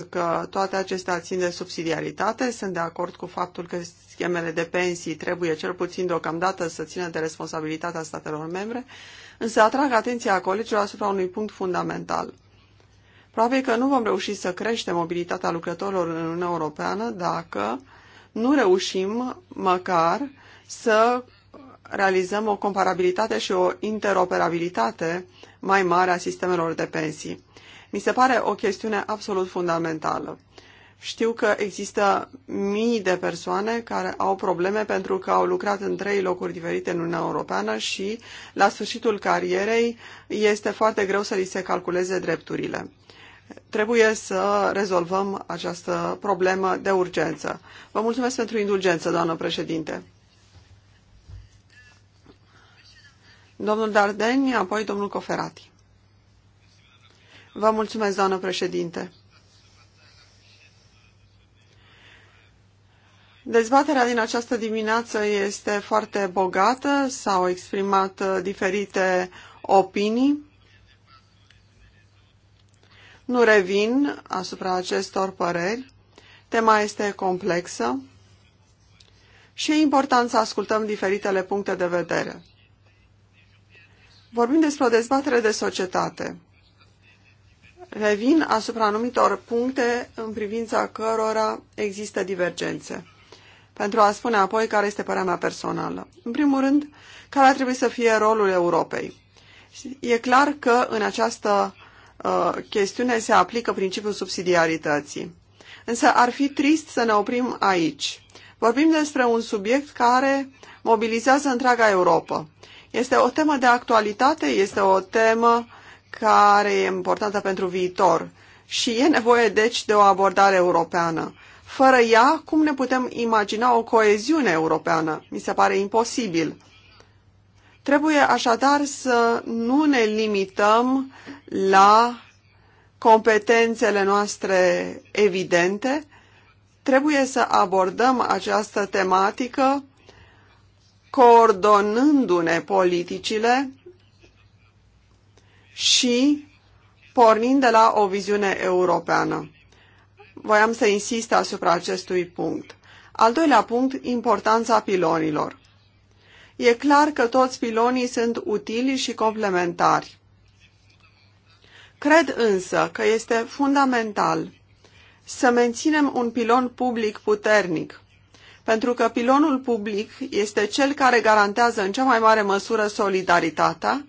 că toate acestea țin de subsidiaritate. Sunt de acord cu faptul că schemele de pensii trebuie cel puțin deocamdată să țină de responsabilitatea statelor membre, însă atrag atenția colegilor asupra unui punct fundamental. Probabil că nu vom reuși să creștem mobilitatea lucrătorilor în Uniunea Europeană dacă nu reușim măcar să realizăm o comparabilitate și o interoperabilitate mai mare a sistemelor de pensii. Mi se pare o chestiune absolut fundamentală. Știu că există mii de persoane care au probleme pentru că au lucrat în trei locuri diferite în Uniunea Europeană și la sfârșitul carierei este foarte greu să li se calculeze drepturile. Trebuie să rezolvăm această problemă de urgență. Vă mulțumesc pentru indulgență, doamnă președinte. Domnul Dardeni, apoi domnul Coferati. Vă mulțumesc, doamnă președinte. Dezbaterea din această dimineață este foarte bogată, s-au exprimat uh, diferite opinii. Nu revin asupra acestor păreri. Tema este complexă și e important să ascultăm diferitele puncte de vedere. Vorbim despre o dezbatere de societate. Revin asupra anumitor puncte în privința cărora există divergențe. Pentru a spune apoi care este părerea mea personală. În primul rând, care ar trebui să fie rolul Europei. E clar că în această uh, chestiune se aplică principiul subsidiarității. Însă ar fi trist să ne oprim aici. Vorbim despre un subiect care mobilizează întreaga Europa. Este o temă de actualitate, este o temă care e importantă pentru viitor și e nevoie deci de o abordare europeană. Fără ea, cum ne putem imagina o coeziune europeană? Mi se pare imposibil. Trebuie așadar să nu ne limităm la competențele noastre evidente, trebuie să abordăm această tematică coordonându-ne politicile și pornind de la o viziune europeană. Voiam să insist asupra acestui punct. Al doilea punct, importanța pilonilor. E clar că toți pilonii sunt utili și complementari. Cred însă că este fundamental să menținem un pilon public puternic, pentru că pilonul public este cel care garantează în cea mai mare măsură solidaritatea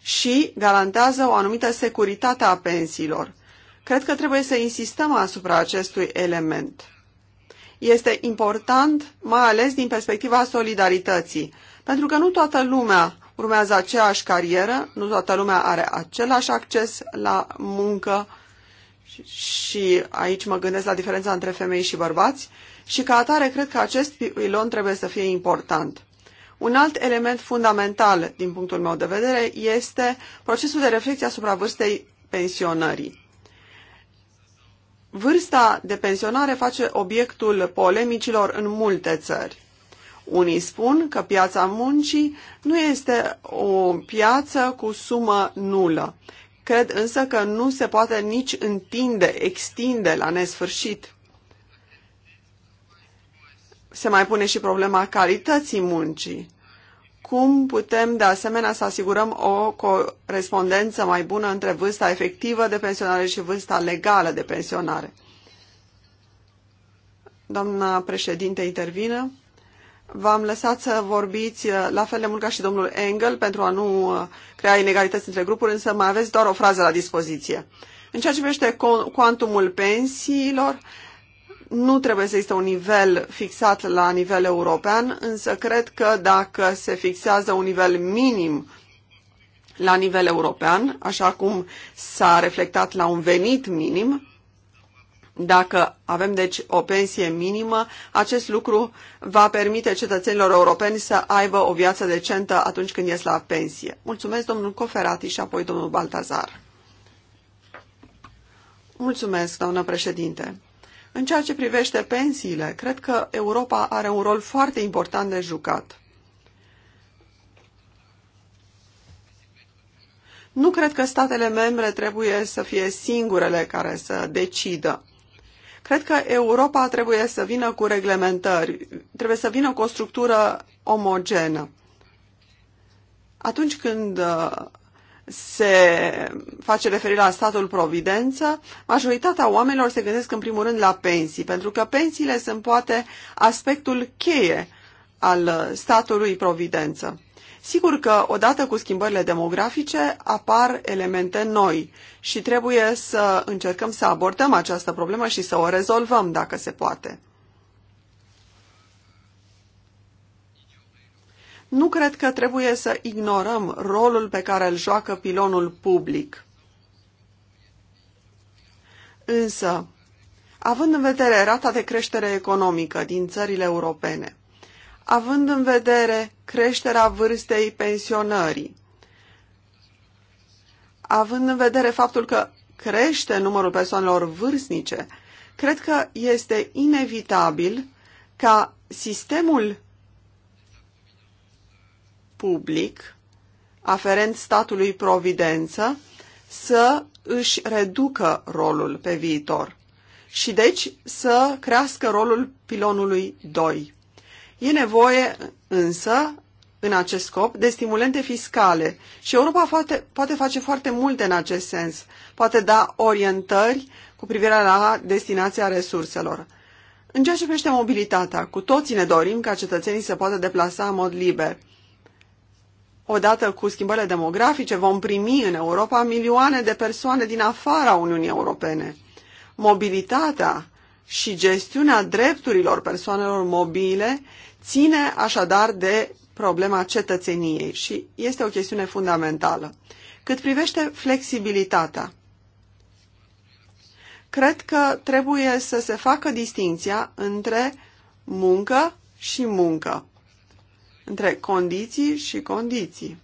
și garantează o anumită securitate a pensiilor. Cred că trebuie să insistăm asupra acestui element. Este important, mai ales din perspectiva solidarității, pentru că nu toată lumea urmează aceeași carieră, nu toată lumea are același acces la muncă și aici mă gândesc la diferența între femei și bărbați și ca atare cred că acest pilon trebuie să fie important. Un alt element fundamental, din punctul meu de vedere, este procesul de reflecție asupra vârstei pensionării. Vârsta de pensionare face obiectul polemicilor în multe țări. Unii spun că piața muncii nu este o piață cu sumă nulă. Cred însă că nu se poate nici întinde, extinde la nesfârșit se mai pune și problema calității muncii. Cum putem, de asemenea, să asigurăm o corespondență mai bună între vârsta efectivă de pensionare și vârsta legală de pensionare? Doamna președinte intervină. V-am lăsat să vorbiți uh, la fel de mult ca și domnul Engel pentru a nu uh, crea inegalități între grupuri, însă mai aveți doar o frază la dispoziție. În ceea ce privește cuantumul pensiilor, nu trebuie să existe un nivel fixat la nivel european, însă cred că dacă se fixează un nivel minim la nivel european, așa cum s-a reflectat la un venit minim, dacă avem deci o pensie minimă, acest lucru va permite cetățenilor europeni să aibă o viață decentă atunci când ies la pensie. Mulțumesc domnul Coferati și apoi domnul Baltazar. Mulțumesc, doamnă președinte. În ceea ce privește pensiile, cred că Europa are un rol foarte important de jucat. Nu cred că statele membre trebuie să fie singurele care să decidă. Cred că Europa trebuie să vină cu reglementări, trebuie să vină cu o structură omogenă. Atunci când uh, se face referire la statul providență, majoritatea oamenilor se gândesc în primul rând la pensii, pentru că pensiile sunt poate aspectul cheie al statului providență. Sigur că odată cu schimbările demografice apar elemente noi și trebuie să încercăm să abordăm această problemă și să o rezolvăm dacă se poate. Nu cred că trebuie să ignorăm rolul pe care îl joacă pilonul public. Însă, având în vedere rata de creștere economică din țările europene, având în vedere creșterea vârstei pensionării, având în vedere faptul că crește numărul persoanelor vârstnice, cred că este inevitabil ca sistemul public aferent statului providență să își reducă rolul pe viitor și deci să crească rolul pilonului 2. E nevoie însă, în acest scop, de stimulente fiscale și Europa poate, poate face foarte multe în acest sens. Poate da orientări cu privire la destinația resurselor. În ceea ce privește mobilitatea, cu toții ne dorim ca cetățenii să poată deplasa în mod liber. Odată cu schimbările demografice vom primi în Europa milioane de persoane din afara Uniunii Europene. Mobilitatea și gestiunea drepturilor persoanelor mobile ține așadar de problema cetățeniei și este o chestiune fundamentală. Cât privește flexibilitatea, cred că trebuie să se facă distinția între muncă și muncă între condiții și condiții.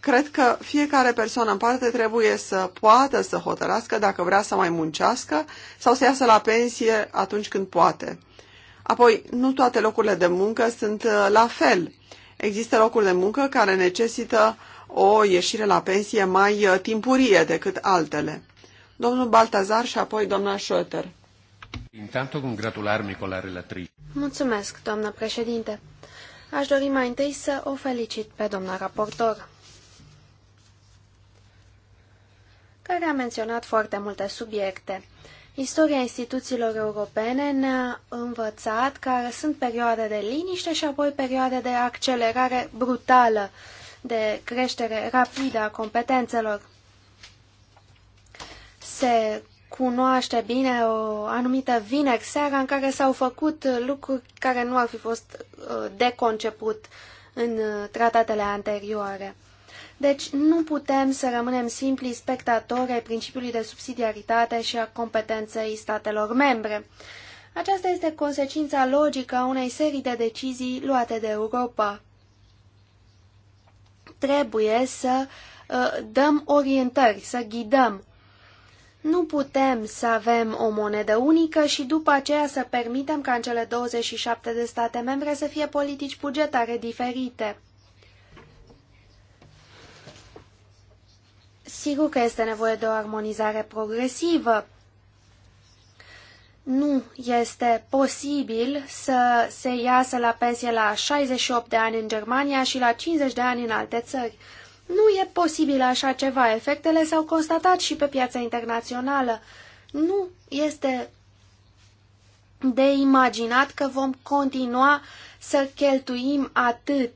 Cred că fiecare persoană în parte trebuie să poată să hotărască dacă vrea să mai muncească sau să iasă la pensie atunci când poate. Apoi, nu toate locurile de muncă sunt uh, la fel. Există locuri de muncă care necesită o ieșire la pensie mai uh, timpurie decât altele. Domnul Baltazar și apoi doamna Schroeter. Intanto congratularmi con la relatrice. Mulțumesc, doamnă președinte. Aș dori mai întâi să o felicit pe doamna raportor, care a menționat foarte multe subiecte. Istoria instituțiilor europene ne-a învățat care sunt perioade de liniște și apoi perioade de accelerare brutală, de creștere rapidă a competențelor. Se cunoaște bine o anumită vineri seara în care s-au făcut lucruri care nu ar fi fost uh, deconceput în uh, tratatele anterioare. Deci nu putem să rămânem simpli spectatori ai principiului de subsidiaritate și a competenței statelor membre. Aceasta este consecința logică a unei serii de decizii luate de Europa. Trebuie să uh, dăm orientări, să ghidăm nu putem să avem o monedă unică și după aceea să permitem ca în cele 27 de state membre să fie politici bugetare diferite. Sigur că este nevoie de o armonizare progresivă. Nu este posibil să se iasă la pensie la 68 de ani în Germania și la 50 de ani în alte țări. Nu e posibil așa ceva. Efectele s-au constatat și pe piața internațională. Nu este de imaginat că vom continua să cheltuim atât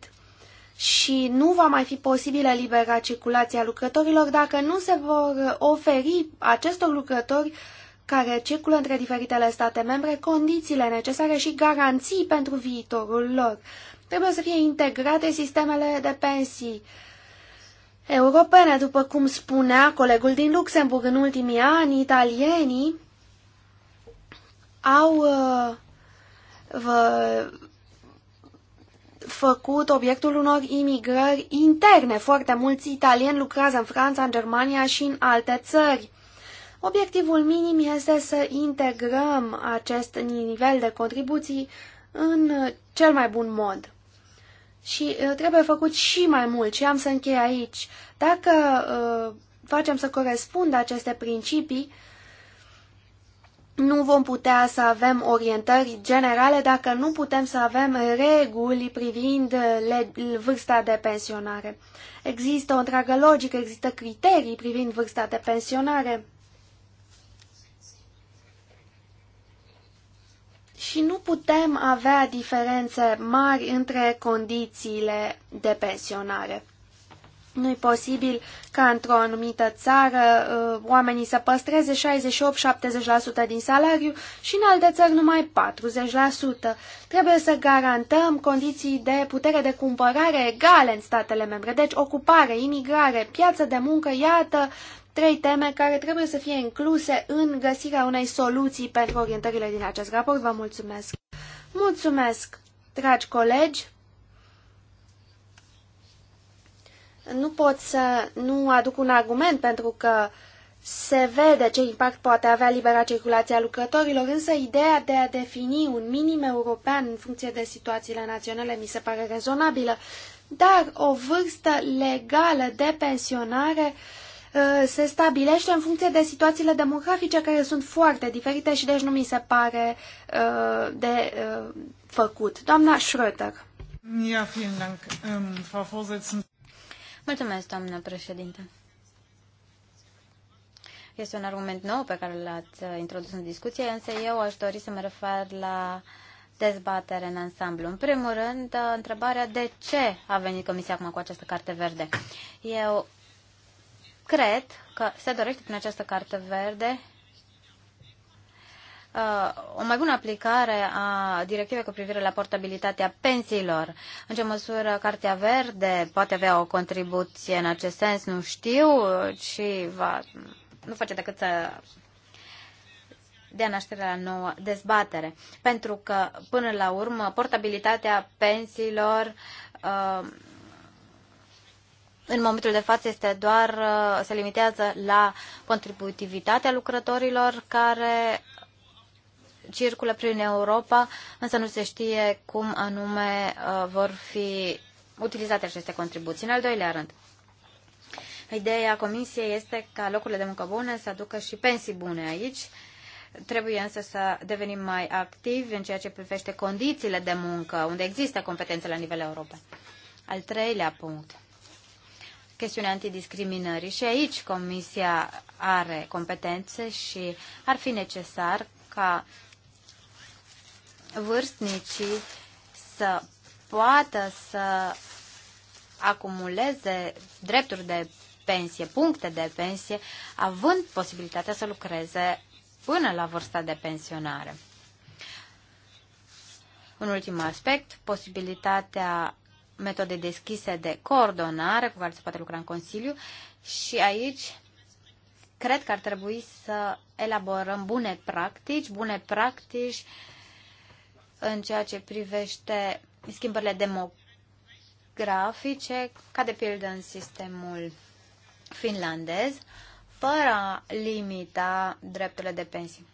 și nu va mai fi posibilă libera circulație a lucrătorilor dacă nu se vor oferi acestor lucrători care circulă între diferitele state membre condițiile necesare și garanții pentru viitorul lor. Trebuie să fie integrate sistemele de pensii europene. După cum spunea colegul din Luxemburg în ultimii ani, italienii au uh, vă, făcut obiectul unor imigrări interne. Foarte mulți italieni lucrează în Franța, în Germania și în alte țări. Obiectivul minim este să integrăm acest nivel de contribuții în cel mai bun mod și uh, trebuie făcut și mai mult și am să închei aici. Dacă uh, facem să corespundă aceste principii, nu vom putea să avem orientări generale dacă nu putem să avem reguli privind uh, vârsta de pensionare. Există o întreagă logică, există criterii privind vârsta de pensionare. și nu putem avea diferențe mari între condițiile de pensionare. Nu e posibil ca într-o anumită țară uh, oamenii să păstreze 68-70% din salariu și în alte țări numai 40%. Trebuie să garantăm condiții de putere de cumpărare egale în statele membre, deci ocupare, imigrare, piață de muncă, iată trei teme care trebuie să fie incluse în găsirea unei soluții pentru orientările din acest raport. Vă mulțumesc! Mulțumesc, dragi colegi! Nu pot să nu aduc un argument pentru că se vede ce impact poate avea libera circulație a lucrătorilor, însă ideea de a defini un minim european în funcție de situațiile naționale mi se pare rezonabilă, dar o vârstă legală de pensionare uh, Uh, se stabilește în funcție de situațiile demografice care sunt foarte diferite și deci nu mi se pare uh, de uh, făcut. Doamna Schröter. Ja, vielen Dank, ähm, Frau Vorsitzende. Mulțumesc, doamnă președinte. Este un argument nou pe care l-ați introdus în discuție, însă eu aș dori să mă refer la dezbatere în ansamblu. În primul rând, întrebarea de ce a venit Comisia acum cu această carte verde. Eu cred că se dorește prin această carte verde uh, o mai bună aplicare a directivei cu privire la portabilitatea pensiilor. În ce măsură Cartea Verde poate avea o contribuție în acest sens, nu știu, și va, nu face decât să dea naștere la nouă dezbatere. Pentru că, până la urmă, portabilitatea pensiilor uh, în momentul de față este doar, uh, se limitează la contributivitatea lucrătorilor care circulă prin Europa, însă nu se știe cum anume uh, vor fi utilizate aceste contribuții. În al doilea rând, ideea Comisiei este ca locurile de muncă bune să aducă și pensii bune aici. Trebuie însă să devenim mai activi în ceea ce privește condițiile de muncă, unde există competențe la nivel european. Al treilea punct chestiunea antidiscriminării. Și aici Comisia are competențe și ar fi necesar ca vârstnicii să poată să acumuleze drepturi de pensie, puncte de pensie, având posibilitatea să lucreze până la vârsta de pensionare. Un ultim aspect, posibilitatea metode deschise de coordonare cu care se poate lucra în Consiliu și aici cred că ar trebui să elaborăm bune practici, bune practici în ceea ce privește schimbările demografice, ca de pildă în sistemul finlandez, fără a limita drepturile de pensii.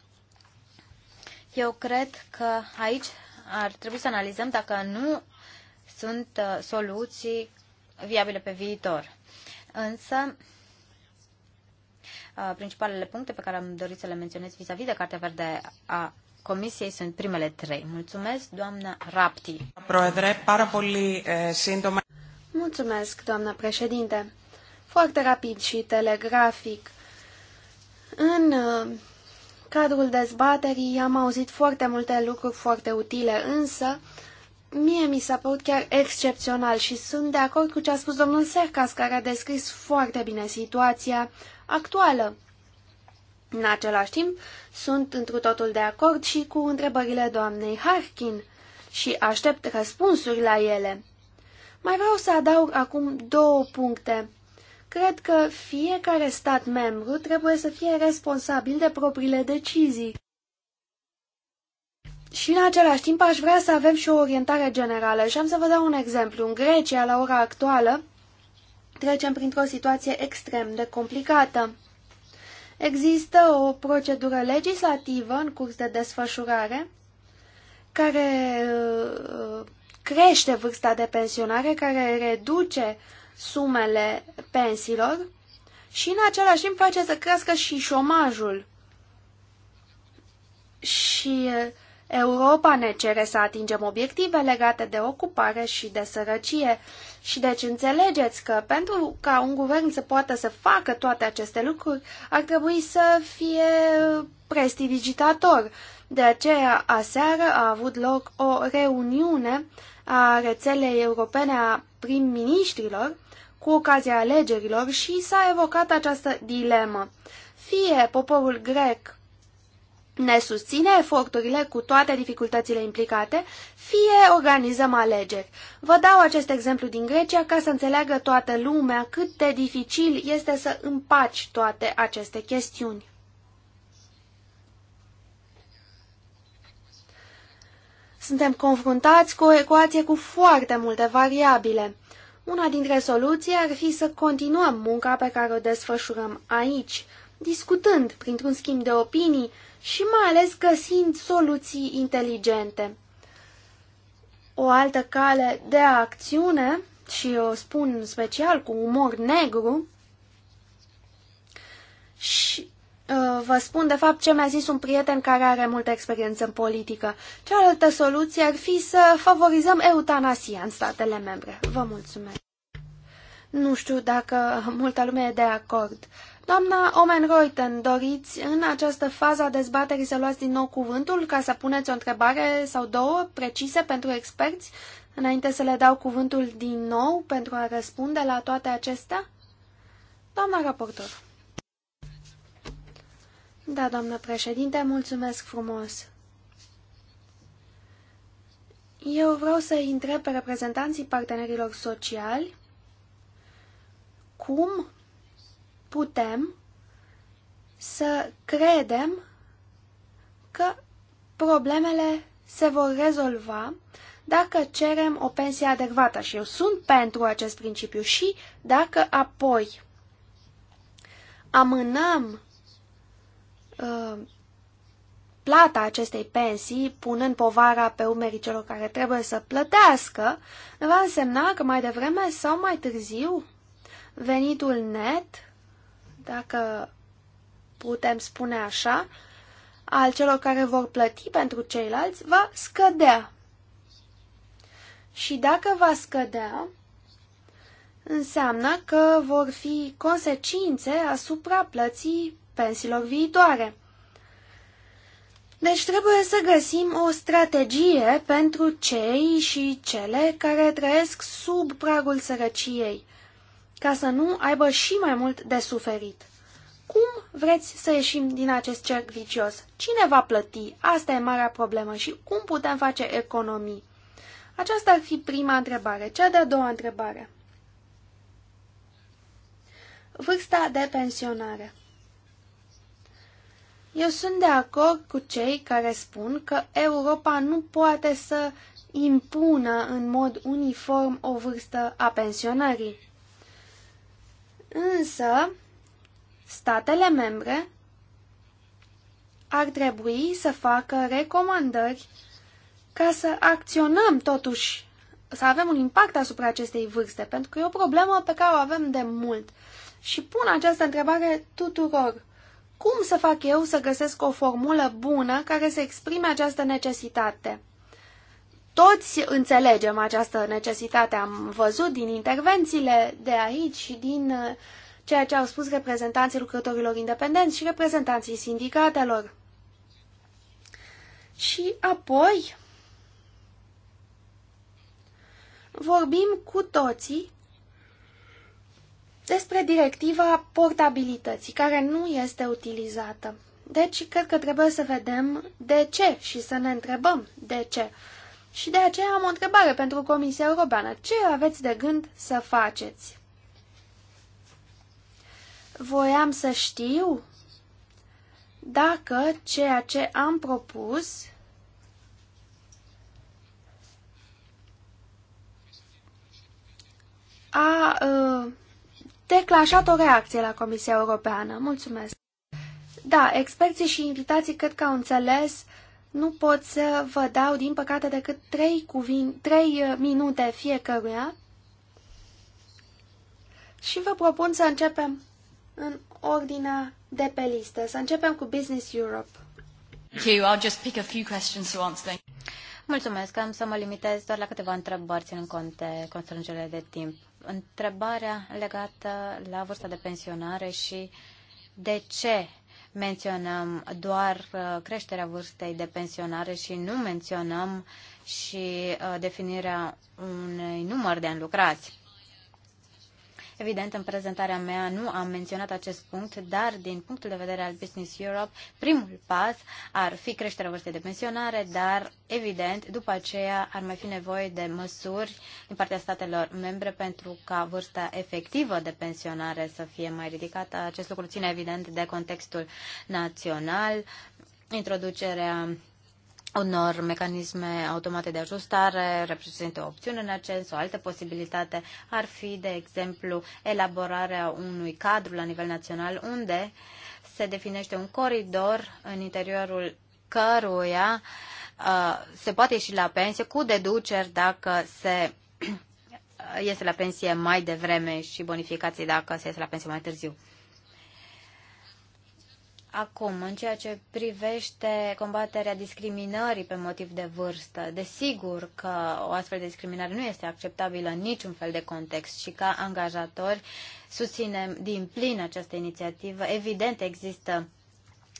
Eu cred că aici ar trebui să analizăm dacă nu sunt uh, soluții viabile pe viitor. Însă, uh, principalele puncte pe care am dorit să le menționez vis-a-vis -vis de Cartea Verde a Comisiei sunt primele trei. Mulțumesc, doamna Rapti. Eh, Mulțumesc, doamna președinte. Foarte rapid și telegrafic. În uh, cadrul dezbaterii am auzit foarte multe lucruri foarte utile, însă Mie mi s-a părut chiar excepțional și sunt de acord cu ce a spus domnul Sercas, care a descris foarte bine situația actuală. În același timp, sunt întru totul de acord și cu întrebările doamnei Harkin și aștept răspunsuri la ele. Mai vreau să adaug acum două puncte. Cred că fiecare stat membru trebuie să fie responsabil de propriile decizii. Și în același timp aș vrea să avem și o orientare generală. Și am să vă dau un exemplu. În Grecia, la ora actuală, trecem printr-o situație extrem de complicată. Există o procedură legislativă în curs de desfășurare care uh, crește vârsta de pensionare, care reduce sumele pensiilor și în același timp face să crească și șomajul. Și uh, Europa ne cere să atingem obiective legate de ocupare și de sărăcie. Și deci înțelegeți că pentru ca un guvern să poată să facă toate aceste lucruri, ar trebui să fie prestidigitator. De aceea, aseară a avut loc o reuniune a rețelei europene a prim-ministrilor cu ocazia alegerilor și s-a evocat această dilemă. Fie poporul grec ne susține eforturile cu toate dificultățile implicate, fie organizăm alegeri. Vă dau acest exemplu din Grecia ca să înțeleagă toată lumea cât de dificil este să împaci toate aceste chestiuni. Suntem confruntați cu o ecuație cu foarte multe variabile. Una dintre soluții ar fi să continuăm munca pe care o desfășurăm aici – discutând printr-un schimb de opinii și mai ales găsind soluții inteligente. O altă cale de acțiune, și o spun special cu umor negru, și uh, vă spun de fapt ce mi-a zis un prieten care are multă experiență în politică. Cealaltă soluție ar fi să favorizăm eutanasia în statele membre. Vă mulțumesc! Nu știu dacă multă lume e de acord. Uh, Doamna Omen Reuten, doriți în această fază a dezbaterii să luați din nou cuvântul ca să puneți o întrebare sau două precise pentru experți, înainte să le dau cuvântul din nou pentru a răspunde la toate acestea? Doamna raportor. Da, doamnă președinte, mulțumesc frumos. Eu vreau să întreb pe reprezentanții partenerilor sociali cum putem să credem că problemele se vor rezolva dacă cerem o pensie adecvată și eu sunt pentru acest principiu și dacă apoi amânăm uh, plata acestei pensii, punând povara pe umerii celor care trebuie să plătească, va însemna că mai devreme sau mai târziu venitul net dacă putem spune așa, al celor care vor plăti pentru ceilalți va scădea. Și dacă va scădea, înseamnă că vor fi consecințe asupra plății pensiilor viitoare. Deci trebuie să găsim o strategie pentru cei și cele care trăiesc sub pragul sărăciei ca să nu aibă și mai mult de suferit. Cum vreți să ieșim din acest cerc vicios? Cine va plăti? Asta e marea problemă și cum putem face economii? Aceasta ar fi prima întrebare. Cea de-a doua întrebare. Vârsta de pensionare. Eu sunt de acord cu cei care spun că Europa nu poate să impună în mod uniform o vârstă a pensionării. Însă, statele membre ar trebui să facă recomandări ca să acționăm totuși, să avem un impact asupra acestei vârste, pentru că e o problemă pe care o avem de mult. Și pun această întrebare tuturor. Cum să fac eu să găsesc o formulă bună care să exprime această necesitate? toți înțelegem această necesitate. Am văzut din intervențiile de aici și din uh, ceea ce au spus reprezentanții lucrătorilor independenți și reprezentanții sindicatelor. Și apoi vorbim cu toții despre directiva portabilității, care nu este utilizată. Deci, cred că trebuie să vedem de ce și să ne întrebăm de ce. Și de aceea am o întrebare pentru Comisia Europeană. Ce aveți de gând să faceți? Voiam să știu dacă ceea ce am propus a uh, declanșat o reacție la Comisia Europeană. Mulțumesc! Da, experții și invitații cred că au înțeles nu pot să vă dau, din păcate, decât trei, cuvin, trei uh, minute fiecăruia și vă propun să începem în ordinea de pe listă. Să începem cu Business Europe. Mulțumesc, am să mă limitez doar la câteva întrebări, ținând cont de constrângerile de timp. Întrebarea legată la vârsta de pensionare și de ce menționăm doar uh, creșterea vârstei de pensionare și nu menționăm și uh, definirea unui număr de ani lucrați. Evident, în prezentarea mea nu am menționat acest punct, dar din punctul de vedere al Business Europe, primul pas ar fi creșterea vârstei de pensionare, dar evident, după aceea ar mai fi nevoie de măsuri din partea statelor membre pentru ca vârsta efectivă de pensionare să fie mai ridicată. Acest lucru ține evident de contextul național, introducerea unor mecanisme automate de ajustare reprezintă o opțiune în acest, o altă posibilitate ar fi, de exemplu, elaborarea unui cadru la nivel național unde se definește un coridor în interiorul căruia uh, se poate ieși la pensie cu deduceri dacă se [clears throat] iese la pensie mai devreme și bonificații dacă se iese la pensie mai târziu. Acum, în ceea ce privește combaterea discriminării pe motiv de vârstă, desigur că o astfel de discriminare nu este acceptabilă în niciun fel de context și ca angajatori susținem din plin această inițiativă. Evident, există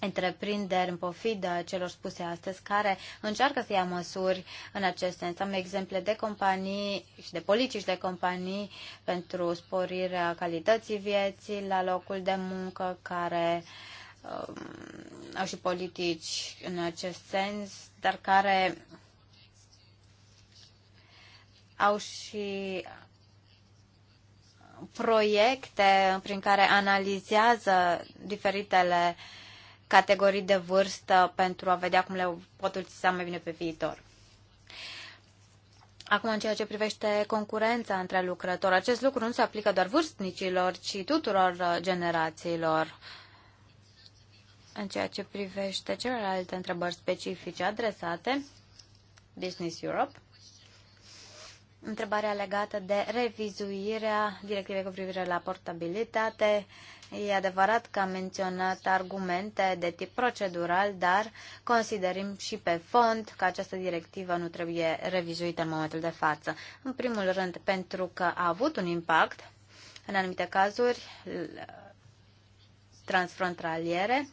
întreprinderi în pofidă celor spuse astăzi care încearcă să ia măsuri în acest sens. Am exemple de companii și de politici de companii pentru sporirea calității vieții la locul de muncă care uh, uh, au și politici în acest sens, dar care au și proiecte prin care analizează diferitele categorii de vârstă pentru a vedea cum le pot utiliza mai bine pe viitor. Acum, în ceea ce privește concurența între lucrători, acest lucru nu se aplică doar vârstnicilor, ci tuturor uh, generațiilor. Uh, în ceea ce privește celelalte întrebări specifice adresate Business Europe, întrebarea legată de revizuirea directivei cu privire la portabilitate, e adevărat că am menționat argumente de tip procedural, dar considerim și pe fond că această directivă nu trebuie revizuită în momentul de față. În primul rând, pentru că a avut un impact, în anumite cazuri, transfrontaliere,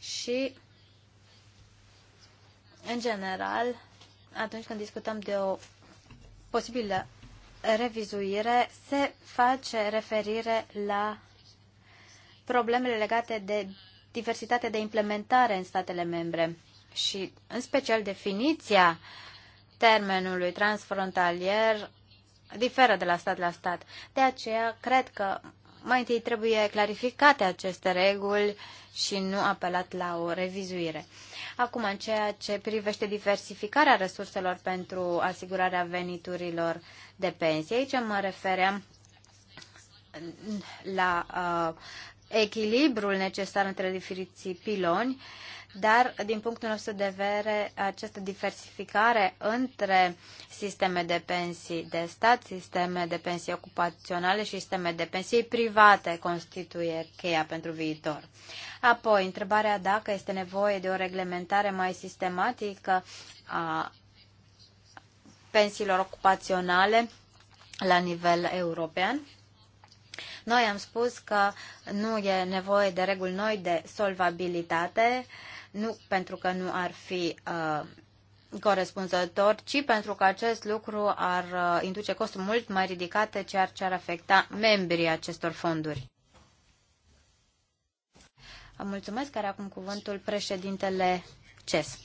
și, în general, atunci când discutăm de o posibilă revizuire, se face referire la problemele legate de diversitate de implementare în statele membre și, în special, definiția termenului transfrontalier diferă de la stat la stat. De aceea, cred că mai întâi trebuie clarificate aceste reguli și nu apelat la o revizuire. Acum, în ceea ce privește diversificarea resurselor pentru asigurarea veniturilor de pensie, aici mă refeream la uh, echilibrul necesar între diferiții piloni dar din punctul nostru de vedere această diversificare între sisteme de pensii de stat, sisteme de pensii ocupaționale și sisteme de pensii private constituie cheia pentru viitor. Apoi, întrebarea dacă este nevoie de o reglementare mai sistematică a pensiilor ocupaționale la nivel european. Noi am spus că nu e nevoie de reguli noi de solvabilitate, uh, nu pentru că nu ar fi uh, corespunzător, ci pentru că acest lucru ar uh, induce costuri mult mai ridicate, ceea ce ar afecta membrii acestor fonduri. Mulțumesc, care acum cuvântul președintele CES.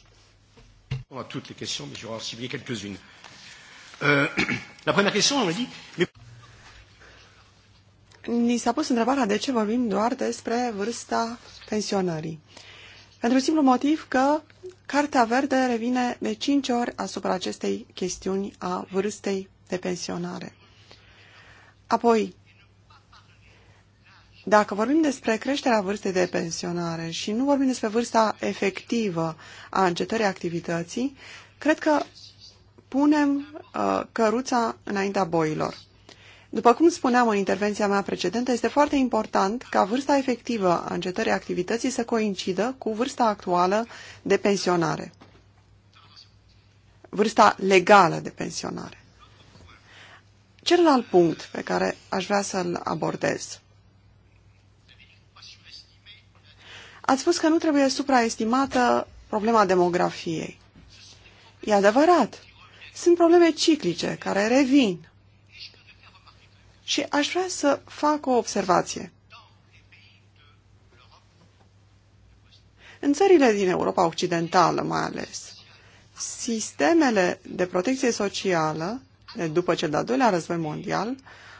On a toutes les questions, mais j'aurai quelques-unes. Euh, [clears throat] la première question, on a dit... Mais... Ni s-a pus întrebarea de ce vorbim doar despre vârsta pensionării. Uh, pentru simplu motiv că Cartea Verde revine de 5 ori asupra acestei chestiuni a vârstei de pensionare. Apoi, dacă vorbim despre creșterea vârstei de pensionare și nu vorbim despre vârsta efectivă a încetării activității, cred că punem uh, căruța înaintea boilor. După cum spuneam în intervenția mea precedentă, este foarte important ca vârsta efectivă a încetării activității să coincidă cu vârsta actuală de pensionare. Vârsta legală de pensionare. Celălalt punct pe care aș vrea să-l abordez. Ați spus că nu trebuie supraestimată problema demografiei. E adevărat. Sunt probleme ciclice care revin și aș vrea să fac o observație. În țările din Europa Occidentală, mai ales, sistemele de protecție socială, după cel de-al doilea război mondial,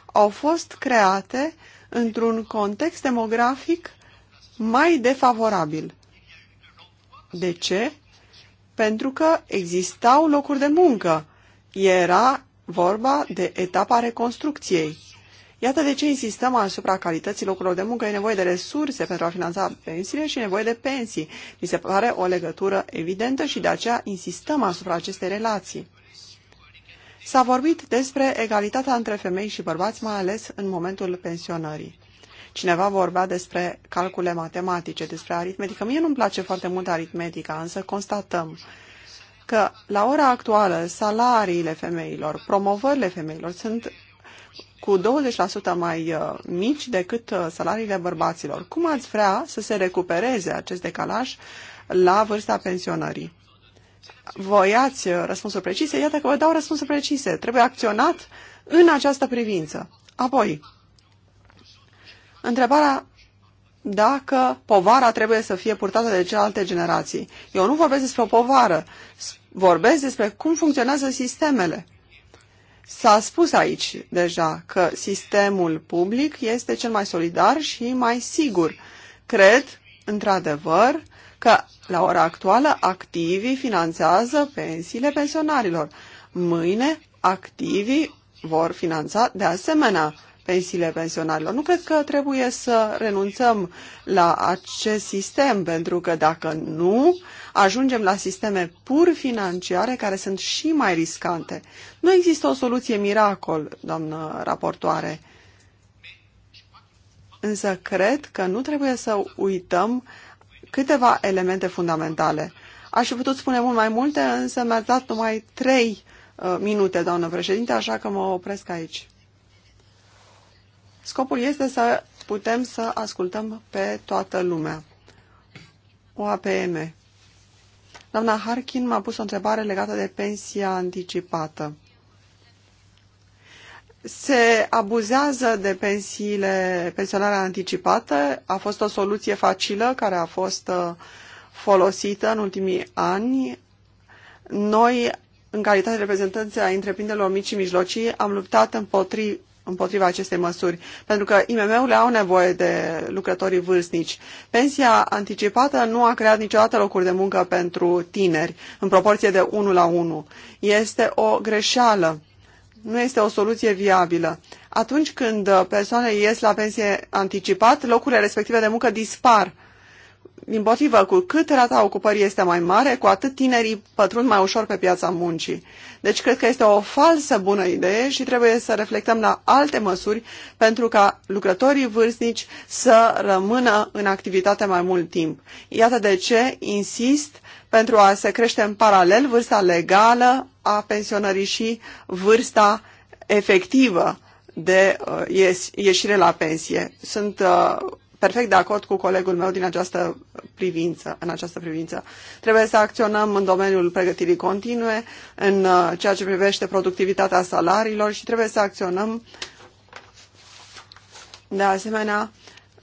au fost create într-un context demografic mai defavorabil. De ce? Pentru că existau locuri de muncă. Era vorba de etapa reconstrucției. Iată de ce insistăm asupra calității locurilor de muncă. E nevoie de resurse pentru a finanța pensiile și nevoie de pensii. Mi se pare o legătură evidentă și de aceea insistăm asupra acestei relații. S-a vorbit despre egalitatea între femei și bărbați, mai ales în momentul pensionării. Cineva vorbea despre calcule matematice, despre aritmetică. Mie nu-mi place foarte mult aritmetica, însă constatăm că la ora actuală salariile femeilor, promovările femeilor sunt cu 20% mai uh, mici decât uh, salariile bărbaților. Cum ați vrea să se recupereze acest decalaj la vârsta pensionării? Voiați uh, răspunsuri precise? Iată că vă dau răspunsuri precise. Trebuie acționat în această privință. Apoi, întrebarea dacă povara trebuie să fie purtată de celelalte generații. Eu nu vorbesc despre o povară, vorbesc despre cum funcționează sistemele. S-a spus aici deja că sistemul public este cel mai solidar și mai sigur. Cred, într-adevăr, că la ora actuală activii finanțează pensiile pensionarilor. Mâine activii vor finanța de asemenea pensiile pensionarilor. Nu cred că trebuie să renunțăm la acest sistem, pentru că dacă nu, ajungem la sisteme pur financiare care sunt și mai riscante. Nu există o soluție miracol, doamnă raportoare. Însă cred că nu trebuie să uităm câteva elemente fundamentale. Aș fi putut spune mult mai multe, însă mi-ați dat numai trei uh, minute, doamnă președinte, așa că mă opresc aici. Scopul este să putem să ascultăm pe toată lumea. OAPM. Doamna Harkin m-a pus o întrebare legată de pensia anticipată. Se abuzează de pensiile, pensionarea anticipată. A fost o soluție facilă care a fost uh, folosită în ultimii ani. Noi, în calitate de reprezentanți a întreprinderilor mici și mijlocii, am luptat împotri, împotriva acestei măsuri, pentru că IMM-urile au nevoie de lucrătorii vârstnici. Pensia anticipată nu a creat niciodată locuri de muncă pentru tineri, în proporție de 1 la 1. Este o greșeală, nu este o soluție viabilă. Atunci când persoanele ies la pensie anticipat, locurile respective de muncă dispar. Din potrivă, cu cât rata ocupării este mai mare, cu atât tinerii pătrund mai ușor pe piața muncii. Deci cred că este o falsă bună idee și trebuie să reflectăm la alte măsuri pentru ca lucrătorii vârstnici să rămână în activitate mai mult timp. Iată de ce insist pentru a se crește în paralel vârsta legală a pensionării și vârsta efectivă de uh, ieșire la pensie. Sunt uh, perfect de acord cu colegul meu din această privință, în această privință. Trebuie să acționăm în domeniul pregătirii continue, în uh, ceea ce privește productivitatea salariilor și trebuie să acționăm de asemenea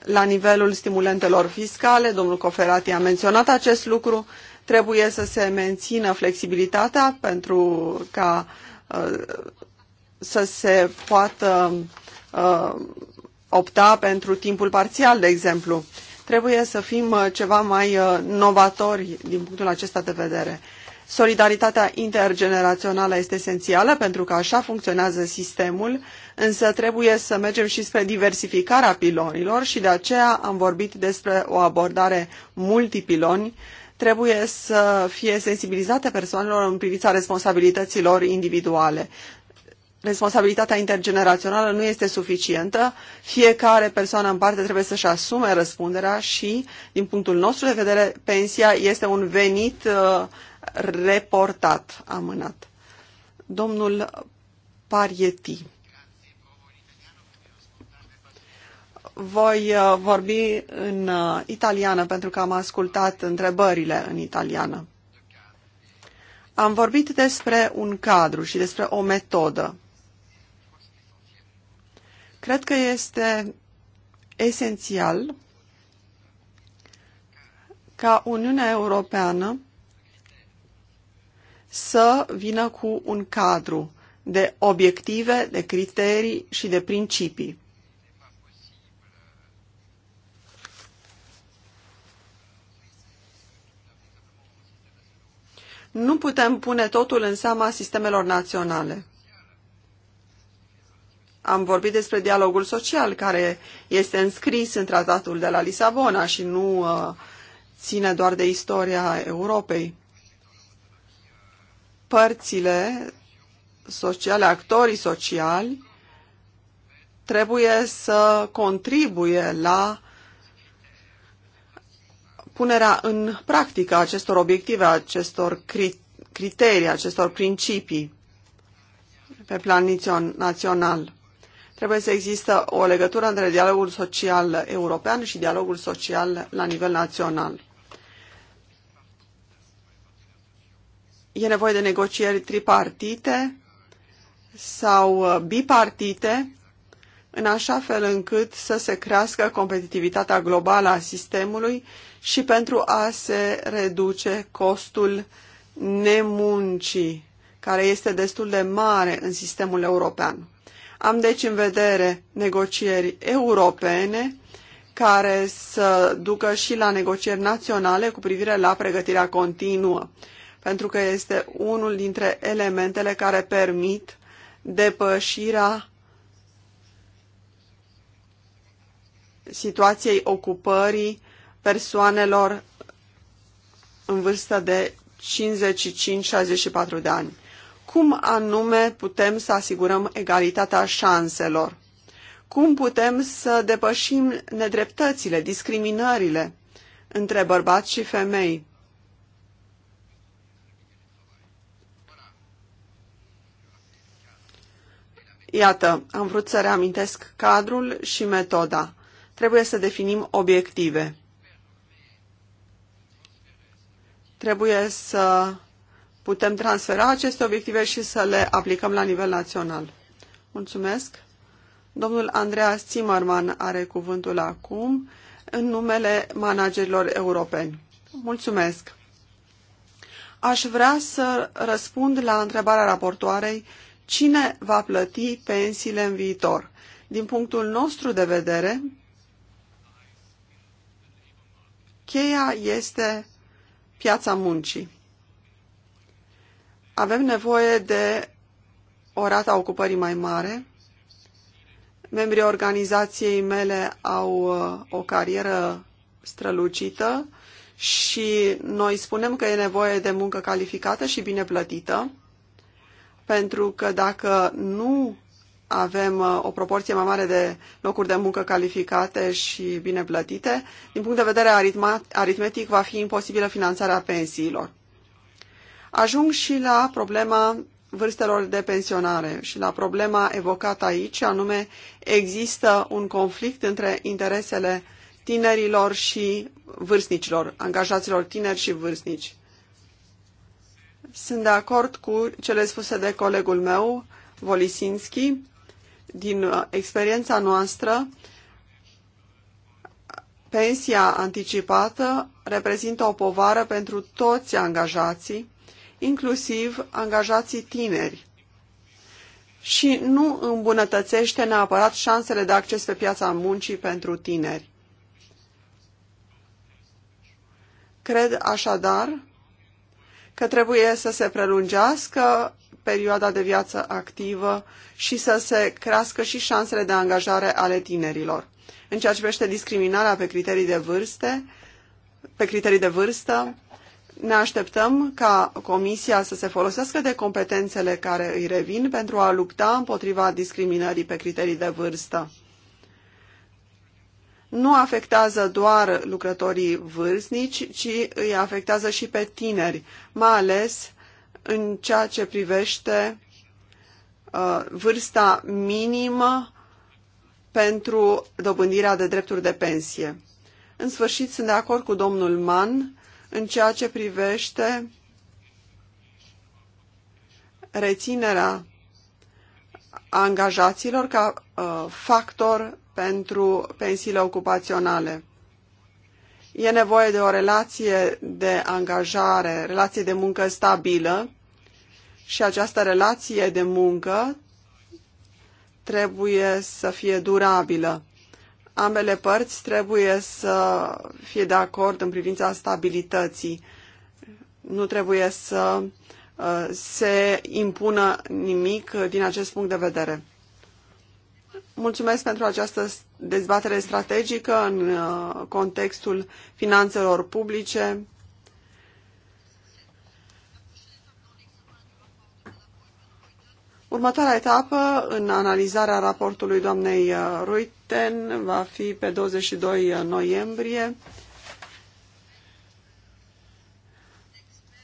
la nivelul stimulentelor fiscale. Domnul Coferati a menționat acest lucru. Trebuie să se mențină flexibilitatea pentru ca uh, să se poată uh, opta pentru timpul parțial, de exemplu. Trebuie să fim uh, ceva mai uh, novatori din punctul acesta de vedere. Solidaritatea intergenerațională este esențială pentru că așa funcționează sistemul, însă trebuie să mergem și spre diversificarea pilonilor și de aceea am vorbit despre o abordare multipiloni. Trebuie să fie sensibilizate persoanelor în privința responsabilităților individuale responsabilitatea intergenerațională nu este suficientă, fiecare persoană în parte trebuie să-și asume răspunderea și, din punctul nostru de vedere, pensia este un venit uh, reportat, amânat. Domnul Parieti. Voi uh, vorbi în uh, italiană pentru că am ascultat întrebările în italiană. Am vorbit despre un cadru și despre o metodă. Cred că este esențial ca Uniunea Europeană să vină cu un cadru de obiective, de criterii și de principii. Nu putem pune totul în seama sistemelor naționale. Am vorbit despre dialogul social care este înscris în tratatul de la Lisabona și nu uh, ține doar de istoria Europei. Părțile sociale, actorii sociali, trebuie să contribuie la punerea în practică acestor obiective, acestor criterii, acestor principii pe plan național. Trebuie să există o legătură între dialogul social european și dialogul social la nivel național. E nevoie de negocieri tripartite sau uh, bipartite în așa fel încât să se crească competitivitatea globală a sistemului și pentru a se reduce costul nemuncii, care este destul de mare în sistemul european. Am deci în vedere negocieri europene care să ducă și la negocieri naționale cu privire la pregătirea continuă, pentru că este unul dintre elementele care permit depășirea situației ocupării persoanelor în vârstă de 55-64 de ani cum anume putem să asigurăm egalitatea șanselor, cum putem să depășim nedreptățile, discriminările între bărbați și femei. Iată, am vrut să reamintesc cadrul și metoda. Trebuie să definim obiective. Trebuie să putem transfera aceste obiective și să le aplicăm la nivel național. Mulțumesc. Domnul Andreas Zimmerman are cuvântul acum în numele managerilor europeni. Mulțumesc. Aș vrea să răspund la întrebarea raportoarei cine va plăti pensiile în viitor. Din punctul nostru de vedere, cheia este piața muncii avem nevoie de o rată a ocupării mai mare. Membrii organizației mele au uh, o carieră strălucită și noi spunem că e nevoie de muncă calificată și bine plătită, pentru că dacă nu avem uh, o proporție mai mare de locuri de muncă calificate și bine plătite, din punct de vedere aritmetic va fi imposibilă finanțarea pensiilor. Ajung și la problema vârstelor de pensionare și la problema evocată aici, anume există un conflict între interesele tinerilor și vârstnicilor, angajaților tineri și vârstnici. Sunt de acord cu cele spuse de colegul meu, Volisinski, din uh, experiența noastră, pensia anticipată reprezintă o povară pentru toți angajații, inclusiv angajații tineri și nu îmbunătățește neapărat șansele de acces pe piața muncii pentru tineri. Cred așadar că trebuie să se prelungească perioada de viață activă și să se crească și șansele de angajare ale tinerilor. În ceea ce privește discriminarea pe criterii de vârste, pe criterii de vârstă, ne așteptăm ca Comisia să se folosească de competențele care îi revin pentru a lupta împotriva discriminării pe criterii de vârstă. Nu afectează doar lucrătorii vârstnici, ci îi afectează și pe tineri, mai ales în ceea ce privește uh, vârsta minimă pentru dobândirea de drepturi de pensie. În sfârșit, sunt de acord cu domnul Mann în ceea ce privește reținerea angajaților ca uh, factor pentru pensiile ocupaționale. E nevoie de o relație de angajare, relație de muncă stabilă și această relație de muncă trebuie să fie durabilă ambele părți trebuie să fie de acord în privința stabilității. Nu trebuie să uh, se impună nimic din acest punct de vedere. Mulțumesc pentru această dezbatere strategică în uh, contextul finanțelor publice Următoarea etapă în analizarea raportului doamnei uh, Ruiten va fi pe 22 uh, noiembrie,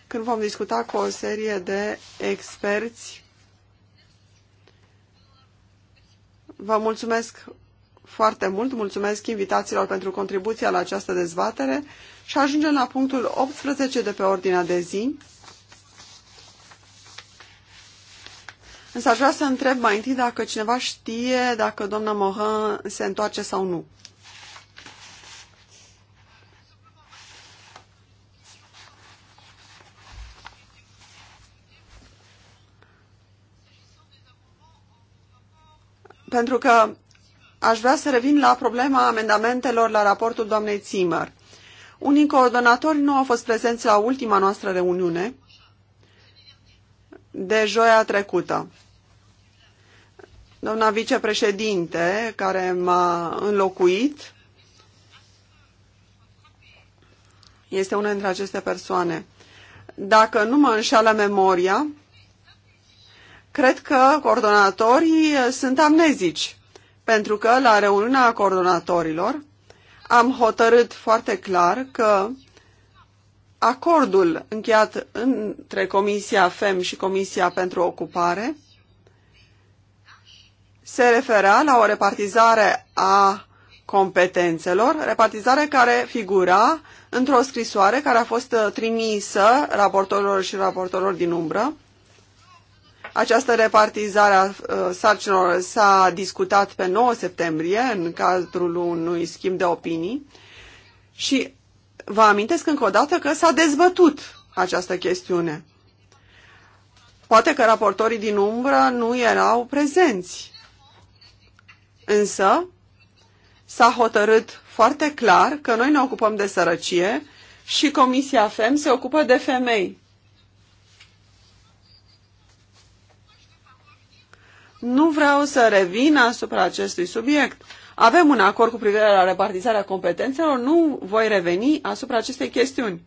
când vom discuta cu o serie de experți. Vă mulțumesc foarte mult, mulțumesc invitațiilor pentru contribuția la această dezbatere și ajungem la punctul 18 de pe ordinea de zi. Însă aș vrea să întreb mai întâi dacă cineva știe dacă doamna Mohan se întoarce sau nu. Pentru că aș vrea să revin la problema amendamentelor la raportul doamnei Zimmer. Unii coordonatori nu au fost prezenți la ultima noastră reuniune de joia trecută doamna vicepreședinte care m-a înlocuit este una dintre aceste persoane. Dacă nu mă înșală memoria, cred că coordonatorii sunt amnezici, pentru că la reuniunea coordonatorilor am hotărât foarte clar că acordul încheiat între Comisia FEM și Comisia pentru Ocupare se referea la o repartizare a competențelor, repartizare care figura într-o scrisoare care a fost uh, trimisă raportorilor și raportorilor din umbră. Această repartizare a uh, sarcinilor s-a discutat pe 9 septembrie în cadrul unui schimb de opinii și vă amintesc încă o dată că s-a dezbătut această chestiune. Poate că raportorii din umbră nu erau prezenți Însă s-a hotărât foarte clar că noi ne ocupăm de sărăcie și Comisia FEM se ocupă de femei. Nu vreau să revin asupra acestui subiect. Avem un acord cu privire la repartizarea competențelor, nu voi reveni asupra acestei chestiuni.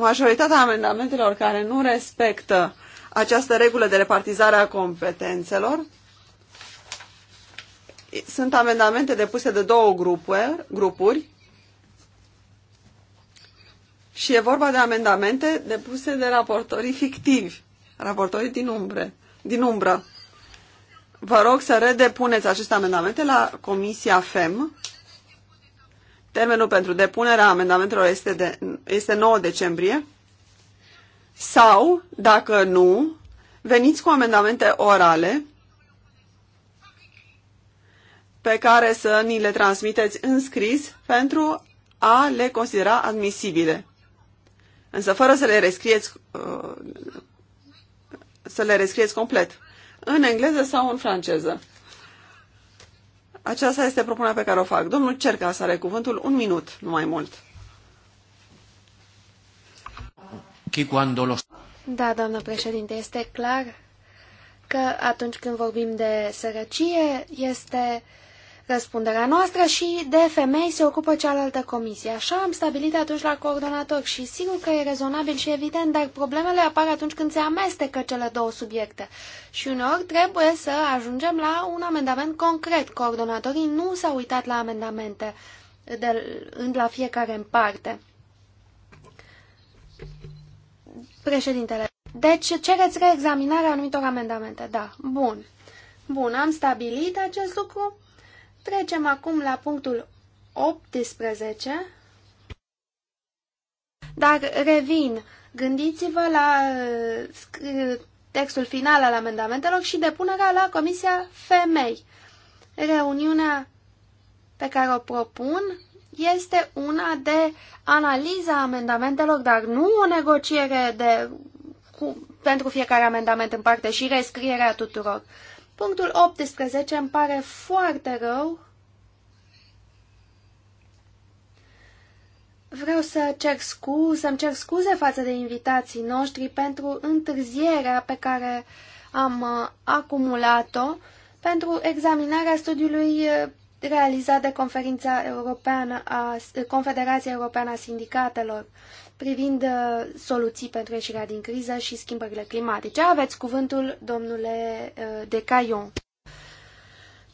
Majoritatea amendamentelor care nu respectă această regulă de repartizare a competențelor sunt amendamente depuse de două grupuri, grupuri și e vorba de amendamente depuse de raportorii fictivi, raportorii din, umbre, din umbră. Vă rog să redepuneți aceste amendamente la Comisia FEM Termenul pentru depunerea amendamentelor este, de, este 9 decembrie sau, dacă nu, veniți cu amendamente orale pe care să ni le transmiteți în scris pentru a le considera admisibile. Însă fără să le rescrieți, uh, să le rescrieți complet. În engleză sau în franceză. Aceasta este propunerea pe care o fac. Domnul Cerca să are cuvântul un minut, nu mai mult. Da, doamnă președinte, este clar că atunci când vorbim de sărăcie, este uh, răspunderea noastră și de femei se ocupă cealaltă comisie. Așa am stabilit atunci la coordonator și sigur că e rezonabil și evident, dar problemele apar atunci când se amestecă cele două subiecte. Și uneori trebuie să ajungem la un amendament concret. Coordonatorii nu s-au uitat la amendamente de, la fiecare în parte. Președintele. Deci cereți reexaminarea anumitor amendamente, da. Bun. Bun, am stabilit acest lucru. Trecem acum la punctul 18. Dar revin, gândiți-vă la uh, textul final al amendamentelor și depunerea la Comisia Femei. Reuniunea pe care o propun este una de analiza amendamentelor, dar nu o negociere de, cu, pentru fiecare amendament în parte și rescrierea tuturor. Punctul 18 îmi pare foarte rău. Vreau să cer scuze, să-mi cer scuze față de invitații noștri pentru întârzierea pe care am uh, acumulat-o pentru examinarea studiului uh, realizat de Conferința Europeană a, Confederația Europeană a Sindicatelor privind uh, soluții pentru ieșirea din criză și schimbările climatice. Aveți cuvântul, domnule uh, De Caion.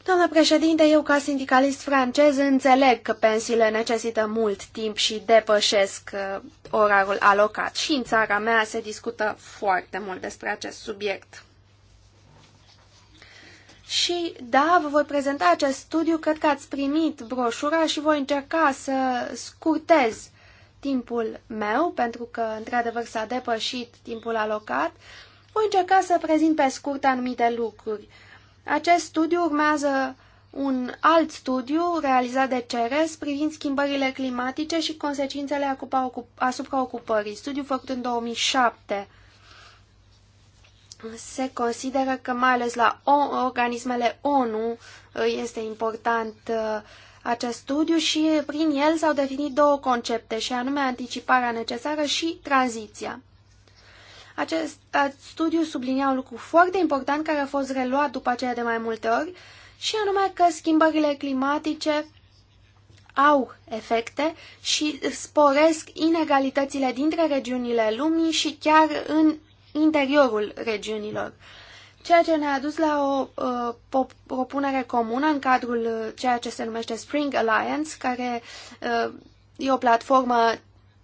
Doamnă președinte, eu ca sindicalist francez înțeleg că pensiile necesită mult timp și depășesc uh, orarul alocat și în țara mea se discută foarte mult despre acest subiect. Și da, vă voi prezenta acest studiu, cred că ați primit broșura și voi încerca să scurtez timpul meu, pentru că, într-adevăr, s-a depășit timpul alocat, voi încerca să prezint pe scurt anumite lucruri. Acest studiu urmează un alt studiu realizat de Ceres privind schimbările climatice și consecințele asupra ocupării, studiu făcut în 2007. Se consideră că mai ales la organismele ONU este important uh, acest studiu și prin el s-au definit două concepte, și anume anticiparea necesară și tranziția. Acest studiu sublinia un lucru foarte important care a fost reluat după aceea de mai multe ori, și anume că schimbările climatice au efecte și sporesc inegalitățile dintre regiunile lumii și chiar în interiorul regiunilor ceea ce ne-a dus la o uh, propunere comună în cadrul uh, ceea ce se numește Spring Alliance, care uh, e o platformă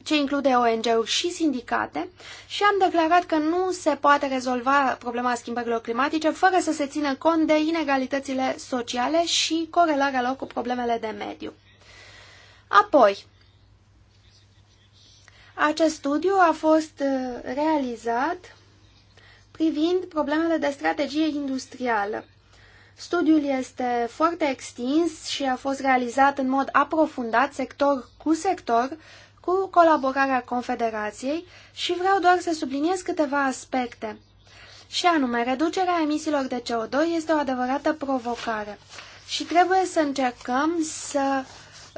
ce include ONG-uri și sindicate și am declarat că nu se poate rezolva problema schimbărilor climatice fără să se țină cont de inegalitățile sociale și corelarea lor cu problemele de mediu. Apoi, acest studiu a fost uh, realizat privind problemele de strategie industrială. Studiul este foarte extins și a fost realizat în mod aprofundat sector cu sector cu colaborarea Confederației și vreau doar să subliniez câteva aspecte. Și anume, reducerea emisiilor de CO2 este o adevărată provocare și trebuie să încercăm să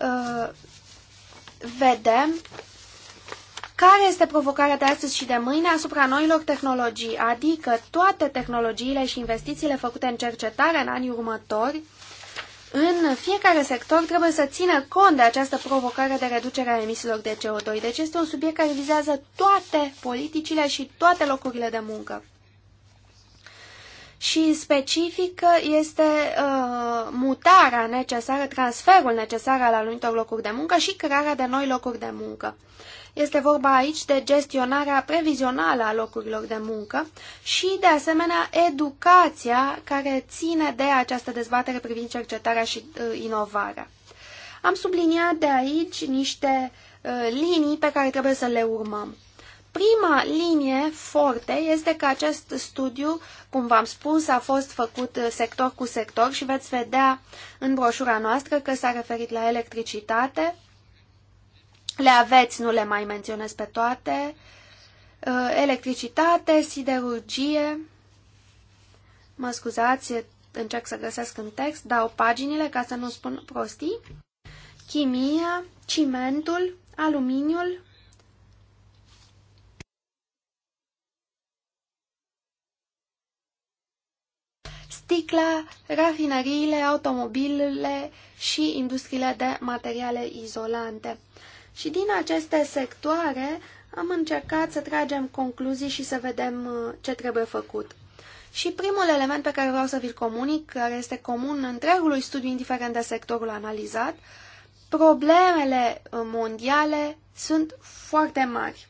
uh, vedem care este provocarea de astăzi și de mâine asupra noilor tehnologii, adică toate tehnologiile și investițiile făcute în cercetare în anii următori? În fiecare sector trebuie să țină cont de această provocare de reducere a emisiilor de CO2. Deci este un subiect care vizează toate politicile și toate locurile de muncă. Și specific este uh, mutarea necesară, transferul necesar al anumitor locuri de muncă și crearea de noi locuri de muncă. Uh, este vorba aici de gestionarea previzională a locurilor de muncă și, de asemenea, educația care ține de această dezbatere privind cercetarea și uh, inovarea. Am subliniat de aici niște uh, linii pe care trebuie să le urmăm. Prima linie forte este că acest studiu, cum v-am spus, a fost făcut uh, sector cu sector și veți vedea în broșura noastră că s-a referit la electricitate, le aveți, nu le mai menționez pe toate. Uh, electricitate, siderurgie. Mă scuzați, încerc să găsesc în text, dau paginile ca să nu spun prostii. Chimia, cimentul, aluminiul, sticla, rafinăriile, automobilele și industriile de materiale izolante. Și din aceste sectoare am încercat să tragem concluzii și să vedem uh, ce trebuie făcut. Și primul element pe care vreau să vi-l comunic, care este comun întregului studiu, indiferent de sectorul analizat, problemele uh, mondiale sunt foarte mari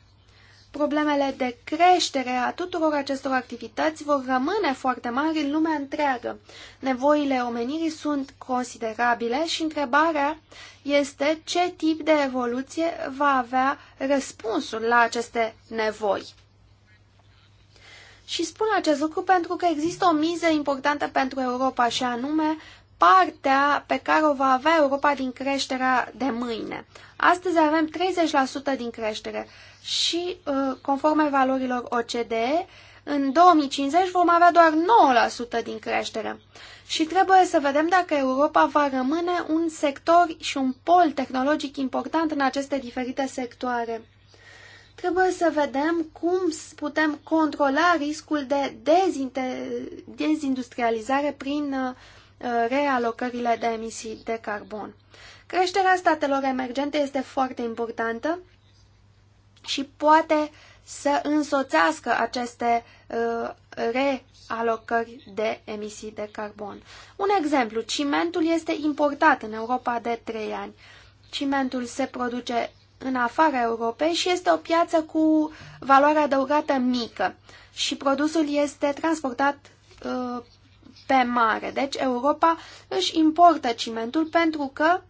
problemele de creștere a tuturor acestor activități vor rămâne foarte mari în lumea întreagă. Nevoile omenirii sunt considerabile și întrebarea este ce tip de evoluție va avea răspunsul la aceste nevoi. Și spun acest lucru pentru că există o miză importantă pentru Europa și anume partea pe care o va avea Europa din creșterea de mâine. Astăzi avem 30% din creștere și, uh, conform valorilor OCDE, în 2050 vom avea doar 9% din creștere. Și trebuie să vedem dacă Europa va rămâne un sector și un pol tehnologic important în aceste diferite sectoare. Trebuie să vedem cum putem controla riscul de dezindustrializare prin uh, realocările de emisii de carbon. Creșterea statelor emergente este foarte importantă și poate să însoțească aceste uh, realocări de emisii de carbon. Un exemplu, cimentul este importat în Europa de 3 ani. Cimentul se produce în afara Europei și este o piață cu valoare adăugată mică și produsul este transportat uh, pe mare. Deci Europa își importă cimentul pentru că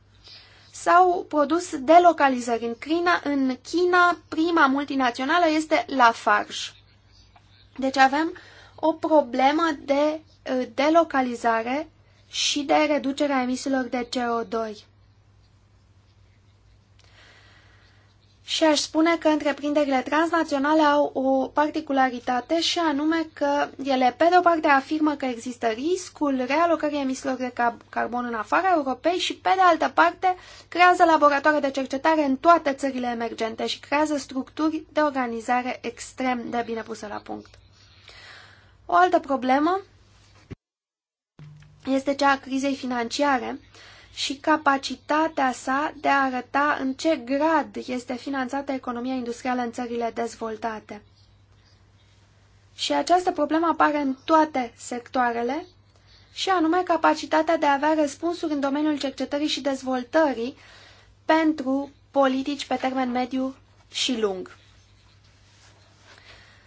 s-au produs delocalizări în China. În China, prima multinațională este Lafarge. Deci avem o problemă de uh, delocalizare și de reducerea emisiilor de CO2. și aș spune că întreprinderile transnaționale au o particularitate și anume că ele, pe de o parte, afirmă că există riscul realocării emisiilor de carbon în afara Europei și, pe de altă parte, creează laboratoare de cercetare în toate țările emergente și creează structuri de organizare extrem de bine puse la punct. O altă problemă este cea a crizei financiare, și capacitatea sa de a arăta în ce grad este finanțată economia industrială în țările dezvoltate. Și această problemă apare în toate sectoarele, și anume capacitatea de a avea răspunsuri în domeniul cercetării și dezvoltării pentru politici pe termen mediu și lung.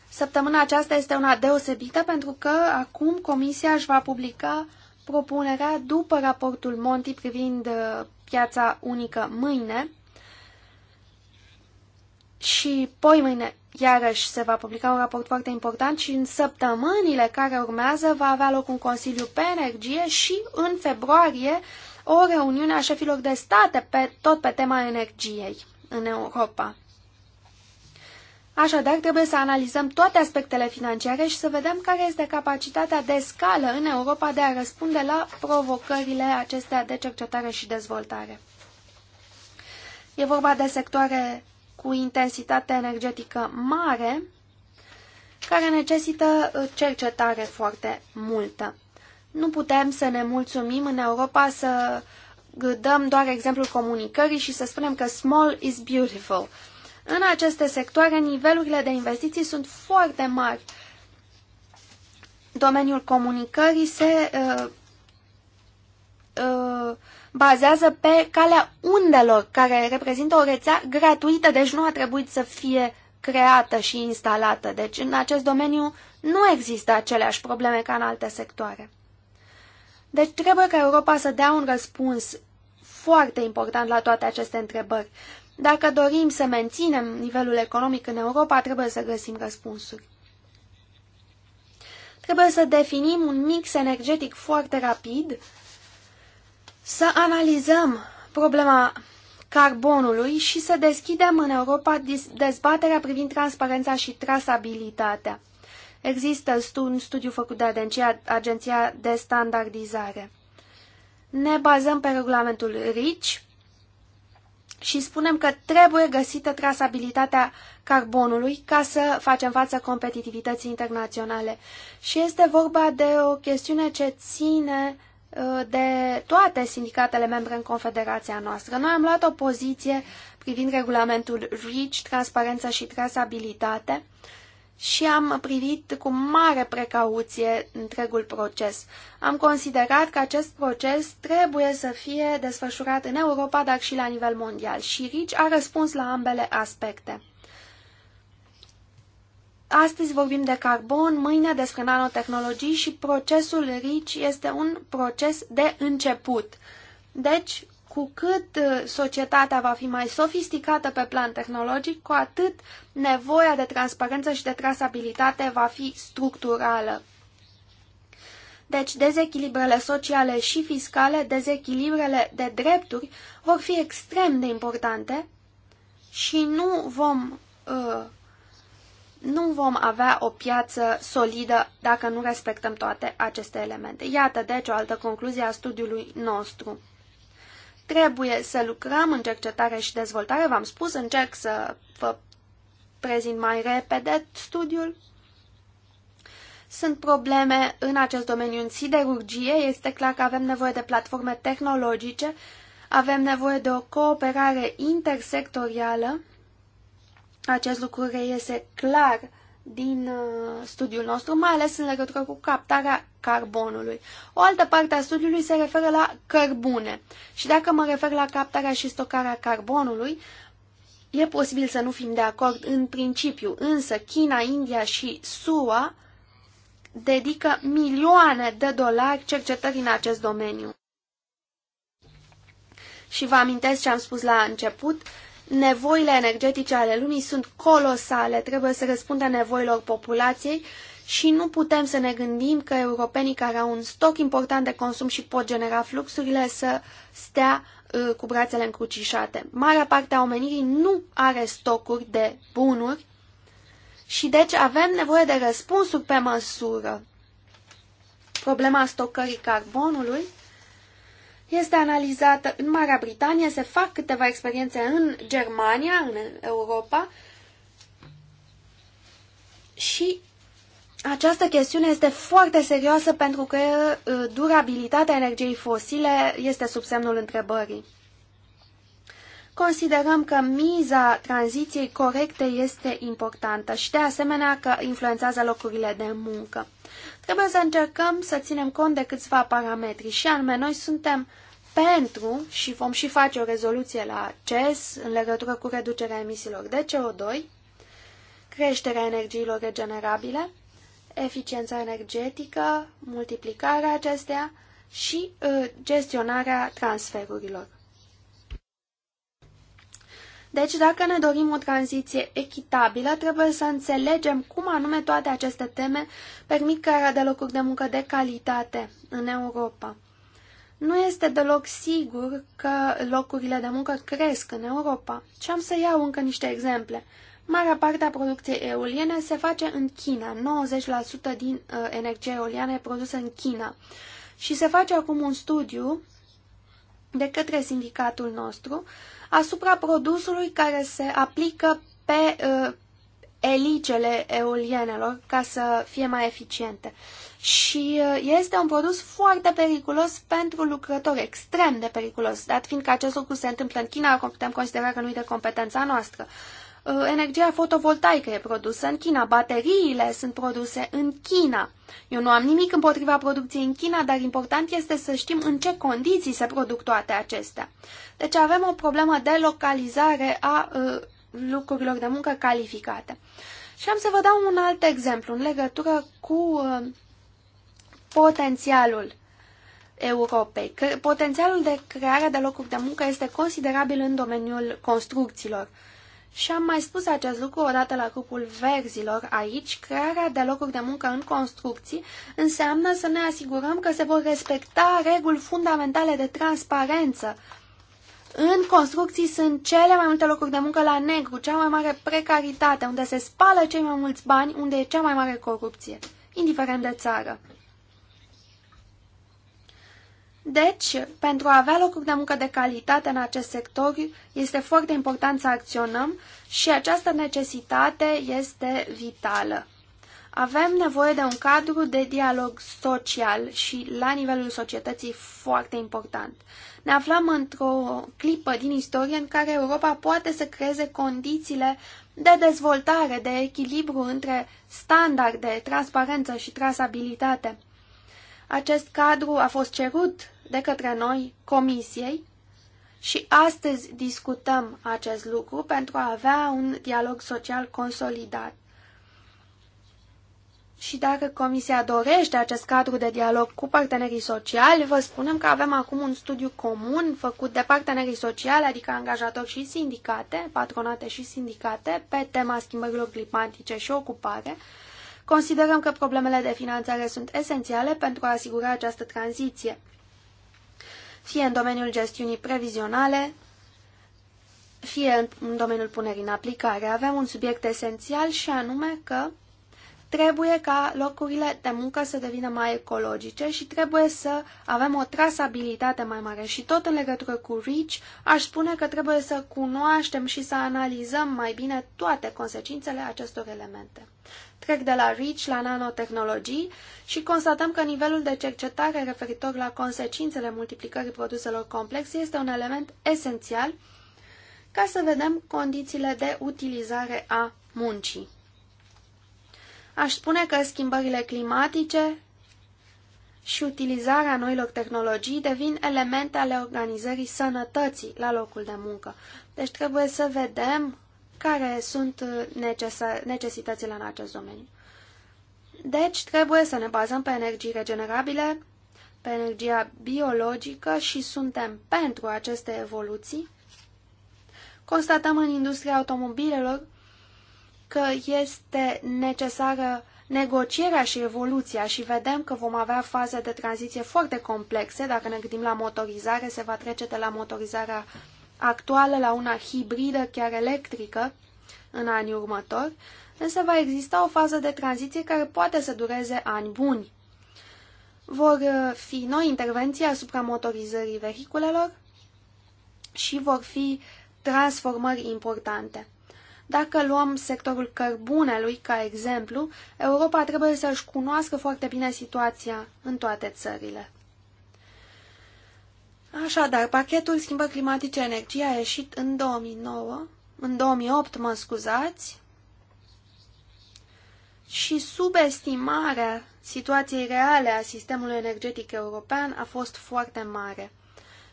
Săptămâna aceasta este una deosebită pentru că acum Comisia își va publica propunerea după raportul Monti privind uh, piața unică mâine și poi mâine iarăși se va publica un raport foarte important și în săptămânile care urmează va avea loc un consiliu pe energie și în februarie o reuniune a șefilor de state pe, tot pe tema energiei în Europa. Așadar, trebuie să analizăm toate aspectele financiare și să vedem care este capacitatea de scală în Europa de a răspunde la provocările acestea de cercetare și dezvoltare. E vorba de sectoare cu intensitate energetică mare, care necesită uh, cercetare foarte multă. Nu putem să ne mulțumim în Europa să uh, dăm doar exemplul comunicării și să spunem că small is beautiful. În aceste sectoare, nivelurile de investiții sunt foarte mari. Domeniul comunicării se uh, uh, bazează pe calea undelor, care reprezintă o rețea gratuită, deci nu a trebuit să fie creată și instalată. Deci în acest domeniu nu există aceleași probleme ca în alte sectoare. Deci trebuie ca Europa să dea un răspuns foarte important la toate aceste întrebări. Dacă dorim să menținem nivelul economic în Europa, trebuie să găsim răspunsuri. Trebuie să definim un mix energetic foarte rapid, să analizăm problema carbonului și să deschidem în Europa dezbaterea privind transparența și trasabilitatea. Există un studiu făcut de Agenția de Standardizare. Ne bazăm pe regulamentul RICI și spunem că trebuie găsită trasabilitatea carbonului ca să facem față competitivității internaționale. Și este vorba de o chestiune ce ține uh, de toate sindicatele membre în confederația noastră. Noi am luat o poziție privind regulamentul REACH, transparență și trasabilitate și am privit cu mare precauție întregul proces. Am considerat că acest proces trebuie să fie desfășurat în Europa, dar și la nivel mondial și RICI a răspuns la ambele aspecte. Astăzi vorbim de carbon, mâine despre nanotehnologii și procesul RICI este un proces de început. Deci, cu cât uh, societatea va fi mai sofisticată pe plan tehnologic, cu atât nevoia de transparență și de trasabilitate va fi structurală. Deci dezechilibrele sociale și fiscale, dezechilibrele de drepturi vor fi extrem de importante și nu vom, uh, nu vom avea o piață solidă dacă nu respectăm toate aceste elemente. Iată deci o altă concluzie a studiului nostru. Trebuie să lucrăm în cercetare și dezvoltare, v-am spus, încerc să vă prezint mai repede studiul. Sunt probleme în acest domeniu. În siderurgie este clar că avem nevoie de platforme tehnologice, avem nevoie de o cooperare intersectorială. Acest lucru reiese clar din uh, studiul nostru, mai ales în legătură cu captarea carbonului. O altă parte a studiului se referă la cărbune. Și dacă mă refer la captarea și stocarea carbonului, e posibil să nu fim de acord în principiu, însă China, India și SUA dedică milioane de dolari cercetării în acest domeniu. Și vă amintesc ce am spus la început, Nevoile energetice ale lumii sunt colosale, trebuie să răspundă nevoilor populației și nu putem să ne gândim că europenii care au un stoc important de consum și pot genera fluxurile să stea uh, cu brațele încrucișate. Marea parte a omenirii nu are stocuri de bunuri și deci avem nevoie de răspunsuri pe măsură. Problema stocării carbonului este analizată în Marea Britanie, se fac câteva experiențe în Germania, în Europa și această chestiune este foarte serioasă pentru că uh, durabilitatea energiei fosile este sub semnul întrebării. Considerăm că miza tranziției corecte este importantă și de asemenea că influențează locurile de muncă. Trebuie să încercăm să ținem cont de câțiva parametri și anume noi suntem pentru și vom și face o rezoluție la CES în legătură cu reducerea emisiilor de CO2, creșterea energiilor regenerabile, eficiența energetică, multiplicarea acestea și uh, gestionarea transferurilor. Deci, dacă ne dorim o tranziție echitabilă, trebuie să înțelegem cum anume toate aceste teme permit crearea de locuri de muncă de calitate în Europa. Nu este deloc sigur că locurile de muncă cresc în Europa. Și am să iau încă niște exemple. Marea parte a producției eoliene se face în China. 90% din uh, energia eoliană e produsă în China. Și se face acum un studiu de către sindicatul nostru uh, asupra produsului care se aplică pe uh, elicele eolienelor ca să fie mai eficiente. Și uh, este un produs foarte periculos pentru lucrători, extrem de periculos, dat fiindcă acest lucru se întâmplă în China, putem considera că nu e de competența noastră. Uh, energia fotovoltaică e produsă în China, bateriile sunt produse în China. Eu nu am nimic împotriva producției în China, dar important este să știm în ce condiții se produc toate acestea. Deci avem o problemă de localizare a uh, lucrurilor de muncă calificate. Și am să vă dau un alt exemplu în legătură cu uh, potențialul Europei. Potențialul de creare de locuri de muncă este considerabil în domeniul construcțiilor. Uh, și am mai spus acest lucru odată la grupul verzilor aici, crearea de locuri de muncă în construcții înseamnă să ne asigurăm că se vor respecta reguli fundamentale de transparență. În construcții sunt cele mai multe locuri de muncă la negru, cea mai mare precaritate, unde se spală cei mai mulți bani, unde e cea mai mare corupție, indiferent de țară. Deci, pentru a avea locuri de muncă de calitate în acest sector, este foarte important să acționăm și această necesitate este vitală. Avem nevoie de un cadru de dialog social și la nivelul societății foarte important. Ne aflăm într-o clipă din istorie în care Europa poate să creeze condițiile de dezvoltare, de echilibru între standarde, transparență și trasabilitate. Acest cadru a fost cerut de către noi Comisiei și astăzi discutăm acest lucru pentru a avea un dialog social consolidat. Și dacă Comisia dorește acest cadru de dialog cu partenerii sociali, vă spunem că avem acum un studiu comun făcut de partenerii sociali, adică angajatori și sindicate, patronate și sindicate, pe tema schimbărilor climatice și ocupare. Considerăm că problemele de finanțare sunt esențiale pentru a asigura această tranziție fie în domeniul gestiunii previzionale, fie în domeniul punerii în aplicare. Avem un subiect esențial și anume că trebuie ca locurile de muncă să devină mai ecologice și trebuie să avem o trasabilitate mai mare. Și tot în legătură cu REACH, aș spune că trebuie să cunoaștem și să analizăm mai bine toate consecințele acestor elemente trec de la RICH la nanotehnologii și constatăm că nivelul de cercetare referitor la consecințele multiplicării produselor complexe este un element esențial ca să vedem condițiile de utilizare a muncii. Aș spune că schimbările climatice și utilizarea noilor tehnologii devin elemente ale organizării sănătății la locul de muncă. Deci trebuie să vedem care sunt uh, necesitățile în acest domeniu. Deci, trebuie să ne bazăm pe energii regenerabile, pe energia biologică și suntem pentru aceste evoluții. Constatăm în industria automobilelor că este necesară negocierea și evoluția și vedem că vom avea faze de tranziție foarte complexe. Dacă ne gândim la motorizare, se va trece de la motorizarea actuală la una hibridă, chiar electrică, în anii următori, însă va exista o fază de tranziție care poate să dureze ani buni. Vor uh, fi noi intervenții asupra motorizării vehiculelor și vor fi transformări importante. Dacă luăm sectorul cărbunelui ca exemplu, Europa trebuie să-și cunoască foarte bine situația în toate țările. Așadar, pachetul schimbări climatice energie a ieșit în 2009, în 2008, mă scuzați, și subestimarea situației reale a sistemului energetic european a fost foarte mare.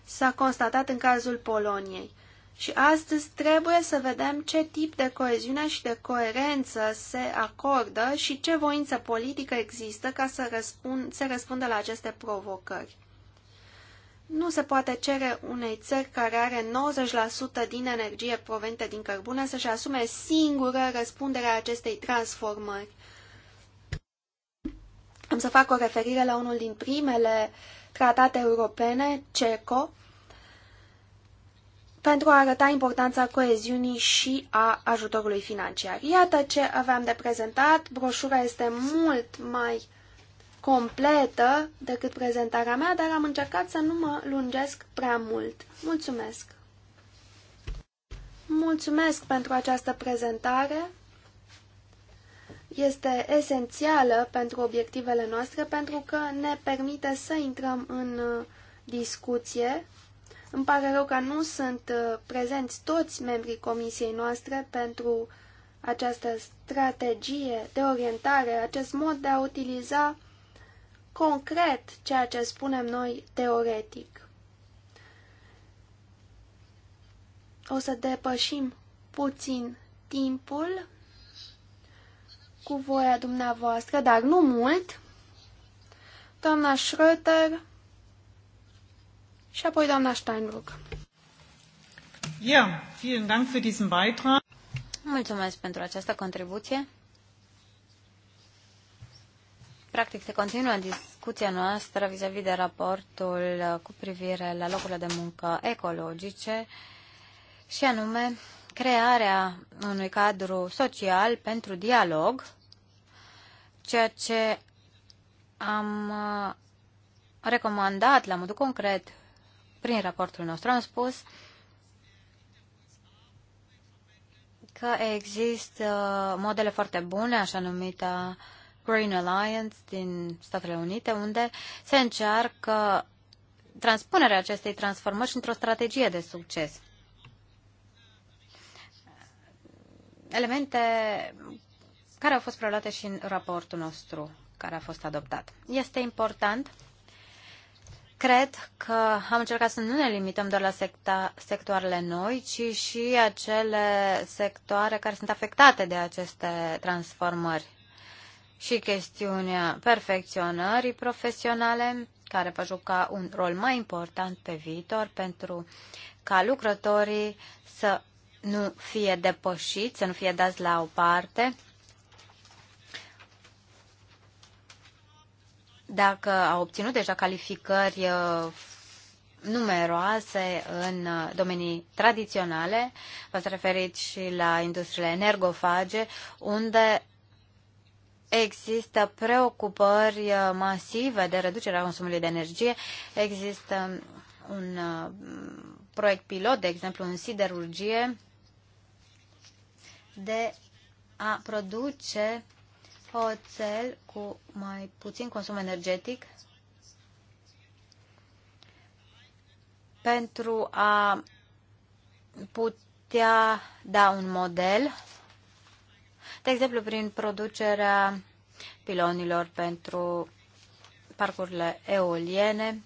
S-a constatat în cazul Poloniei. Și astăzi trebuie să vedem ce tip de coeziune și de coerență se acordă și ce voință politică există ca să, răspund, se răspundă la aceste provocări. Nu se poate cere unei țări care are 90% din energie provenită din cărbune să-și asume singură răspunderea acestei transformări. Am să fac o referire la unul din primele tratate europene, CECO, pentru a arăta importanța coeziunii și a ajutorului financiar. Iată ce aveam de prezentat. Broșura este mult mai completă decât prezentarea mea, dar am încercat să nu mă lungesc prea mult. Mulțumesc! Mulțumesc pentru această prezentare! Este esențială pentru obiectivele noastre pentru că ne permite să intrăm în uh, discuție. Îmi pare rău că nu sunt uh, prezenți toți membrii comisiei noastre pentru această strategie de orientare, acest mod de a utiliza concret ceea ce spunem noi teoretic. O să depășim puțin timpul cu voia dumneavoastră, dar nu mult. Doamna Schröter și apoi doamna Steinbrück. Ja, vielen Dank für diesen Beitrag. Mulțumesc pentru această contribuție. Practic, se continuă discuția noastră vis-a-vis -vis de raportul uh, cu privire la locurile de muncă ecologice și anume crearea unui cadru social pentru dialog, ceea ce am uh, recomandat la modul concret prin raportul nostru. Am spus că există modele foarte bune, așa numita Green Alliance din Statele Unite, unde se încearcă transpunerea acestei transformări într-o strategie de succes. Elemente care au fost preluate și în raportul nostru care a fost adoptat. Este important cred că am încercat să nu ne limităm doar la secta, sectoarele noi, ci și acele sectoare care sunt afectate de aceste transformări și chestiunea perfecționării profesionale, care va juca un rol mai important pe viitor pentru ca lucrătorii să nu fie depășiți, să nu fie dați la o parte. Dacă au obținut deja calificări uh, numeroase în uh, domenii tradiționale, v-ați referit și la industriile energofage, unde există preocupări uh, masive de reducerea consumului de energie. Există um, un uh, proiect pilot, de exemplu, în siderurgie, de a produce oțel cu mai puțin consum energetic pentru a putea da un model de exemplu prin producerea pilonilor pentru parcurile eoliene.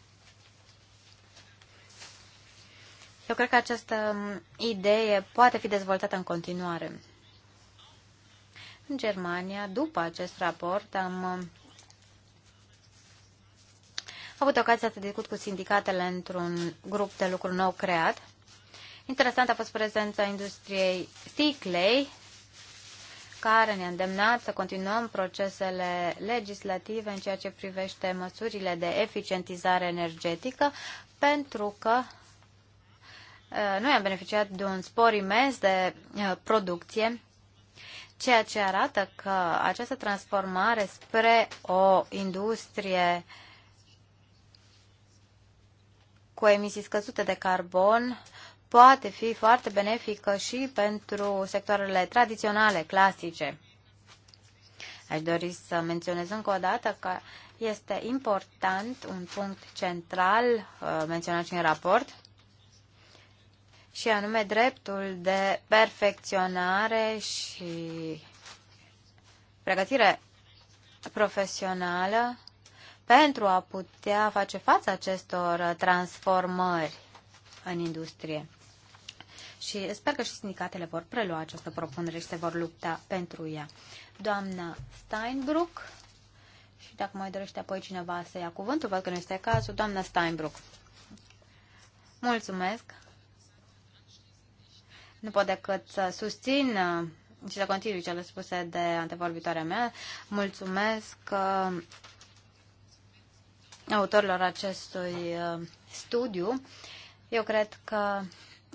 Eu cred că această idee poate fi dezvoltată în continuare. În Germania, după acest raport, am avut ocazia să discut cu sindicatele într-un grup de lucru nou creat. Interesant a fost prezența industriei sticlei, care ne-a îndemnat să continuăm procesele legislative în ceea ce privește măsurile de eficientizare energetică, pentru că noi am beneficiat de un spor imens de producție, ceea ce arată că această transformare spre o industrie cu emisii scăzute de carbon poate fi foarte benefică și pentru sectoarele tradiționale, clasice. Aș dori să menționez încă o dată că este important un punct central uh, menționat și în raport, și anume dreptul de perfecționare și pregătire profesională pentru a putea face față acestor transformări în industrie și sper că și sindicatele vor prelua această propunere și se vor lupta pentru ea. Doamna Steinbruck și dacă mai dorește apoi cineva să ia cuvântul, văd că nu este cazul, doamna Steinbruck. Mulțumesc! Nu pot decât să susțin uh, și să continui cele spuse de antevorbitoarea mea. Mulțumesc uh, autorilor acestui uh, studiu. Eu cred că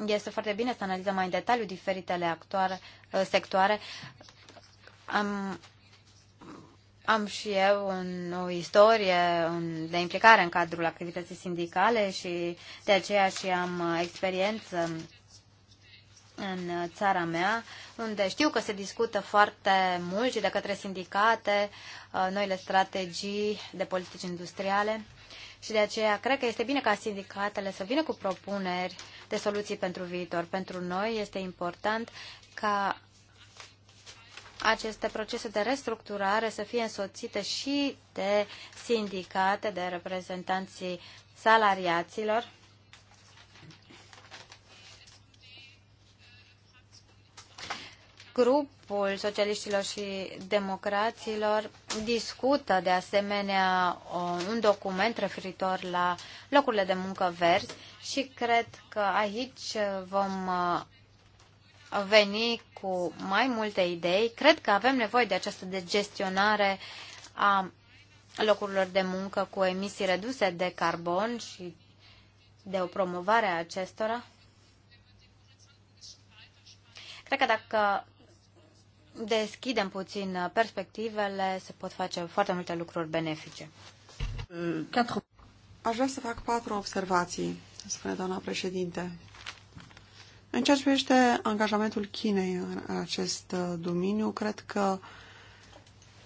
este foarte bine să analizăm mai în detaliu diferitele actoare, uh, sectoare. Am, am și eu un, o istorie un, de implicare în cadrul activității sindicale și de aceea și am uh, experiență în uh, țara mea, unde știu că se discută foarte mult și de către sindicate noile strategii de politici industriale și de aceea cred că este bine ca sindicatele să vină cu propuneri de soluții pentru viitor. Pentru noi este important ca aceste procese de restructurare să fie însoțite și de sindicate, de reprezentanții salariaților. Grupul Socialiștilor și Democraților discută de asemenea uh, un document referitor la locurile de muncă verzi și cred că aici uh, vom uh, veni cu mai multe idei. Cred că avem nevoie de această de gestionare a locurilor de muncă cu emisii reduse de carbon și de o promovare a acestora. Cred că dacă deschidem puțin uh, perspectivele, se pot face foarte multe lucruri benefice. Aș vrea să fac patru observații spune doamna președinte. În ceea ce privește angajamentul Chinei în acest uh, domeniu, cred că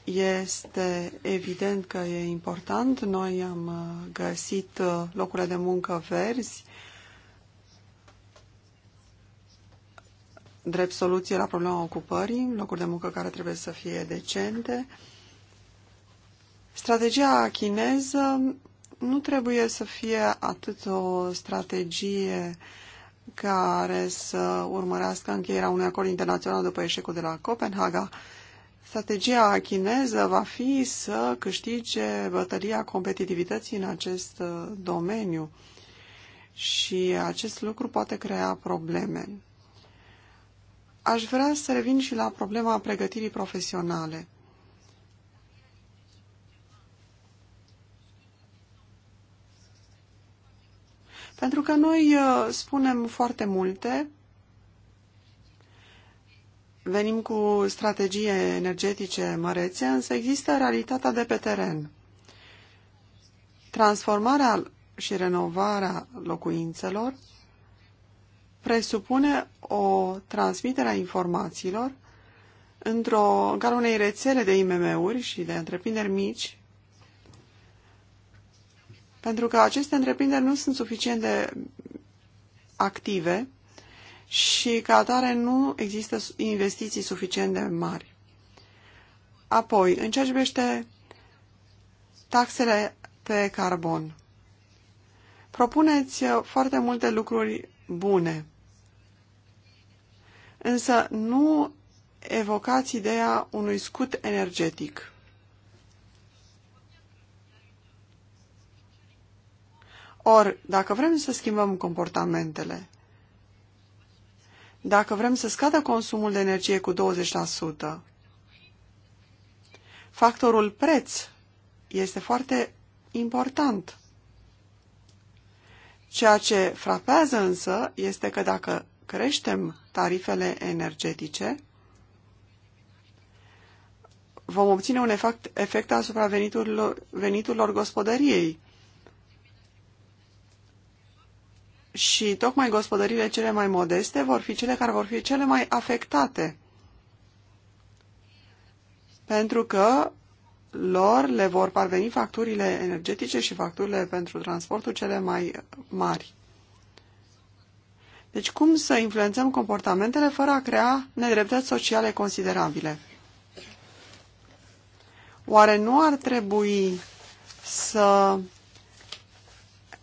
este evident că e important. Noi am uh, găsit uh, locurile de muncă verzi, drept soluție la problema ocupării, locuri de muncă care trebuie să fie decente. Strategia chineză nu trebuie să fie atât o strategie care să urmărească încheierea unui acord internațional după eșecul de la Copenhaga. Strategia chineză va fi să câștige bătălia competitivității în acest uh, domeniu și acest lucru poate crea probleme. Aș vrea să revin și la problema pregătirii profesionale. Pentru că noi uh, spunem foarte multe, venim cu strategie energetice mărețe, însă există realitatea de pe teren. Transformarea și renovarea locuințelor presupune o transmitere a informațiilor într-o, unei rețele de IMM-uri și de întreprinderi mici pentru că aceste întreprinderi nu sunt suficient de active și ca atare nu există investiții suficient de mari. Apoi, în ceea ce privește taxele pe carbon, propuneți foarte multe lucruri bune, însă nu evocați ideea unui scut energetic. Ori, dacă vrem să schimbăm comportamentele, dacă vrem să scadă consumul de energie cu 20%, factorul preț este foarte important. Ceea ce frapează însă este că dacă creștem tarifele energetice, vom obține un efect, efect asupra veniturilor, veniturilor gospodăriei. și tocmai gospodările cele mai modeste vor fi cele care vor fi cele mai afectate. Pentru că lor le vor parveni facturile energetice și facturile pentru transportul cele mai mari. Deci cum să influențăm comportamentele fără a crea nedreptăți sociale considerabile? Oare nu ar trebui să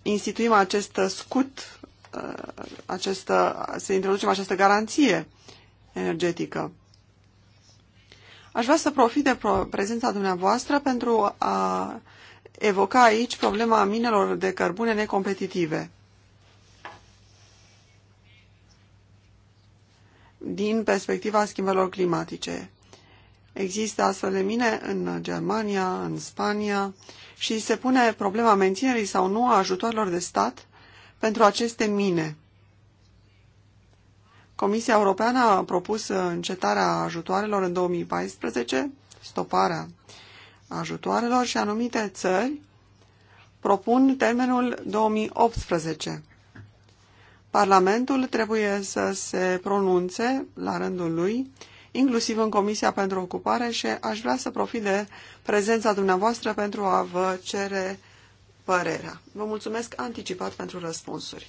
instituim acest scut Uh, această, să introducem această garanție energetică. Aș vrea să profit de prezența dumneavoastră pentru a evoca aici problema minelor de cărbune necompetitive. Din perspectiva schimbărilor climatice. Există astfel de mine în Germania, în Spania și se pune problema menținerii sau nu a ajutoarelor de stat pentru aceste mine. Comisia Europeană a propus încetarea ajutoarelor în 2014, stoparea ajutoarelor și anumite țări propun termenul 2018. Parlamentul trebuie să se pronunțe la rândul lui, inclusiv în Comisia pentru Ocupare și aș vrea să profit de prezența dumneavoastră pentru a vă cere părerea. Vă mulțumesc anticipat pentru răspunsuri.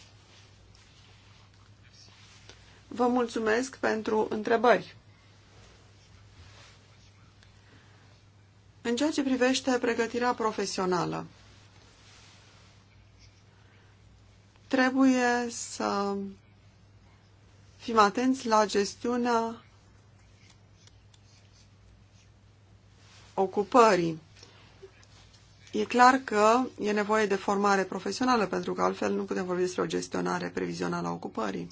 Vă mulțumesc pentru întrebări. În ceea ce privește pregătirea profesională, trebuie să fim atenți la gestiunea ocupării. E clar că e nevoie de formare profesională, pentru că altfel nu putem vorbi despre o gestionare previzională a ocupării.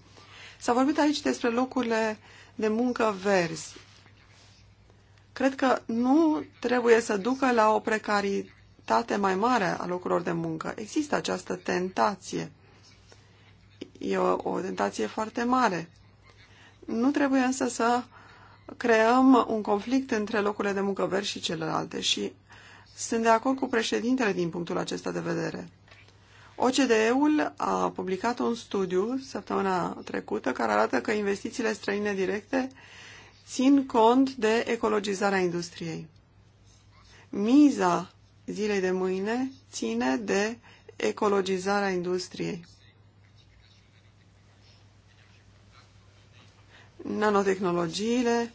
S-a vorbit aici despre locurile de muncă verzi. Cred că nu trebuie să ducă la o precaritate mai mare a locurilor de muncă. Există această tentație. E o, o tentație foarte mare. Nu trebuie însă să creăm un conflict între locurile de muncă verzi și celelalte și sunt de acord cu președintele din punctul acesta de vedere. OCDE-ul a publicat un studiu săptămâna trecută care arată că investițiile străine directe țin cont de ecologizarea industriei. Miza zilei de mâine ține de ecologizarea industriei. Nanotehnologiile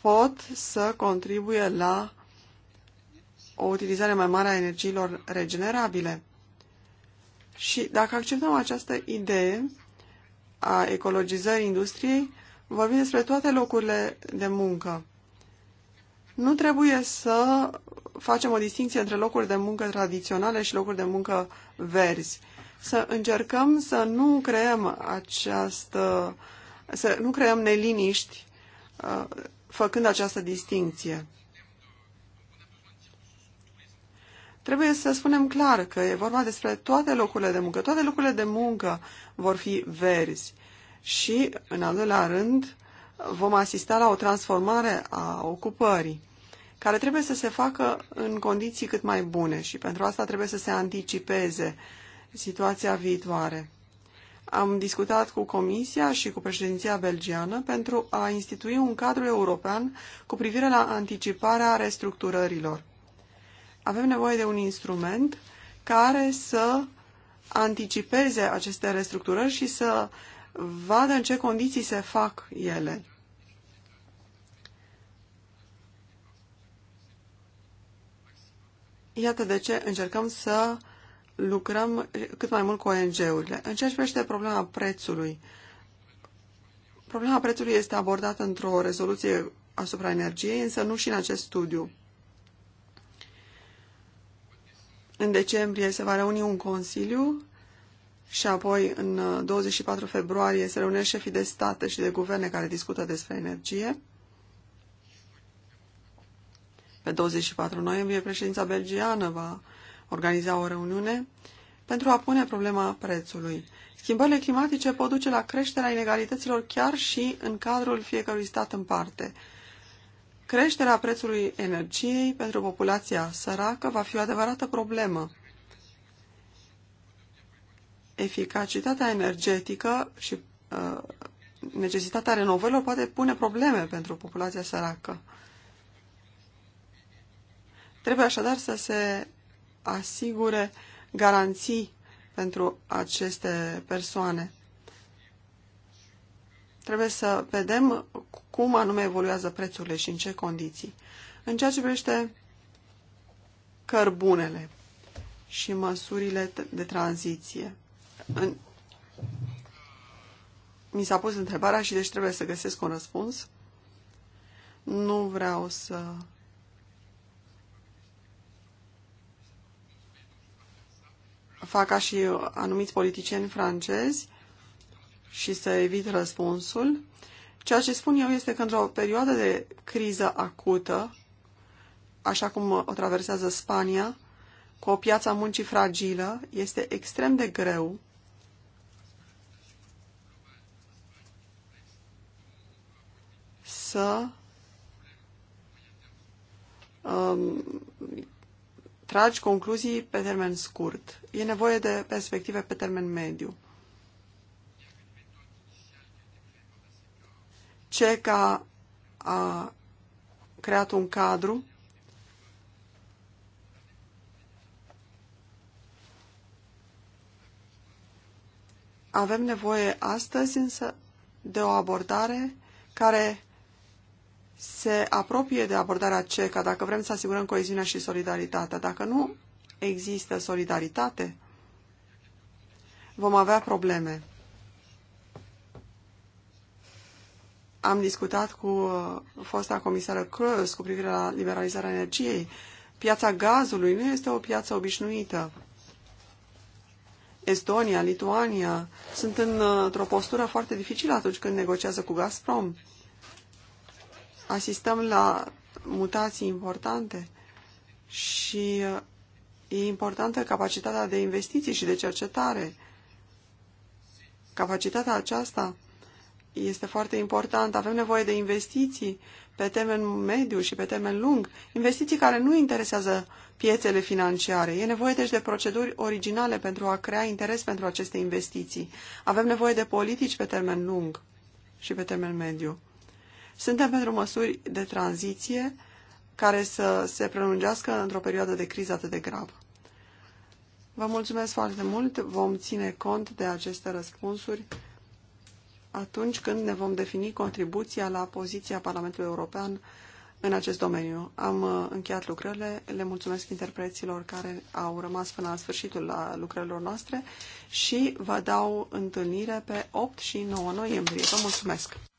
pot să contribuie la o utilizare mai mare a energiilor regenerabile. Și dacă acceptăm această idee a ecologizării industriei, vorbim despre toate locurile de muncă. Nu trebuie să facem o distinție între locuri de muncă tradiționale și locuri de muncă verzi. Să încercăm să nu creăm această, să nu creăm neliniști uh, făcând această distinție. Trebuie să spunem clar că e vorba despre toate locurile de muncă. Toate locurile de muncă vor fi verzi. Și, în al doilea rând, vom asista la o transformare a ocupării, care trebuie să se facă în condiții cât mai bune și pentru asta trebuie să se anticipeze situația viitoare. Am discutat cu Comisia și cu președinția belgiană pentru a institui un cadru european cu privire la anticiparea restructurărilor. Avem nevoie de un instrument care să anticipeze aceste restructurări și să vadă în ce condiții se fac ele. Iată de ce încercăm să lucrăm cât mai mult cu ONG-urile. În ceea ce privește problema prețului, problema prețului este abordată într-o rezoluție asupra energiei, însă nu și în acest studiu. În decembrie se va reuni un consiliu și apoi în 24 uh, februarie se reunește șefii de state și de guverne care discută despre energie. Pe 24 noiembrie președința belgiană va organiza o reuniune pentru a pune problema prețului. Schimbările climatice pot duce la creșterea inegalităților chiar și în cadrul fiecărui stat în parte. Creșterea prețului energiei pentru populația săracă va fi o adevărată problemă. Eficacitatea energetică și uh, necesitatea renovărilor poate pune probleme pentru populația săracă. Trebuie așadar să se asigure garanții pentru aceste persoane. Trebuie să vedem cum anume evoluează prețurile și în ce condiții. În ceea ce privește cărbunele și măsurile de tranziție. În... Mi s-a pus întrebarea și deci trebuie să găsesc un răspuns. Nu vreau să fac ca și anumiți politicieni francezi și să evit răspunsul. Ceea ce spun eu este că într-o perioadă de criză acută, așa cum o traversează Spania, cu o piață a muncii fragilă, este extrem de greu să um, tragi concluzii pe termen scurt. E nevoie de perspective pe termen mediu. CECA a creat un cadru Avem nevoie astăzi însă de o abordare care se apropie de abordarea CECA dacă vrem să asigurăm coeziunea și solidaritatea. Dacă nu există solidaritate, vom avea probleme. am discutat cu uh, fosta comisară Cruz cu privire la liberalizarea energiei. Piața gazului nu este o piață obișnuită. Estonia, Lituania sunt uh, într-o postură foarte dificilă atunci când negociază cu Gazprom. Asistăm la mutații importante și uh, e importantă capacitatea de investiții și de cercetare. Capacitatea aceasta este foarte important. Avem nevoie de investiții pe termen mediu și pe termen lung, investiții care nu interesează piețele financiare. E nevoie deci de proceduri originale pentru a crea interes pentru aceste investiții. Avem nevoie de politici pe termen lung și pe termen mediu. Suntem pentru măsuri de tranziție care să se prelungească într-o perioadă de criză atât de gravă. Vă mulțumesc foarte mult, vom ține cont de aceste răspunsuri atunci când ne vom defini contribuția la poziția Parlamentului European în acest domeniu. Am uh, încheiat lucrările, le mulțumesc interpreților care au rămas până la sfârșitul la lucrărilor noastre și vă dau întâlnire pe 8 și 9 noiembrie. Vă mulțumesc!